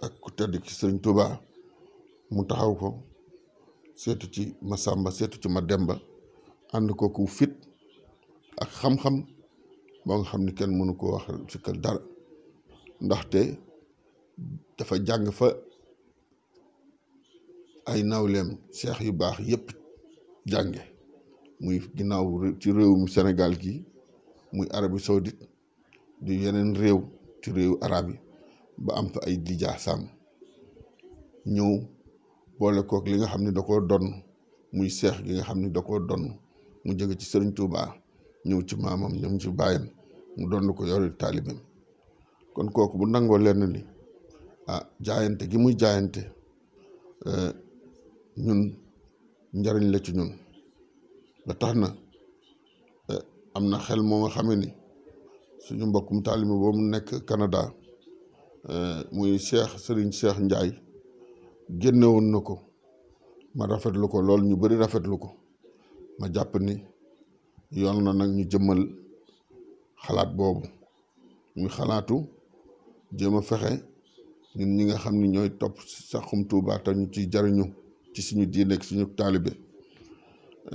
ak ku tedd ci sëriñ mu taxaw ko seetu ci Masamba seetu ci ma demba ko ku fit ak xam-xam ba nga xam ni kenn mënu koo wax ci dara ndaxte dafa jàng fa ay nawleem seex yu baax yépp jànge muy ginnaaw ci réewum senegal gi muy Arabie Saoudite du yeneen réew ci réewu arab yi ba am fa ay dijaa sàmm ñëw boole kook li nga xam ni da koo donn muy seex gi nga xam ni da koo donn mu jóge ci Sëriñ Tuubaa ñëw ci maamam ñëw ci baayam mu doon ko yori taalibeem kon kooku bu nangoo lenn li ah jaayante gi muy jaayante eh, ñun njariñ la ci ñun ba tax na eh, am na xel moo nga xamee ni suñu mbokkum taalibe boo mu nekk Canada eh, muy Cheikh Serigne Cheikh njaay génne woon ko ma rafetlu ko lool ñu bari rafetlu ko ma jàpp ni yoon na nag ñu jëmmal xalaat boobu muy xalaatu jéem a fexe ñun ñi nga xam ni ñooy topp saxum tuuba te ci jariñu ci suñu diine ak suñu taalibe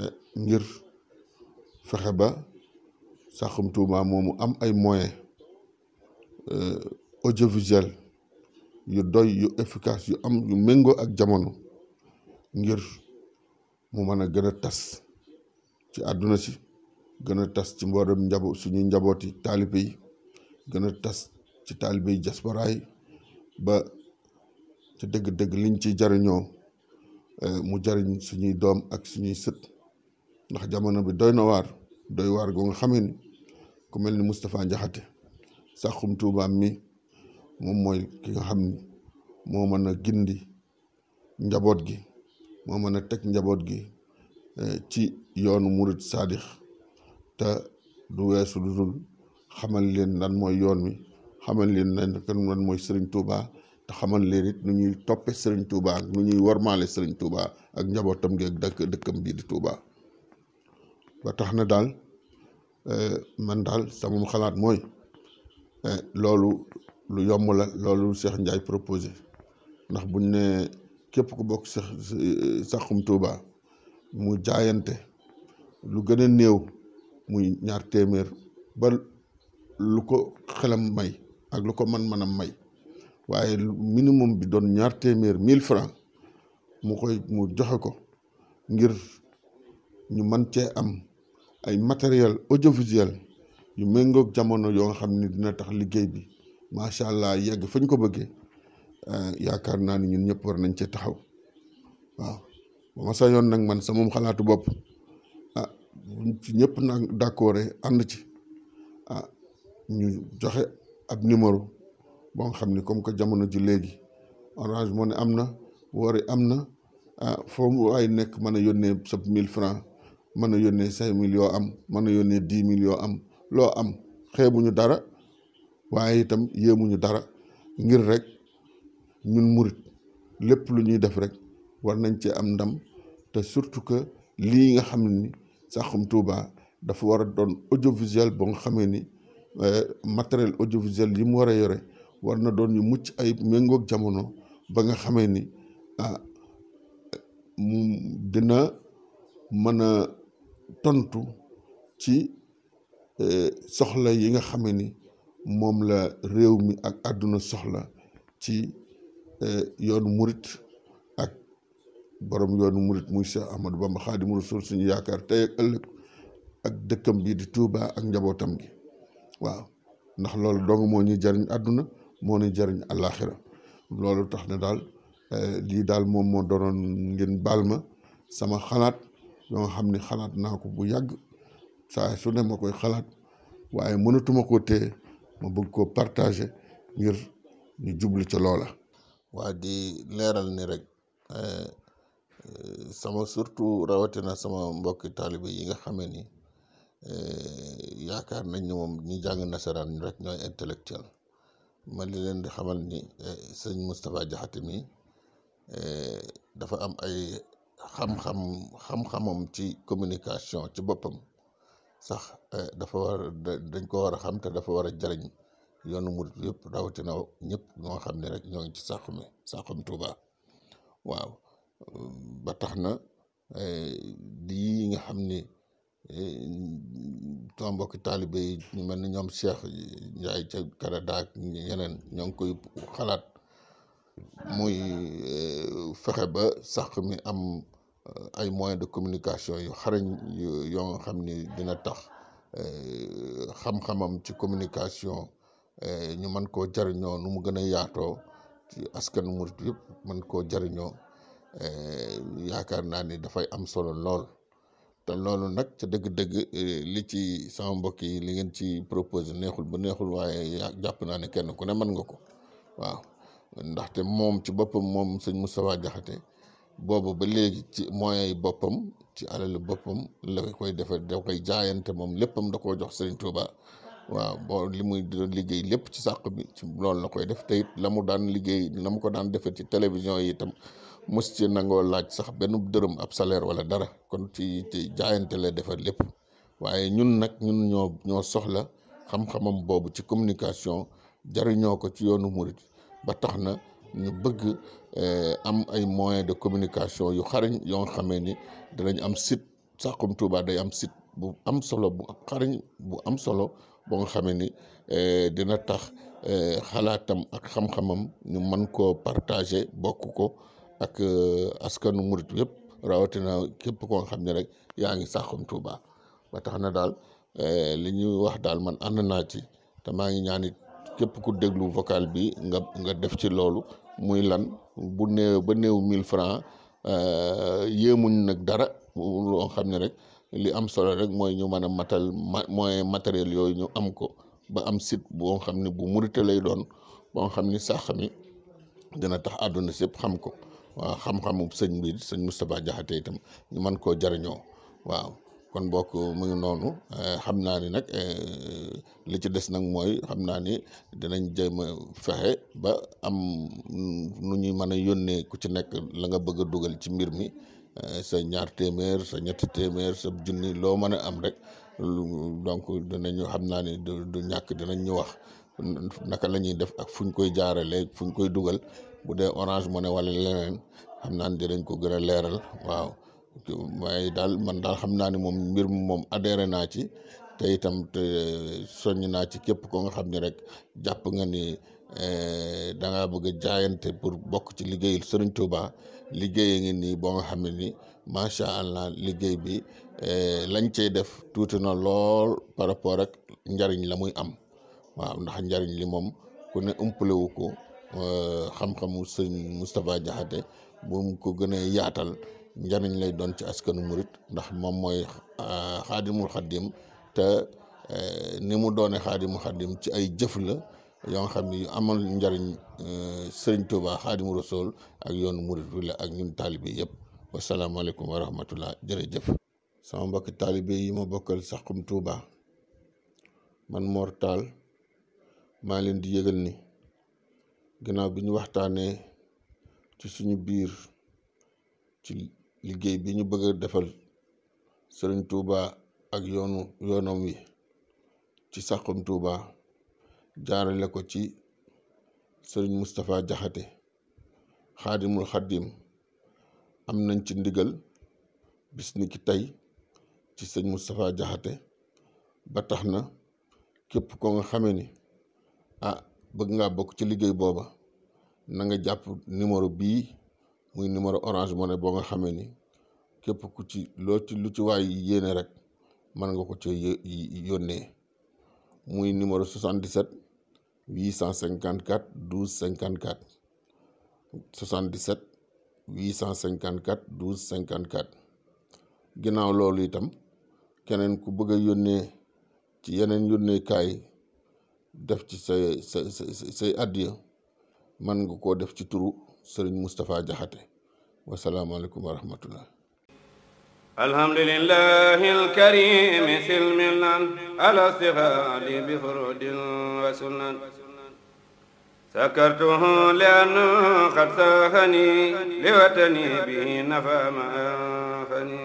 eh, ngir fexe ba saxum tuuba moomu am ay moyens eh, audiovisuel yu doy yu efficace yu am yu méngoo ak jamono ngir mu mën a gën a tas ci àdduna si gën a tas ci mboolem njabo suñuy yi taalibe yi gën a tas ci taalibe yi diaspora ba te dëgg-dëgg liñ ci jariñoo eh, mu jariñ suñuy doom ak suñuy sët ndax jamono bi doy na waar doy waar goo nga xamee ku mel ni Moustapha Ndiakhate Saxum Touba mi moom mooy ki nga xam ni moo mën a gindi njaboot gi moo mën a teg njaboot gi eh, ci yoonu murit saadix te du weesu lu dul xamal leen lan mooy yoon wi xamal leen lan mooy sëriñ Touba te xamal leen it nu ñuy toppe sëriñ Touba ak nu ñuy wormaale sëriñ Touba ak njabootam gi ak dëkk dëkkam bii di Touba ba tax na daal eh, man daal sama xalaat mooy eh, loolu lu yomb la loolu Cheikh Ndiaye proposé ndax buñ ne képp ku bokk Saxum Touba mu jaayante lu gën a néew muy ñaar téeméer ba lu ko xelam may ak lu ko man-manam may waaye minimum bi doon ñaar téeméer mille francs mu koy mu joxe ko ngir ñu mën cee am ay matériel audiovisuel yu méngoog jamono yoo nga xam ni dina tax liggéey bi macha allah yegg fañ ko bëggee eh, yaakaar naa ni ñun ñëpp war nañ cee taxaw waaw ba ma sa yoon nag man sama xalaatu bopp buñ ci ñëpp nag d'accord ànd ci ah ñu joxe ab numéro boo nga xam ni comme que jamono ji léegi orange moo ne am na wari am na ah foo mu waay nekk mën a yónnee sa mille francs mën a yónnee cinq mille yoo am mën a yónnee dix mille am loo am xeebuñu dara waaye itam yéemuñu dara ngir rek ñun murit lépp lu ñuy def rek war nañ ci am ndam te surtout que lii nga xam ni Saxum Touba dafa war a doon audiovisuel ba nga xamee ni eh, matériel audiovisuel yi mu war a yore war na doon yu mucc ay méngoog jamono ba nga xamee ni ah mu dina mën a tontu ci eh, soxla yi nga xamee ni moom la réew mi ak àdduna soxla ci eh, yoonu murit borom yoonu murit muy Cheikh Ahmadou Bamba mu Rasuul suñu yaakaar tey ak ëllëg ak dëkkam bii di tuubaa ak njabootam gi waaw ndax loolu dong moo ñuy jariñ àdduna moo ñuy jariñ àllaaxira loolu tax ne daal eh, lii daal moom moo doonoon ngeen baal ma sama xalaat yoo nga xam ni xalaat naa ko bu yàgg saa su ne ma koy xalaat waaye mënatuma koo téye ma bëgg koo partager ngir ñu jublu ci loola. waa di leeral ni rek. Eh, sama surtout rawatina sama mbokki taalibe yi nga xamee ni eh, yaakaar nañ ne moom ñi jàng nasaraan rek ñooy intellectuel ma li leen di xamal ni eh, sëñ Moustapha Diakhaté mi eh, dafa am ay xam-xam xam ci communication ci boppam sax dafa war dañ ko war a xam te dafa war a jariñ yoonu murit yëpp rawatina ñëpp ñoo xam ni rek ñoo ngi ci sàqu mi sàqum Tuuba waaw ba tax na eh, di nga xam ni eh, sama mbokki taalibe yi ñu mel ni ñoom Cheikh Ndiaye ca Canada ak yeneen ñoo ngi koy xalaat muy eh, fexe ba sax mi am ay moyens de communication yu xarañ yoo nga xam ni dina tax xam-xamam ci communication ñu mën koo jariñoo nu mu gën a yaatoo ci askan murit yëpp mën koo jariñoo Eh, yaakaar naa ni dafay am solo lool te loolu nag ca dëgg-dëgg eh, li ci sama mbokk yi li ngeen ci proposé neexul ba neexul waaye jàpp naa ne kenn ku ne mën nga ko waaw ndaxte moom ci boppam moom sëñ Moustapha Diakhaté boobu ba léegi ci moyens yi boppam ci alalu boppam la koy defee da koy jaayante moom léppam da koo jox Serigne Touba waaw boo li muy doon liggéey lépp ci sàq bi ci loolu la koy def tey la mu daan liggéey la mu ko daan defee ci télévision yi itam mos ci nango laaj sax benn dërëm ab salaire wala dara kon ci ci jaayante la defar lépp waaye ñun nag ñun ñoo ñoo soxla xam-xamam boobu ci communication jariñoo ko ci yoonu murit ba tax na ñu bëgg eh, am ay moyens de communication yu xariñ yoo nga xamee ni danañ am site Saxum Touba day am site bu am solo bu xariñ bu am solo boo nga xamee ni eh, dina tax eh, xalaatam ak xam-xamam ñu mën ko partager bokk ko ak euh, askanu murit yëpp rawatina képp koo xam ne rek yaa ngi saxum Touba ba tax na daal euh, li ñuy wax daal man ànd naa ci te maa ngi ñaan it képp ku déglu vocal bi nga nga def ci loolu muy lan bu néew ba néew 1000 francs euh, yéemuñ nag dara loo xam ne rek li am solo rek mooy ñu mën a matal mooy matériel yooyu ñu am ko ba am sit boo xam ne bu murite lay doon boo xam ni sax mi dina tax àdduna sépp xam ko waaw xam-xamu sëñ bi sëñ Moustapha Diakhaté itam ñu mën koo jariñoo waaw kon bokk mu ngi noonu eh, xam naa ni nag eh, li ci des nag mooy xam naa ni dinañ jéem a fexe ba am nu ñuy mën a yónnee ku ci nekk la nga bëgg a dugal ci mbir mi eh, sa ñaar téeméer ñetti téeméer sa junni loo mën a am rek donc dinañu xam naa ni du ñàkk dinañ ñu wax naka la ñuy def ak fu ñu koy jaarale fuñ koy dugal bu dee orange money wala leneen xam naa ne dinañ ko gën a leeral waaw may daal man daal xam naa ne moom mbir mi moom adhéré naa ci te itam te soññ naa ci képp ko nga xam ni rek jàpp nga ni eh, da ngaa bëgg a jaayante pour bokk ci liggéeyul Serigne Touba liggéeyee ngi ni boo nga xam ne ni macha allah liggéey bi eh, lañ cey def tuuti na lool par rapport ak njariñ la muy am waaw ndax njariñ li moom ku ne umpale ko. Euh, xam-xamu sëñ Moustapha Diakhaté bu mu ko gën yaatal njariñ lay doon ci askanu murit ndax moom mooy euh, xaadimul xaddim te euh, ni mu doone xaadimul xaddim ci ay jëf la yoo nga xam ne yu amal njariñ sëriñ Touba xaadimu rasool ak yoonu murit wi la ak ñun taalibe yëpp wasalaamaaleykum wa rahmatullah jërëjëf sama mbokki taalibe yi ma bokkal Saxum tuuba man Mor Tall maa leen di yëgal ni ginnaaw bi ñu waxtaanee ci suñu biir ci liggéey bi ñu bëgg defal sëriñ Touba ak yoonu yoonam wi ci Saxum Touba jaarale ko ci sëriñ Moustapha Jaxate xaadimul xaddim am nañ ci ndigal bis ni ki tey ci sëñ Moustapha Jaxate ba tax na képp ko nga xame ni ah bëgg ngaa bokk ci liggéey booba na nga jàpp numéro bii muy numéro orange money boo nga xamee ni képp ku ci loo ci lu ci waay yéene rek mën nga ko ci yónnee muy numéro 77 854 12 54 77 854 12 54 ginnaaw loolu itam keneen ku bëgg a yónnee ci yeneen yónneekaay def ci say addiya man nga koo def ci turu Serigne Moustapha Diakhaté wasalaamaaleykum wa rahmatullah alhamdulillahi alkarimi silmilan ala bi furudin wa sunan sakartuhu liannu qad saxani liwatani bihi nafa ma